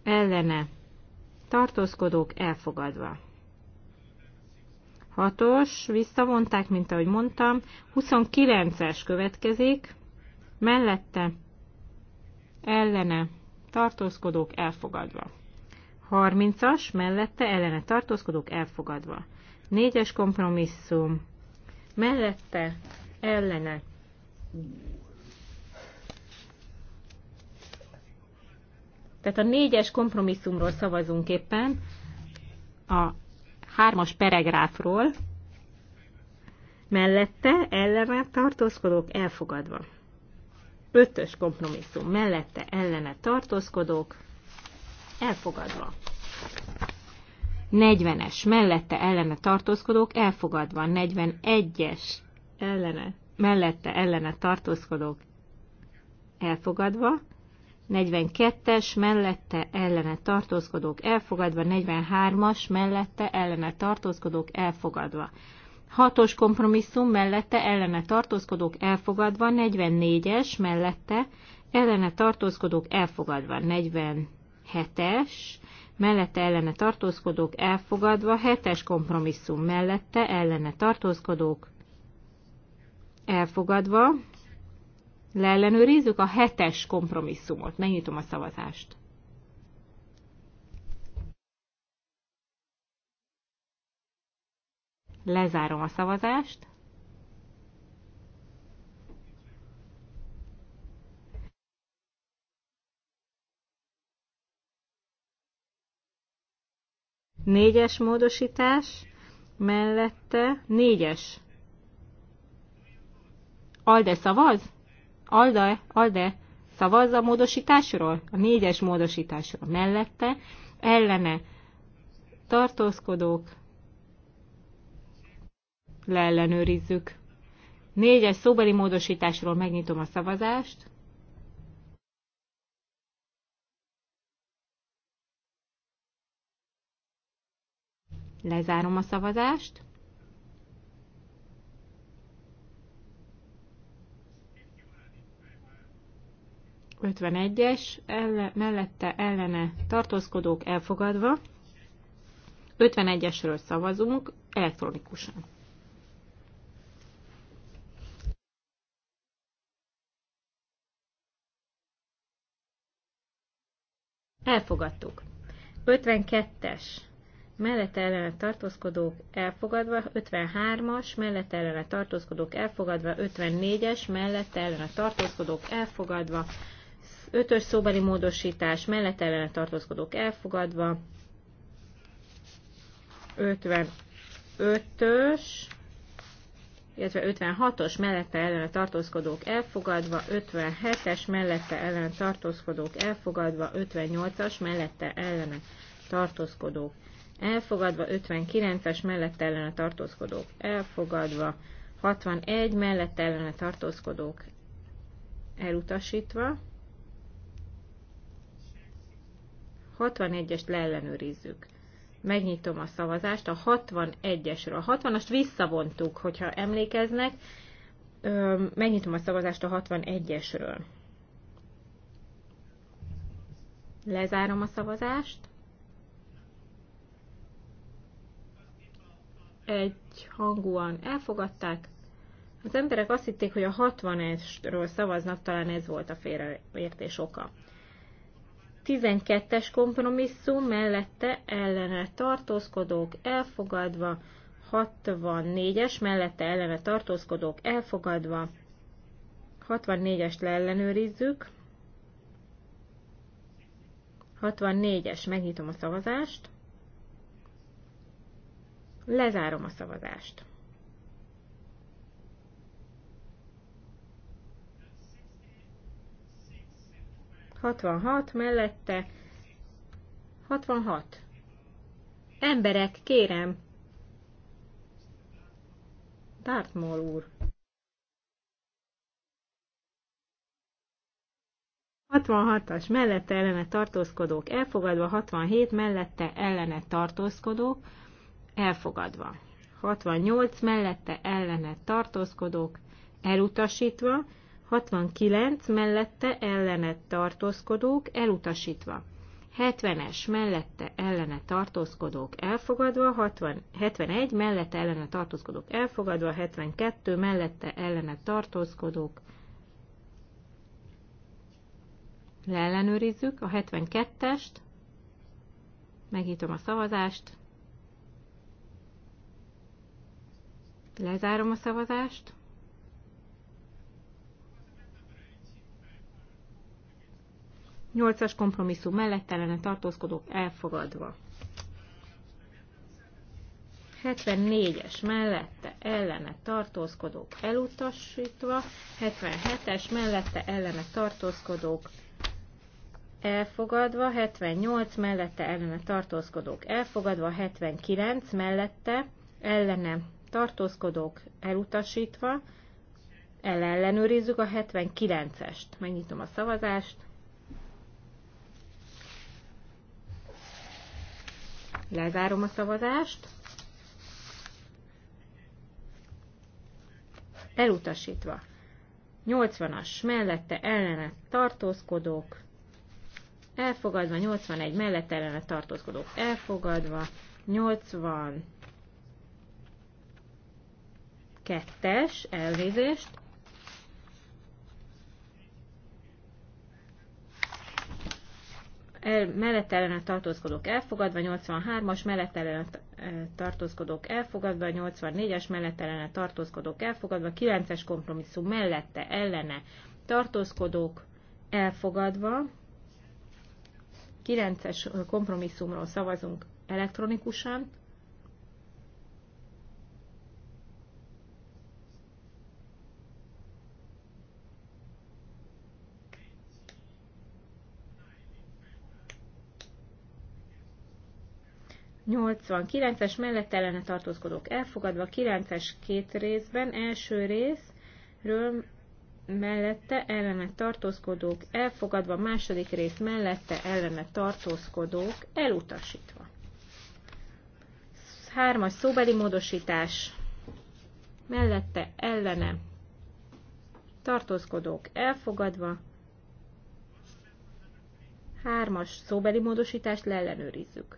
ellene tartózkodók elfogadva. 6-os, visszavonták, mint ahogy mondtam, 29-es következik, mellette ellene tartózkodók elfogadva. 30-as mellette ellene tartózkodók elfogadva. 4-es kompromisszum mellette ellene Tehát a négyes kompromisszumról szavazunk éppen, a hármas peregráfról, mellette ellene tartózkodók elfogadva. Ötös kompromisszum mellette ellene tartózkodók elfogadva. 40-es mellette ellene tartózkodók elfogadva. 41-es ellene, mellette ellene tartózkodók elfogadva. 42-es mellette ellene tartózkodók elfogadva, 43-as mellette ellene tartózkodók elfogadva, Hatos kompromisszum mellette ellene tartózkodók elfogadva, 44-es mellette ellene tartózkodók elfogadva, 47-es mellette ellene tartózkodók elfogadva, 7-es kompromisszum mellette ellene tartózkodók elfogadva. Leellenőrizzük a 7-es kompromisszumot. Megnyitom a szavazást. Lezárom a szavazást. Négyes módosítás, mellette négyes. Alde szavaz? Alde, Alde szavaz a módosításról? A négyes módosításról mellette, ellene tartózkodók, leellenőrizzük. Négyes szóbeli módosításról megnyitom a szavazást. Lezárom a szavazást. Ötvenegyes, elle, mellette ellene tartózkodók elfogadva. 51-esről szavazunk elektronikusan. Elfogadtuk. 52-es mellett ellene tartózkodók elfogadva, 53-as, mellett ellene tartózkodók elfogadva, 54-es, mellett ellene tartózkodók elfogadva, 5-ös szóbeli módosítás, mellett ellene tartózkodók elfogadva, 55-ös, illetve 56-os mellette ellen tartózkodók elfogadva, 57-es mellette ellen tartózkodók elfogadva, 58-as mellette ellen tartózkodók elfogadva, 59-es mellette ellen tartózkodók elfogadva, 61 mellette ellen tartózkodók elutasítva, 61-est leellenőrizzük megnyitom a szavazást a 61-esről. A 60-ast visszavontuk, hogyha emlékeznek. Megnyitom a szavazást a 61-esről. Lezárom a szavazást. Egy hangúan elfogadták. Az emberek azt hitték, hogy a 60-esről szavaznak, talán ez volt a félreértés oka. 12-es kompromisszum mellette ellene tartózkodók elfogadva, 64-es mellette ellene tartózkodók elfogadva, 64-est leellenőrizzük, 64-es, megnyitom a szavazást, lezárom a szavazást. 66 mellette. 66. Emberek, kérem! Dartmoor úr. 66-as mellette ellene tartózkodók elfogadva, 67 mellette ellene tartózkodók elfogadva, 68 mellette ellene tartózkodók elutasítva, 69 mellette ellenet tartózkodók elutasítva. 70-es mellette ellene tartózkodók elfogadva, 60, 71 mellette ellene tartózkodók elfogadva, 72 mellette ellene tartózkodók leellenőrizzük a 72-est, megnyitom a szavazást, lezárom a szavazást, 8-as kompromisszum mellett ellene tartózkodók elfogadva. 74-es mellette ellene tartózkodók elutasítva, 77-es mellette ellene tartózkodók elfogadva, 78 mellette ellene tartózkodók elfogadva, 79 mellette ellene tartózkodók elutasítva, ellenőrizzük a 79-est. Megnyitom a szavazást. Lezárom a szavazást. Elutasítva. 80-as mellette ellene tartózkodók. Elfogadva. 81 mellette ellene tartózkodók. Elfogadva. 82-es elnézést el, mellett ellene tartózkodók elfogadva, 83-as mellett eh, ellene tartózkodók elfogadva, 84-es mellett ellene tartózkodók elfogadva, 9-es kompromisszum mellette ellene tartózkodók elfogadva, 9-es kompromisszumról szavazunk elektronikusan, 89-es mellett ellene tartózkodók elfogadva, 9-es két részben, első részről mellette ellene tartózkodók elfogadva, második rész mellette ellene tartózkodók elutasítva. Hármas szóbeli módosítás mellette ellene tartózkodók elfogadva, hármas szóbeli módosítást leellenőrizzük.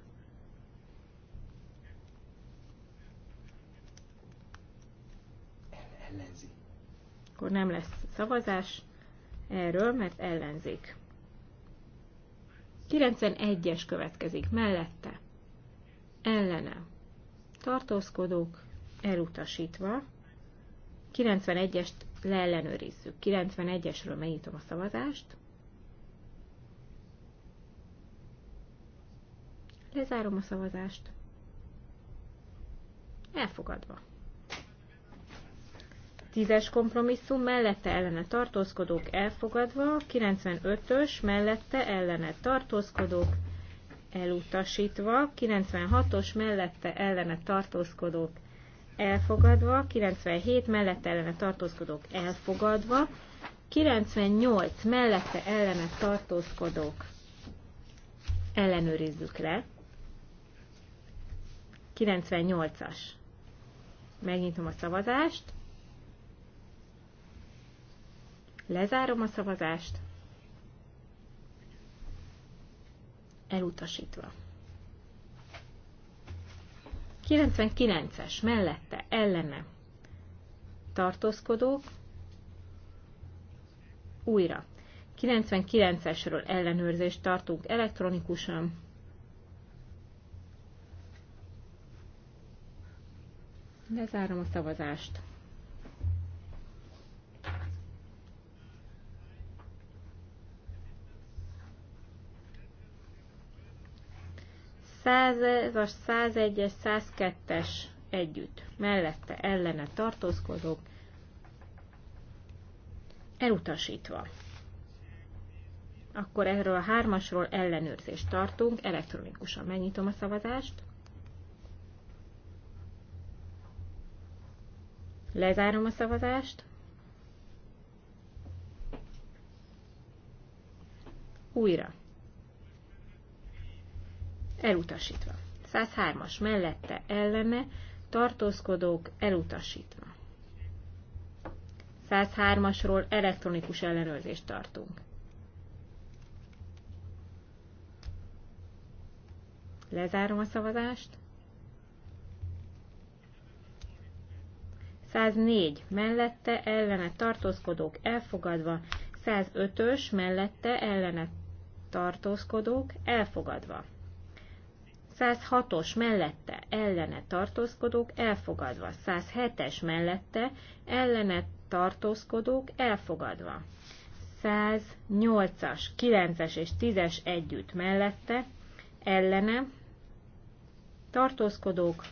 akkor nem lesz szavazás erről, mert ellenzék. 91-es következik mellette. Ellene. Tartózkodók elutasítva. 91-est leellenőrizzük. 91-esről megnyitom a szavazást. Lezárom a szavazást. Elfogadva. 10-es kompromisszum mellette ellene tartózkodók elfogadva, 95-ös mellette ellene tartózkodók elutasítva, 96-os mellette ellene tartózkodók elfogadva, 97 mellette ellene tartózkodók elfogadva, 98 mellette ellene tartózkodók ellenőrizzük le. 98-as. Megnyitom a szavazást. Lezárom a szavazást. Elutasítva. 99-es mellette, ellene tartózkodók, újra. 99-esről ellenőrzést tartunk elektronikusan. Lezárom a szavazást. 100-as, 101-es, 102-es együtt, mellette ellene tartózkodók, elutasítva. Akkor erről a hármasról ellenőrzést tartunk, elektronikusan megnyitom a szavazást. Lezárom a szavazást. Újra elutasítva. 103-as mellette ellene tartózkodók elutasítva. 103-asról elektronikus ellenőrzést tartunk. Lezárom a szavazást. 104 mellette ellene tartózkodók elfogadva, 105-ös mellette ellene tartózkodók elfogadva. 106-os mellette ellene tartózkodók elfogadva, 107-es mellette ellene tartózkodók elfogadva, 108-as, 9-es és 10-es együtt mellette ellene tartózkodók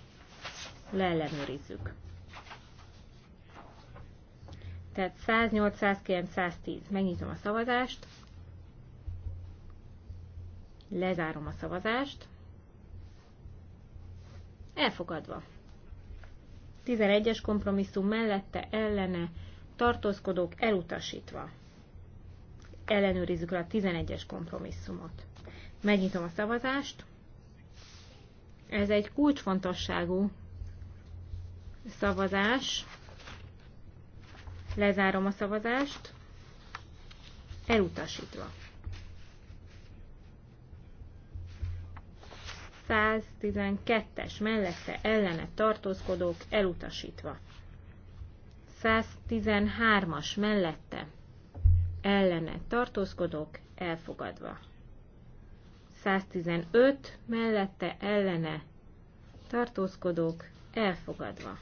leellenőrizzük. Tehát 108, 109, 110. Megnyitom a szavazást. Lezárom a szavazást. Elfogadva. 11-es kompromisszum mellette ellene tartózkodók elutasítva. Ellenőrizzük el a 11-es kompromisszumot. Megnyitom a szavazást. Ez egy kulcsfontosságú szavazás. Lezárom a szavazást. Elutasítva. 112-es mellette ellene tartózkodók elutasítva. 113-as mellette ellene tartózkodók elfogadva. 115 mellette ellene tartózkodók elfogadva.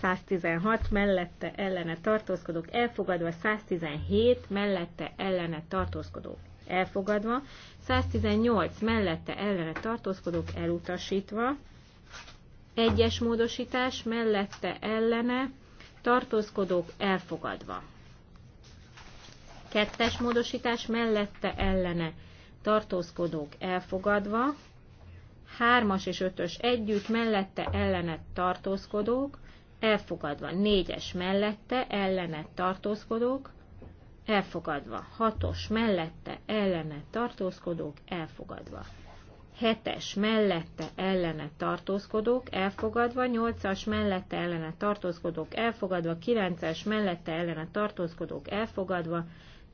116 mellette ellene tartózkodók elfogadva, 117 mellette ellene tartózkodók elfogadva, 118 mellette ellene tartózkodók elutasítva, egyes módosítás mellette ellene tartózkodók elfogadva. Kettes módosítás mellette ellene tartózkodók elfogadva, hármas és ötös együtt mellette ellene tartózkodók, elfogadva négyes mellette ellene tartózkodók, elfogadva. Hatos mellette ellene tartózkodók elfogadva. Hetes mellette ellene tartózkodók elfogadva, nyolcas mellette ellene tartózkodók elfogadva, kilences mellette ellene tartózkodók elfogadva,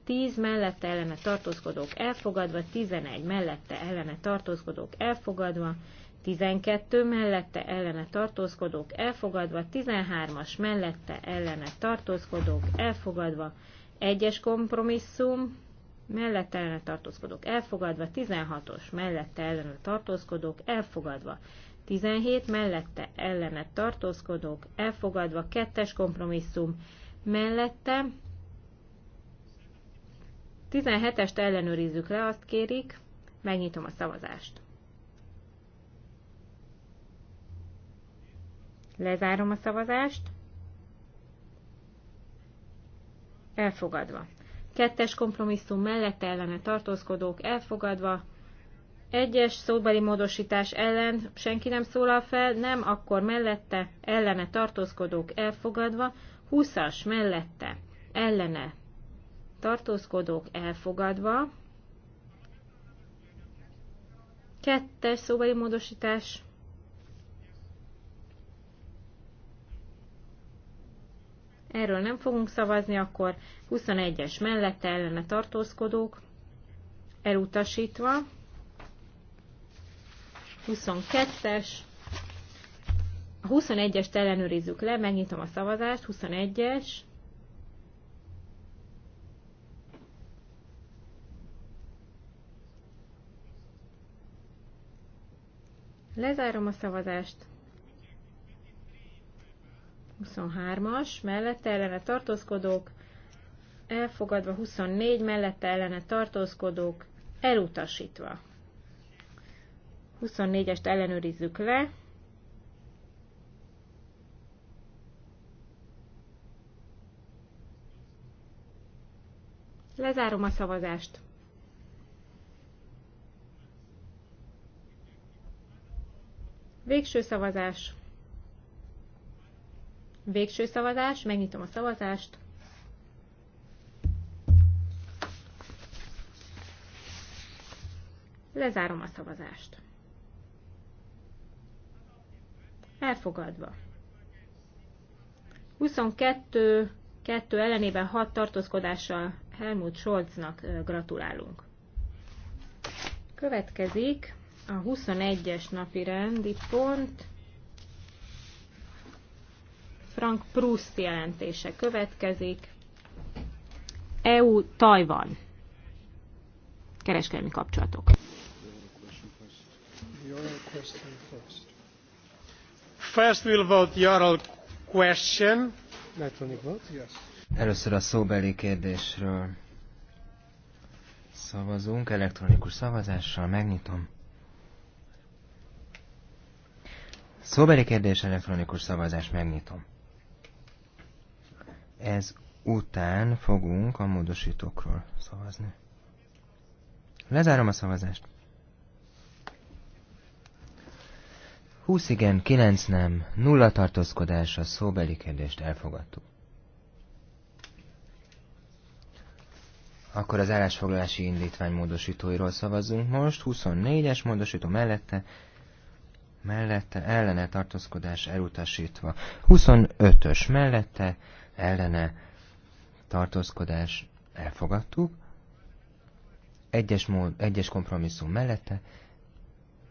10 mellette ellene tartózkodók elfogadva, 11 mellette ellene tartózkodók elfogadva, 12 mellette ellene tartózkodók elfogadva, 13-as mellette ellene tartózkodók elfogadva, egyes kompromisszum, mellette ellene tartózkodok, elfogadva, 16-os mellette ellene tartózkodok, elfogadva, 17 mellette ellene tartózkodok, elfogadva, kettes kompromisszum mellette, 17-est ellenőrizzük le, azt kérik, megnyitom a szavazást. Lezárom a szavazást. elfogadva. Kettes kompromisszum mellett ellene tartózkodók elfogadva. Egyes szóbeli módosítás ellen senki nem szólal fel, nem, akkor mellette ellene tartózkodók elfogadva. Húszas mellette ellene tartózkodók elfogadva. Kettes szóbeli módosítás erről nem fogunk szavazni, akkor 21-es mellette ellene tartózkodók, elutasítva, 22-es, a 21-est ellenőrizzük le, megnyitom a szavazást, 21-es, Lezárom a szavazást. 23-as, mellette ellene tartózkodók, elfogadva 24, mellette ellene tartózkodók, elutasítva. 24-est ellenőrizzük le. Lezárom a szavazást. Végső szavazás. Végső szavazás, megnyitom a szavazást. Lezárom a szavazást. Elfogadva. 22 2 ellenében 6 tartózkodással Helmut Scholznak gratulálunk. Következik a 21-es napi rendi pont. Frank Proust jelentése következik. EU-Tajvan. Kereskedelmi kapcsolatok. First we'll vote the oral question. Electronic Először a szóbeli kérdésről szavazunk, elektronikus szavazással megnyitom. Szóbeli kérdés, elektronikus szavazás, megnyitom. Ez után fogunk a módosítókról szavazni. Lezárom a szavazást. 20 igen, 9 nem, nulla tartózkodás, a szóbeli kérdést elfogadtuk. Akkor az állásfoglalási indítvány módosítóiról szavazzunk most. 24-es módosító mellette, mellette ellene tartózkodás elutasítva. 25-ös mellette ellene tartózkodás elfogadtuk, egyes, mód, egyes kompromisszum mellette,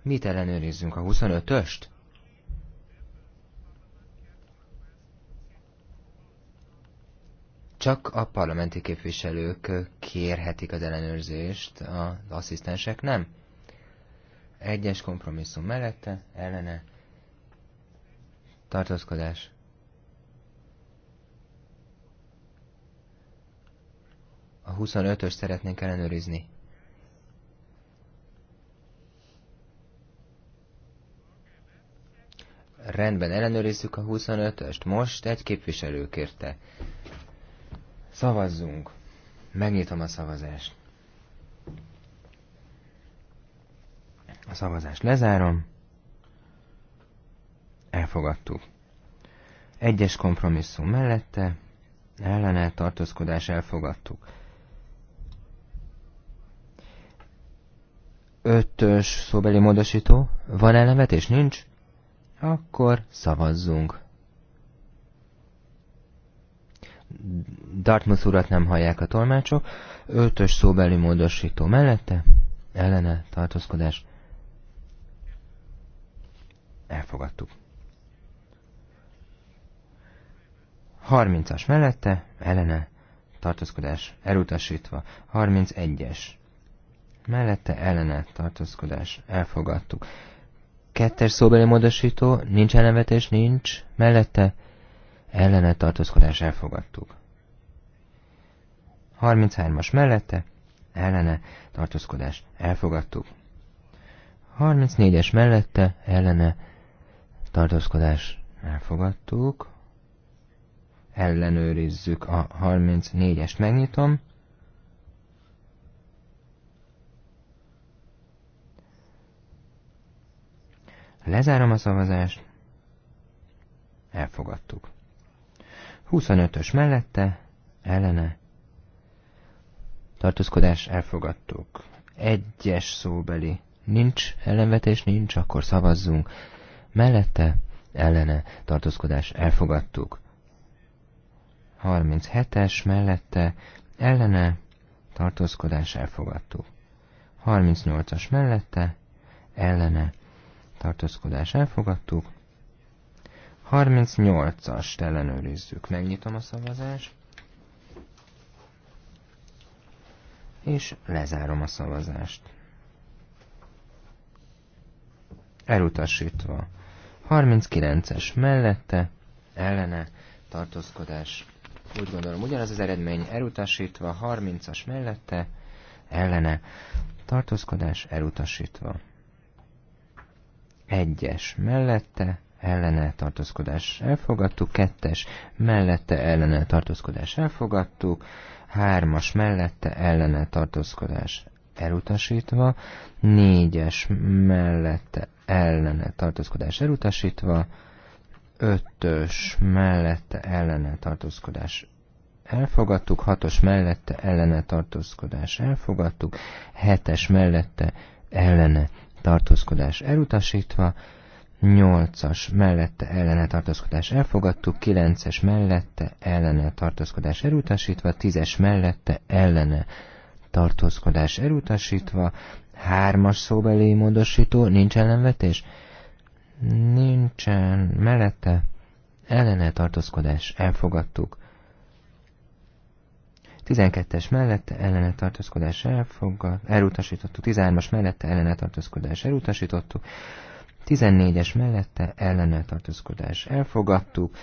mit ellenőrizzünk a 25-öst? Csak a parlamenti képviselők kérhetik az ellenőrzést, az asszisztensek nem. Egyes kompromisszum mellette, ellene, tartózkodás, A 25-ös szeretnénk ellenőrizni. Rendben, ellenőrizzük a 25-öst. Most egy képviselő kérte. Szavazzunk. Megnyitom a szavazást. A szavazást lezárom. Elfogadtuk. Egyes kompromisszum mellette, ellene tartózkodás elfogadtuk. Ötös szóbeli módosító. Van ellenvetés? Nincs? Akkor szavazzunk. Dartmouth urat nem hallják a tolmácsok. Ötös szóbeli módosító mellette. Ellene tartózkodás. Elfogadtuk. 30-as mellette, ellene, tartózkodás elutasítva. 31-es mellette ellene tartózkodás elfogadtuk. Kettes szóbeli módosító, nincs elnevetés, nincs, mellette ellene tartózkodás elfogadtuk. 33-as mellette ellene tartózkodás elfogadtuk. 34-es mellette ellene tartózkodás elfogadtuk. Ellenőrizzük a 34-est, megnyitom. Lezárom a szavazást. Elfogadtuk. 25-ös mellette, ellene. Tartózkodás elfogadtuk. Egyes szóbeli. Nincs ellenvetés, nincs, akkor szavazzunk. Mellette, ellene. Tartózkodás elfogadtuk. 37-es mellette, ellene. Tartózkodás elfogadtuk. 38-as mellette, ellene tartózkodás elfogadtuk. 38 as ellenőrizzük. Megnyitom a szavazást. És lezárom a szavazást. Elutasítva. 39-es mellette, ellene, tartózkodás. Úgy gondolom, ugyanaz az eredmény elutasítva, 30-as mellette, ellene, tartózkodás elutasítva egyes mellette ellene tartózkodás elfogadtuk, kettes mellette ellene tartózkodás elfogadtuk, hármas mellette ellene tartózkodás elutasítva, négyes mellette ellene tartózkodás elutasítva, ötös mellette ellene tartózkodás elfogadtuk, hatos mellette ellene tartózkodás elfogadtuk, hetes mellette ellene tartózkodás elutasítva, 8-as mellette ellene tartózkodás elfogadtuk, 9-es mellette ellene tartózkodás elutasítva, 10-es mellette ellene tartózkodás elutasítva, 3-as szóbeli módosító, nincs ellenvetés? Nincsen, mellette ellene tartózkodás elfogadtuk. 12-es mellette ellene tartózkodás elfogad, elutasítottuk, 13-as mellette ellene tartózkodás elutasítottuk, 14-es mellette ellene tartózkodás elfogadtuk,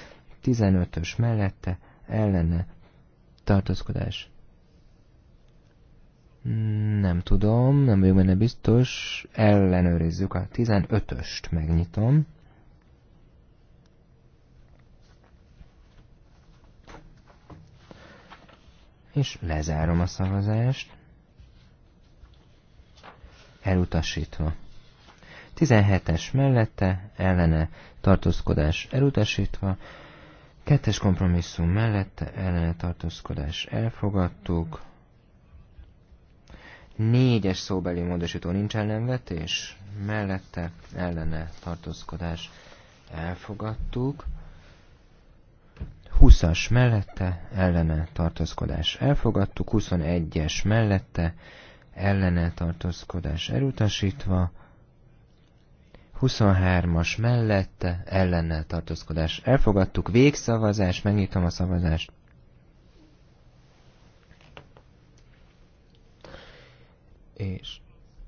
15-ös mellette ellene tartózkodás. Nem tudom, nem vagyok benne biztos, ellenőrizzük a 15-öst, megnyitom. és lezárom a szavazást. Elutasítva. 17-es mellette, ellene tartózkodás elutasítva, kettes kompromisszum mellette, ellene tartózkodás elfogadtuk, négyes szóbeli módosító nincs ellenvetés, mellette ellene tartózkodás elfogadtuk, 20-as mellette ellene tartózkodás elfogadtuk, 21-es mellette ellene tartózkodás elutasítva, 23-as mellette ellene tartózkodás elfogadtuk, végszavazás, megnyitom a szavazást. És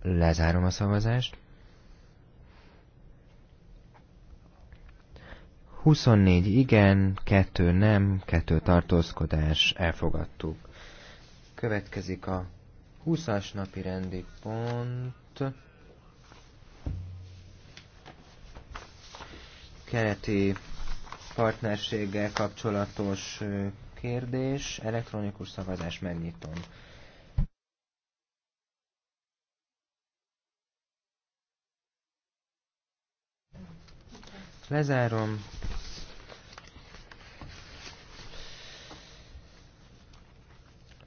lezárom a szavazást. 24 igen, 2 nem, 2 tartózkodás, elfogadtuk. Következik a 20-as napi rendi pont. Kereti partnerséggel kapcsolatos kérdés, elektronikus szavazás megnyitom. Lezárom.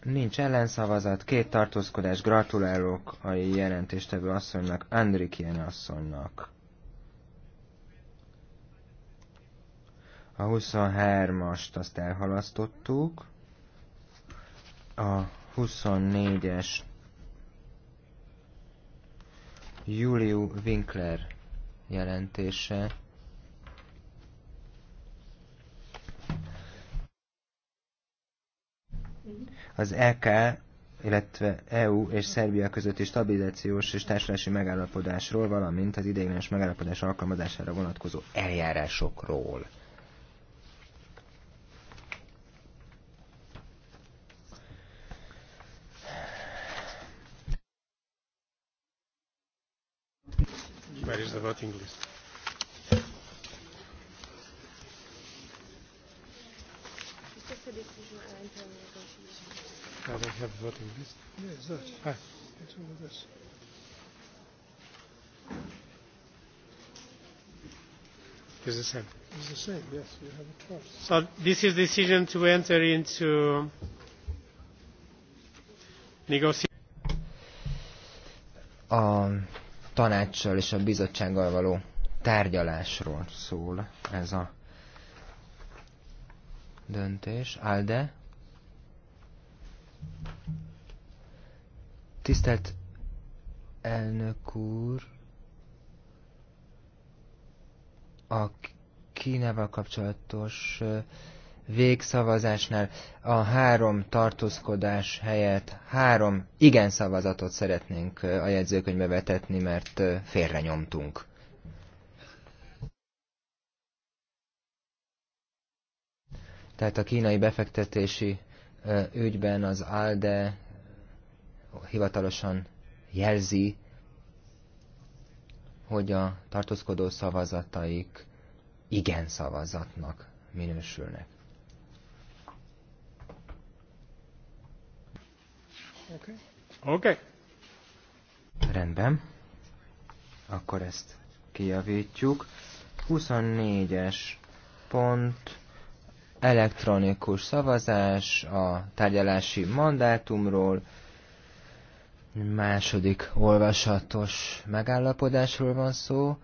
Nincs ellenszavazat, két tartózkodás. Gratulálok a jelentéstevő asszonynak, Andrik Jene asszonynak. A 23-ast azt elhalasztottuk. A 24-es Juliu Winkler jelentése. az EK, illetve EU és Szerbia közötti stabilizációs és társulási megállapodásról, valamint az ideiglenes megállapodás alkalmazására vonatkozó eljárásokról. Where is the voting list? a decision I don't have voting list. Yeah, it's that. Ah. It's all of this. It's the same. It's the same, yes. You have a trust. So this is decision to enter into negotiation. A tanácssal és a bizottsággal való tárgyalásról szól ez a döntés. Alde? Tisztelt elnök úr, a Kínával kapcsolatos végszavazásnál a három tartózkodás helyett három igen szavazatot szeretnénk a jegyzőkönyvbe vetetni, mert nyomtunk. Tehát a kínai befektetési ügyben az ALDE hivatalosan jelzi, hogy a tartózkodó szavazataik igen szavazatnak minősülnek. Oké. Okay. Okay. Rendben. Akkor ezt kijavítjuk. 24-es pont elektronikus szavazás a tárgyalási mandátumról, második olvasatos megállapodásról van szó,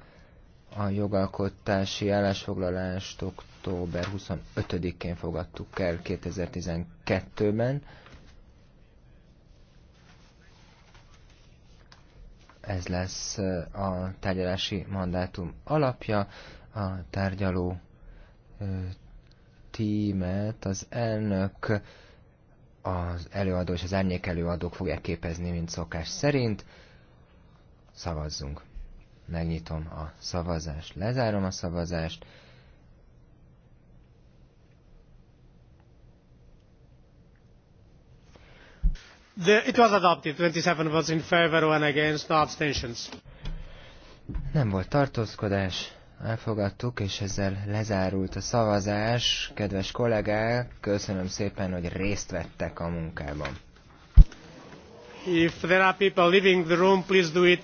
a jogalkotási állásfoglalást október 25-én fogadtuk el 2012-ben. Ez lesz eh, a tárgyalási mandátum alapja, a tárgyaló eh, tímet az elnök, az előadó és az árnyék előadók fogják képezni, mint szokás szerint. Szavazzunk. Megnyitom a szavazást, lezárom a szavazást. The, it was adopted, 27 votes in favor, one against, no abstentions. Nem volt tartózkodás, Elfogadtuk, és ezzel lezárult a szavazás. Kedves kollégák, köszönöm szépen, hogy részt vettek a munkában. If there are people leaving the room, please do it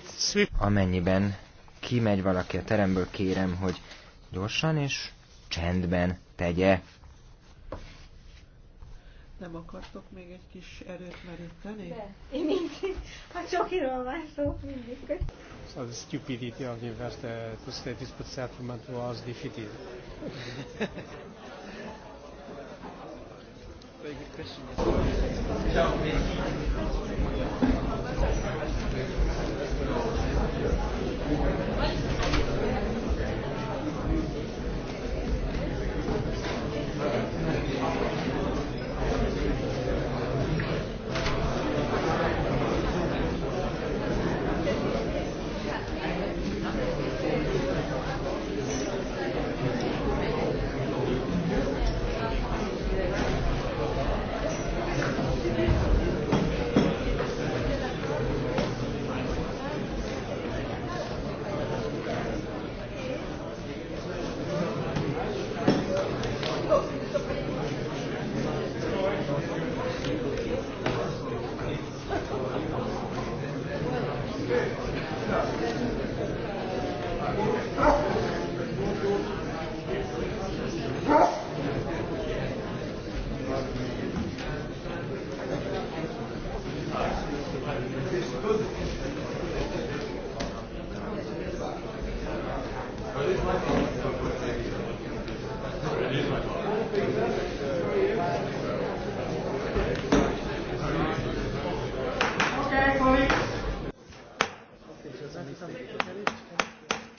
Amennyiben kimegy valaki a teremből, kérem, hogy gyorsan és csendben tegye nem akartok még egy kis erőt meríteni? De, én mindig, ha csak csokiról van szó, mindig. So the stupidity of the investor to say this settlement was defeated. Very good question. Yes.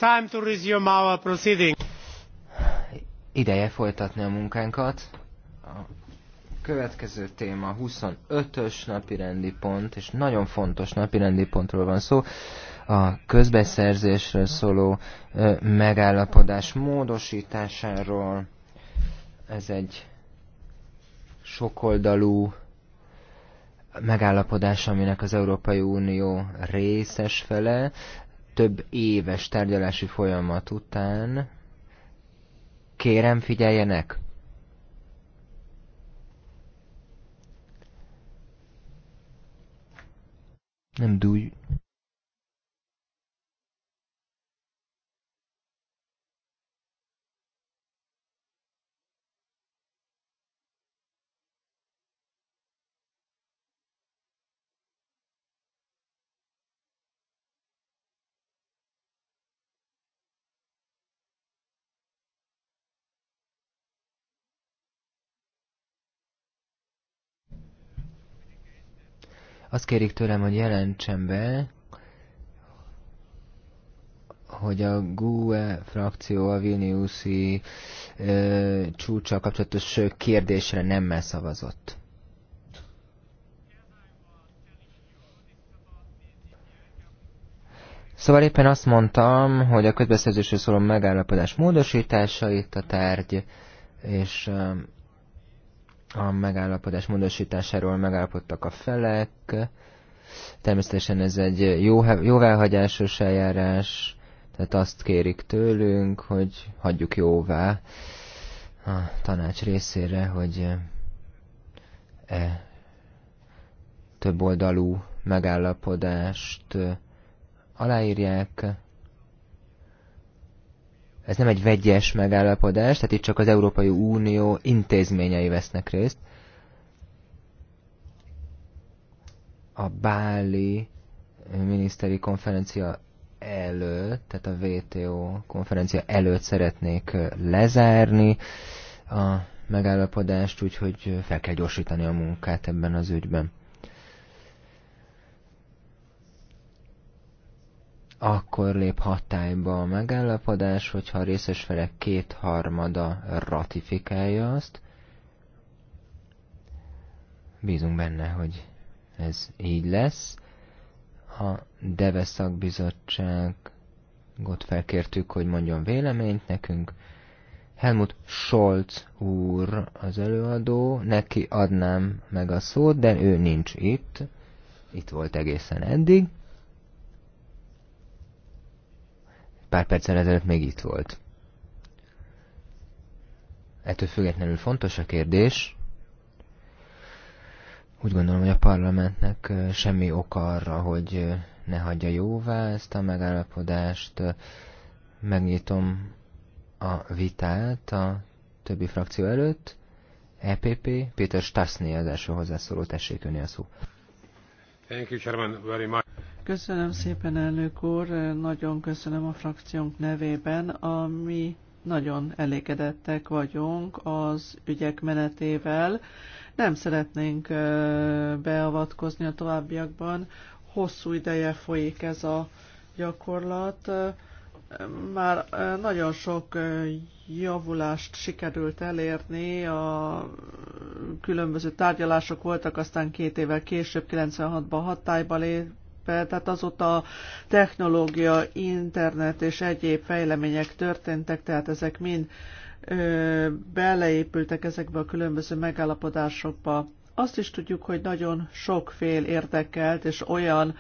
time to resume our proceeding. Ideje folytatni a munkánkat. A következő téma 25-ös napirendi pont, és nagyon fontos napirendi pontról van szó. A közbeszerzésről szóló ö, megállapodás módosításáról. Ez egy sokoldalú megállapodás, aminek az Európai Unió részes fele több éves tárgyalási folyamat után kérem figyeljenek. Nem dúj. Azt kérik tőlem, hogy jelentsem be, hogy a GUE frakció a Vilniuszi ö, csúcsal kapcsolatos kérdésre nemmel szavazott. Szóval éppen azt mondtam, hogy a közbeszerzésről szóló megállapodás módosítása itt a tárgy, és a megállapodás módosításáról megállapodtak a felek. Természetesen ez egy jó, jóváhagyásos eljárás, tehát azt kérik tőlünk, hogy hagyjuk jóvá a tanács részére, hogy e több oldalú megállapodást aláírják, ez nem egy vegyes megállapodás, tehát itt csak az Európai Unió intézményei vesznek részt. A Báli miniszteri konferencia előtt, tehát a WTO konferencia előtt szeretnék lezárni a megállapodást, úgyhogy fel kell gyorsítani a munkát ebben az ügyben. akkor lép hatályba a megállapodás, hogyha a részes felek kétharmada ratifikálja azt. Bízunk benne, hogy ez így lesz. A Deve szakbizottságot felkértük, hogy mondjon véleményt nekünk. Helmut Scholz úr az előadó, neki adnám meg a szót, de ő nincs itt. Itt volt egészen eddig. pár perccel ezelőtt még itt volt. Ettől függetlenül fontos a kérdés. Úgy gondolom, hogy a parlamentnek semmi oka arra, hogy ne hagyja jóvá ezt a megállapodást. Megnyitom a vitát a többi frakció előtt. EPP, Péter Stasny az első hozzászóló, tessék önni a szó. Thank you, Chairman, very much. Köszönöm szépen, elnök úr, nagyon köszönöm a frakciónk nevében, ami nagyon elégedettek vagyunk az ügyek menetével. Nem szeretnénk beavatkozni a továbbiakban. Hosszú ideje folyik ez a gyakorlat. Már nagyon sok javulást sikerült elérni, a különböző tárgyalások voltak, aztán két évvel később, 96-ban hatályba lép, tehát azóta a technológia, internet és egyéb fejlemények történtek, tehát ezek mind ö, beleépültek ezekbe a különböző megállapodásokba. Azt is tudjuk, hogy nagyon fél érdekelt és olyan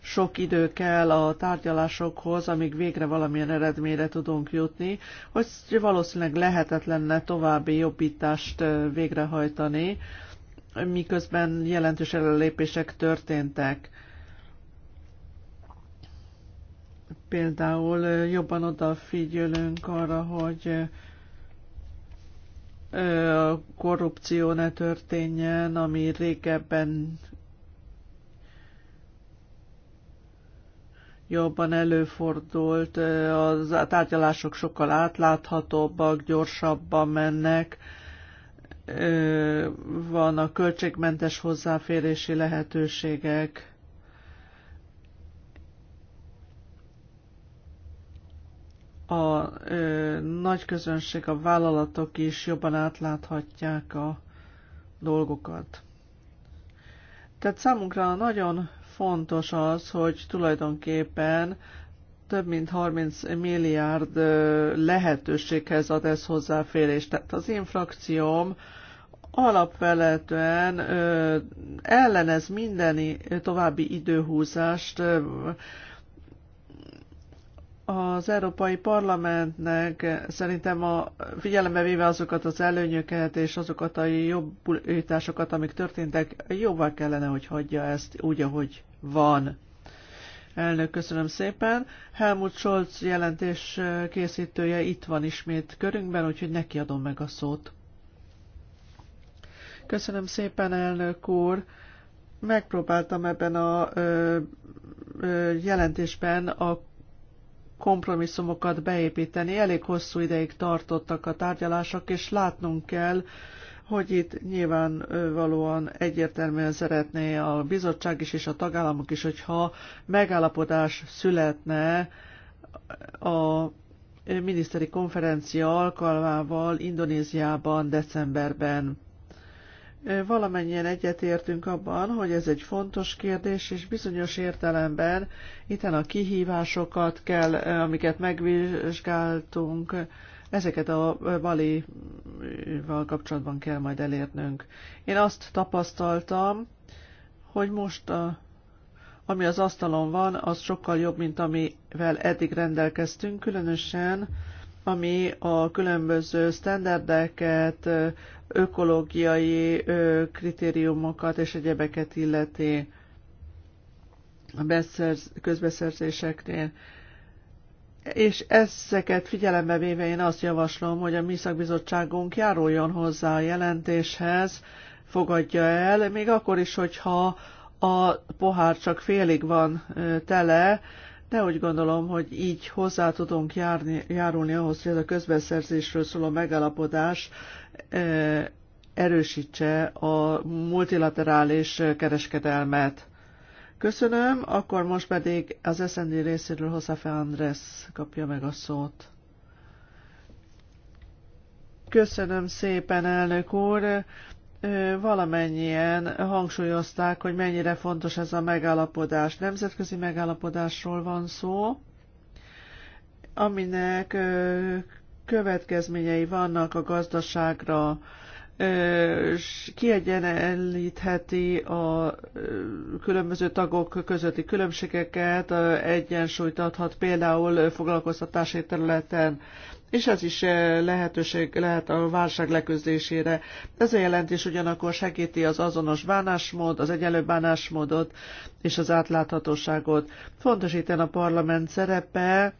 sok idő kell a tárgyalásokhoz, amíg végre valamilyen eredményre tudunk jutni, hogy valószínűleg lehetetlenne további jobbítást végrehajtani, miközben jelentős előlépések történtek. például jobban odafigyelünk arra, hogy a korrupció ne történjen, ami régebben jobban előfordult, a tárgyalások sokkal átláthatóbbak, gyorsabban mennek, van a költségmentes hozzáférési lehetőségek. a ö, nagy közönség, a vállalatok is jobban átláthatják a dolgokat. Tehát számunkra nagyon fontos az, hogy tulajdonképpen több mint 30 milliárd lehetőséghez ad ez hozzáférés. Tehát az infrakcióm alapvetően ellenez mindeni további időhúzást, az Európai Parlamentnek szerintem a figyelembe véve azokat az előnyöket és azokat a jobbításokat, amik történtek, jóval kellene, hogy hagyja ezt úgy, ahogy van. Elnök, köszönöm szépen. Helmut Scholz jelentés készítője itt van ismét körünkben, úgyhogy neki adom meg a szót. Köszönöm szépen, elnök úr. Megpróbáltam ebben a ö, ö, jelentésben a kompromisszumokat beépíteni. Elég hosszú ideig tartottak a tárgyalások, és látnunk kell, hogy itt nyilvánvalóan egyértelműen szeretné a bizottság is és a tagállamok is, hogyha megállapodás születne a miniszteri konferencia alkalmával Indonéziában decemberben. Valamennyien egyetértünk abban, hogy ez egy fontos kérdés, és bizonyos értelemben itten a kihívásokat kell, amiket megvizsgáltunk, ezeket a balival kapcsolatban kell majd elérnünk. Én azt tapasztaltam, hogy most a, ami az asztalon van, az sokkal jobb, mint amivel eddig rendelkeztünk, különösen ami a különböző standardeket, ökológiai kritériumokat és egyebeket illeti a közbeszerzéseknél. És ezeket figyelembe véve én azt javaslom, hogy a mi szakbizottságunk járuljon hozzá a jelentéshez, fogadja el, még akkor is, hogyha a pohár csak félig van tele, de úgy gondolom, hogy így hozzá tudunk járni, járulni ahhoz, hogy ez a közbeszerzésről szóló megállapodás eh, erősítse a multilaterális kereskedelmet. Köszönöm, akkor most pedig az SND részéről Josefe Andres kapja meg a szót. Köszönöm szépen, elnök úr! valamennyien hangsúlyozták, hogy mennyire fontos ez a megállapodás. Nemzetközi megállapodásról van szó, aminek következményei vannak a gazdaságra, kiegyenlítheti a különböző tagok közötti különbségeket, egyensúlyt adhat például foglalkoztatási területen, és ez is lehetőség lehet a válság leküzdésére. Ez a jelentés ugyanakkor segíti az azonos bánásmód, az egyenlő bánásmódot és az átláthatóságot. Fontos itt a parlament szerepe,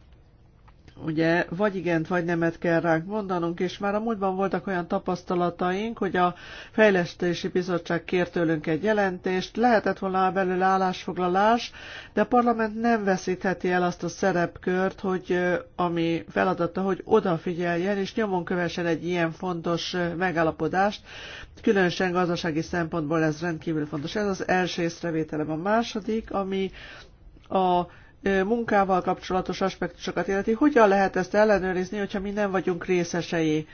ugye vagy igent, vagy nemet kell ránk mondanunk, és már a múltban voltak olyan tapasztalataink, hogy a Fejlesztési Bizottság kért tőlünk egy jelentést, lehetett volna belőle állásfoglalás, de a parlament nem veszítheti el azt a szerepkört, hogy ami feladata, hogy odafigyeljen, és nyomon kövessen egy ilyen fontos megállapodást, különösen gazdasági szempontból ez rendkívül fontos. Ez az első észrevételem. A második, ami a munkával kapcsolatos aspektusokat illeti, hogyan lehet ezt ellenőrizni, hogyha mi nem vagyunk részesei.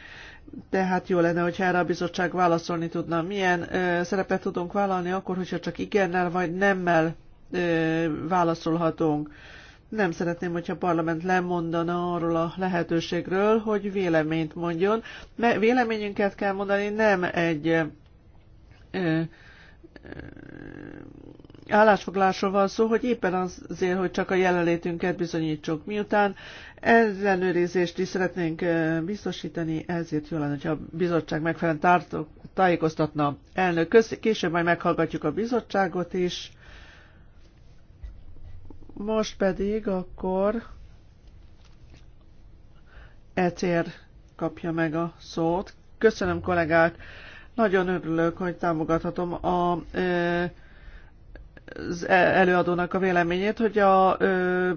Tehát jó lenne, hogyha erre a bizottság válaszolni tudna. Milyen ö, szerepet tudunk vállalni akkor, hogyha csak igennel vagy nemmel ö, válaszolhatunk. Nem szeretném, hogyha a parlament lemondana arról a lehetőségről, hogy véleményt mondjon. Mert véleményünket kell mondani, nem egy ö, ö, állásfoglásról van szó, hogy éppen azért, hogy csak a jelenlétünket bizonyítsuk. Miután ellenőrizést is szeretnénk biztosítani, ezért jó lenne, hogyha a bizottság megfelelően tájékoztatna elnök. Később majd meghallgatjuk a bizottságot is. Most pedig akkor ECR kapja meg a szót. Köszönöm kollégák, nagyon örülök, hogy támogathatom a e, az e- előadónak a véleményét, hogy a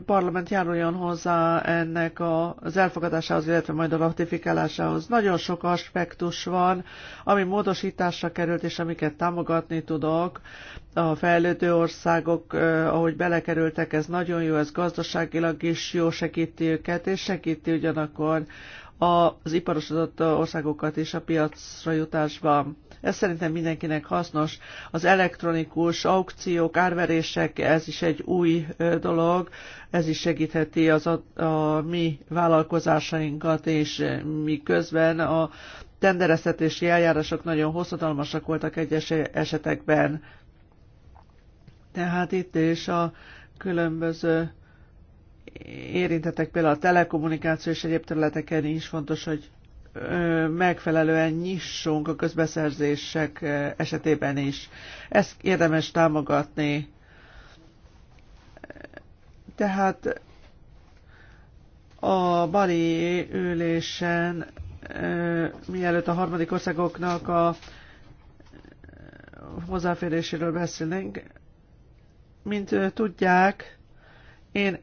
parlament járuljon hozzá ennek a, az elfogadásához, illetve majd a ratifikálásához. Nagyon sok aspektus van, ami módosításra került, és amiket támogatni tudok. A fejlődő országok, ahogy belekerültek, ez nagyon jó, ez gazdaságilag is jó segíti őket, és segíti ugyanakkor az iparosodott országokat is a piacra jutásban ez szerintem mindenkinek hasznos. Az elektronikus aukciók, árverések, ez is egy új dolog, ez is segítheti az a, a mi vállalkozásainkat, és mi közben a tendereztetési eljárások nagyon hosszadalmasak voltak egyes esetekben. Tehát itt is a különböző érintetek, például a telekommunikáció és egyéb területeken is fontos, hogy megfelelően nyissunk a közbeszerzések esetében is. Ezt érdemes támogatni. Tehát a bali ülésen mielőtt a harmadik országoknak a hozzáféréséről beszélnénk, mint tudják, én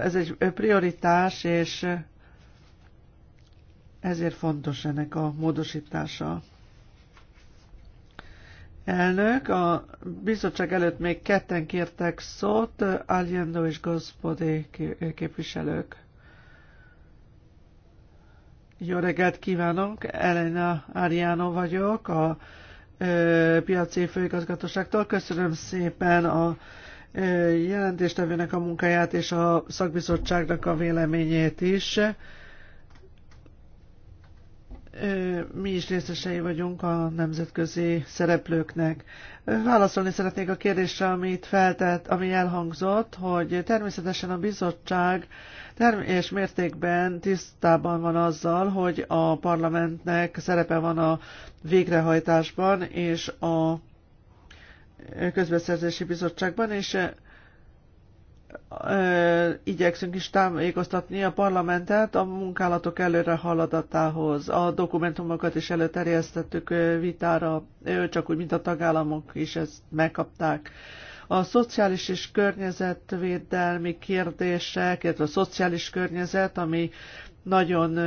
ez egy prioritás, és ezért fontos ennek a módosítása. Elnök, a bizottság előtt még ketten kértek szót, Aljendo és Gospodé képviselők. Jó reggelt kívánok, Elena Ariano vagyok, a ö, piaci főigazgatóságtól. Köszönöm szépen a jelentéstevőnek a munkáját és a szakbizottságnak a véleményét is mi is részesei vagyunk a nemzetközi szereplőknek. Válaszolni szeretnék a kérdésre, amit feltett, ami elhangzott, hogy természetesen a bizottság és mértékben tisztában van azzal, hogy a parlamentnek szerepe van a végrehajtásban és a közbeszerzési bizottságban, és igyekszünk is támékoztatni a parlamentet a munkálatok előre haladatához. A dokumentumokat is előterjesztettük vitára, csak úgy, mint a tagállamok is ezt megkapták. A szociális és környezetvédelmi kérdések, illetve a szociális környezet, ami nagyon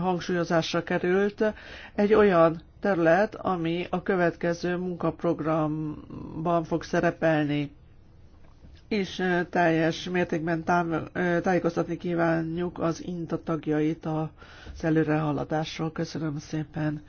hangsúlyozásra került, egy olyan terület, ami a következő munkaprogramban fog szerepelni és teljes mértékben tájékoztatni kívánjuk az INTA tagjait az előrehaladásról. Köszönöm szépen!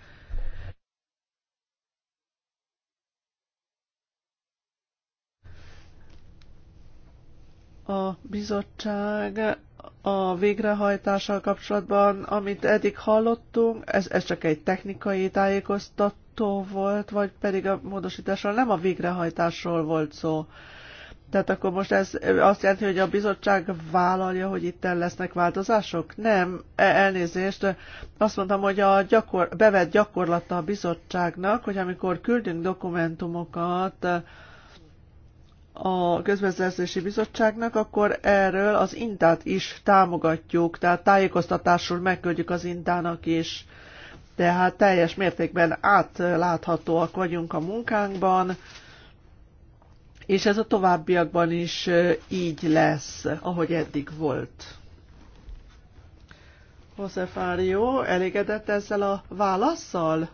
A bizottság a végrehajtással kapcsolatban, amit eddig hallottunk, ez, ez csak egy technikai tájékoztató volt, vagy pedig a módosításról, nem a végrehajtásról volt szó. Tehát akkor most ez azt jelenti, hogy a bizottság vállalja, hogy itt lesznek változások? Nem, e, elnézést. Azt mondtam, hogy a gyakor, bevett gyakorlata a bizottságnak, hogy amikor küldünk dokumentumokat a közbeszerzési bizottságnak, akkor erről az intát is támogatjuk, tehát tájékoztatásul megküldjük az intának is. Tehát teljes mértékben átláthatóak vagyunk a munkánkban, és ez a továbbiakban is így lesz, ahogy eddig volt. José Fárió, elégedett ezzel a válaszsal?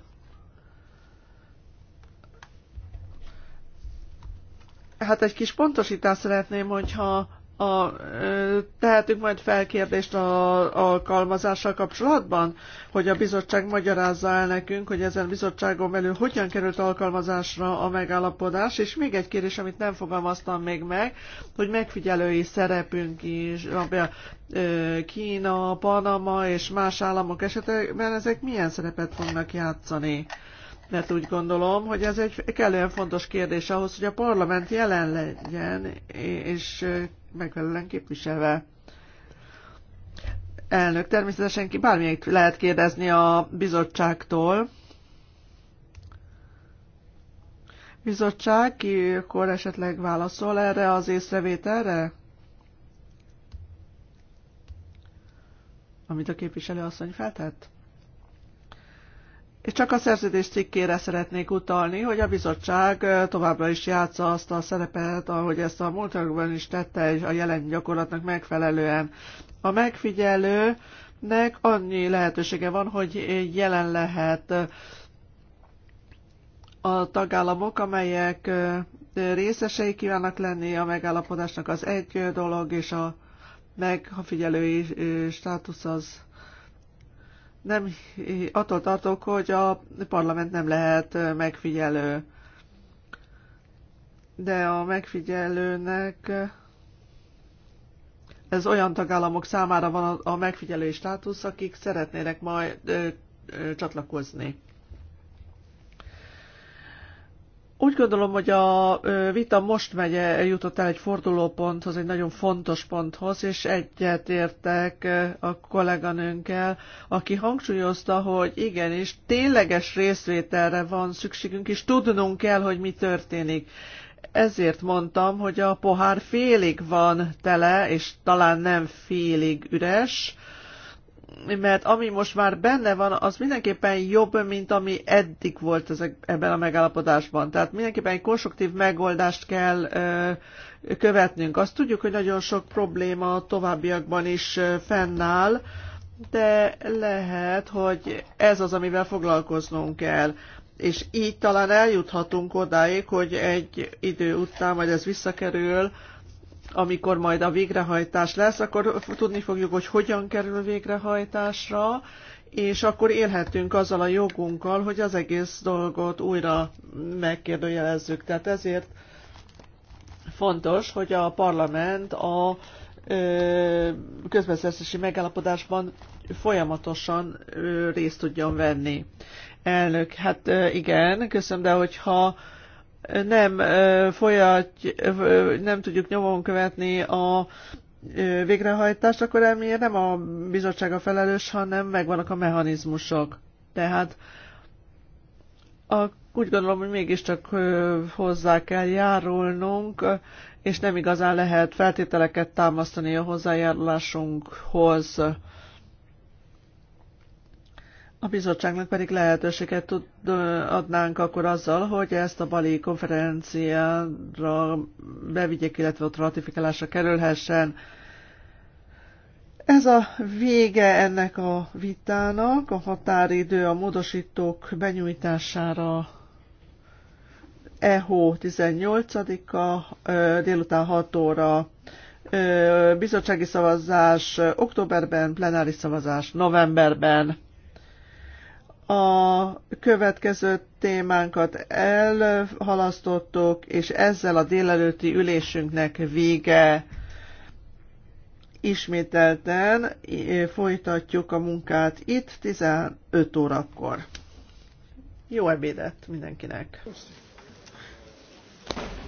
Hát egy kis pontosítást szeretném, hogyha a, tehetünk majd felkérdést a alkalmazással kapcsolatban, hogy a bizottság magyarázza el nekünk, hogy ezen bizottságon belül hogyan került alkalmazásra a megállapodás, és még egy kérdés, amit nem fogalmaztam még meg, hogy megfigyelői szerepünk is, a Kína, Panama és más államok esetében ezek milyen szerepet fognak játszani mert úgy gondolom, hogy ez egy kellően fontos kérdés ahhoz, hogy a parlament jelen legyen és megfelelően képviselve. Elnök, természetesen ki bármilyen lehet kérdezni a bizottságtól. Bizottság, ki akkor esetleg válaszol erre az észrevételre? Amit a képviselő asszony feltett? És csak a szerződés cikkére szeretnék utalni, hogy a bizottság továbbra is játsza azt a szerepet, ahogy ezt a múltakban is tette, és a jelen gyakorlatnak megfelelően. A megfigyelőnek annyi lehetősége van, hogy jelen lehet a tagállamok, amelyek részesei kívánnak lenni a megállapodásnak az egy dolog, és a megfigyelői státusz az nem, attól tartok, hogy a parlament nem lehet megfigyelő. De a megfigyelőnek ez olyan tagállamok számára van a megfigyelői státusz, akik szeretnének majd ö, ö, csatlakozni. Úgy gondolom, hogy a vita most megye jutott el egy fordulóponthoz, egy nagyon fontos ponthoz, és egyet értek a kolléganőnkkel, aki hangsúlyozta, hogy igenis tényleges részvételre van szükségünk, és tudnunk kell, hogy mi történik. Ezért mondtam, hogy a pohár félig van tele, és talán nem félig üres, mert ami most már benne van, az mindenképpen jobb, mint ami eddig volt ezek, ebben a megállapodásban. Tehát mindenképpen egy konstruktív megoldást kell ö, követnünk. Azt tudjuk, hogy nagyon sok probléma a továbbiakban is fennáll, de lehet, hogy ez az, amivel foglalkoznunk kell. És így talán eljuthatunk odáig, hogy egy idő után, majd ez visszakerül, amikor majd a végrehajtás lesz, akkor tudni fogjuk, hogy hogyan kerül végrehajtásra, és akkor élhetünk azzal a jogunkkal, hogy az egész dolgot újra megkérdőjelezzük. Tehát ezért fontos, hogy a parlament a közbeszerzési megállapodásban folyamatosan részt tudjon venni. Elnök, hát igen, köszönöm, de hogyha nem folyat, nem tudjuk nyomon követni a végrehajtást, akkor emiatt nem a bizottság a felelős, hanem megvannak a mechanizmusok. Tehát a, úgy gondolom, hogy mégiscsak hozzá kell járulnunk, és nem igazán lehet feltételeket támasztani a hozzájárulásunkhoz. A bizottságnak pedig lehetőséget tud, adnánk akkor azzal, hogy ezt a bali konferenciára bevigyék, illetve ott ratifikálásra kerülhessen. Ez a vége ennek a vitának, a határidő a módosítók benyújtására EHO 18-a délután 6 óra bizottsági szavazás októberben, plenáris szavazás novemberben a következő témánkat elhalasztottuk, és ezzel a délelőtti ülésünknek vége. Ismételten folytatjuk a munkát itt 15 órakor. Jó ebédet mindenkinek! Köszönöm.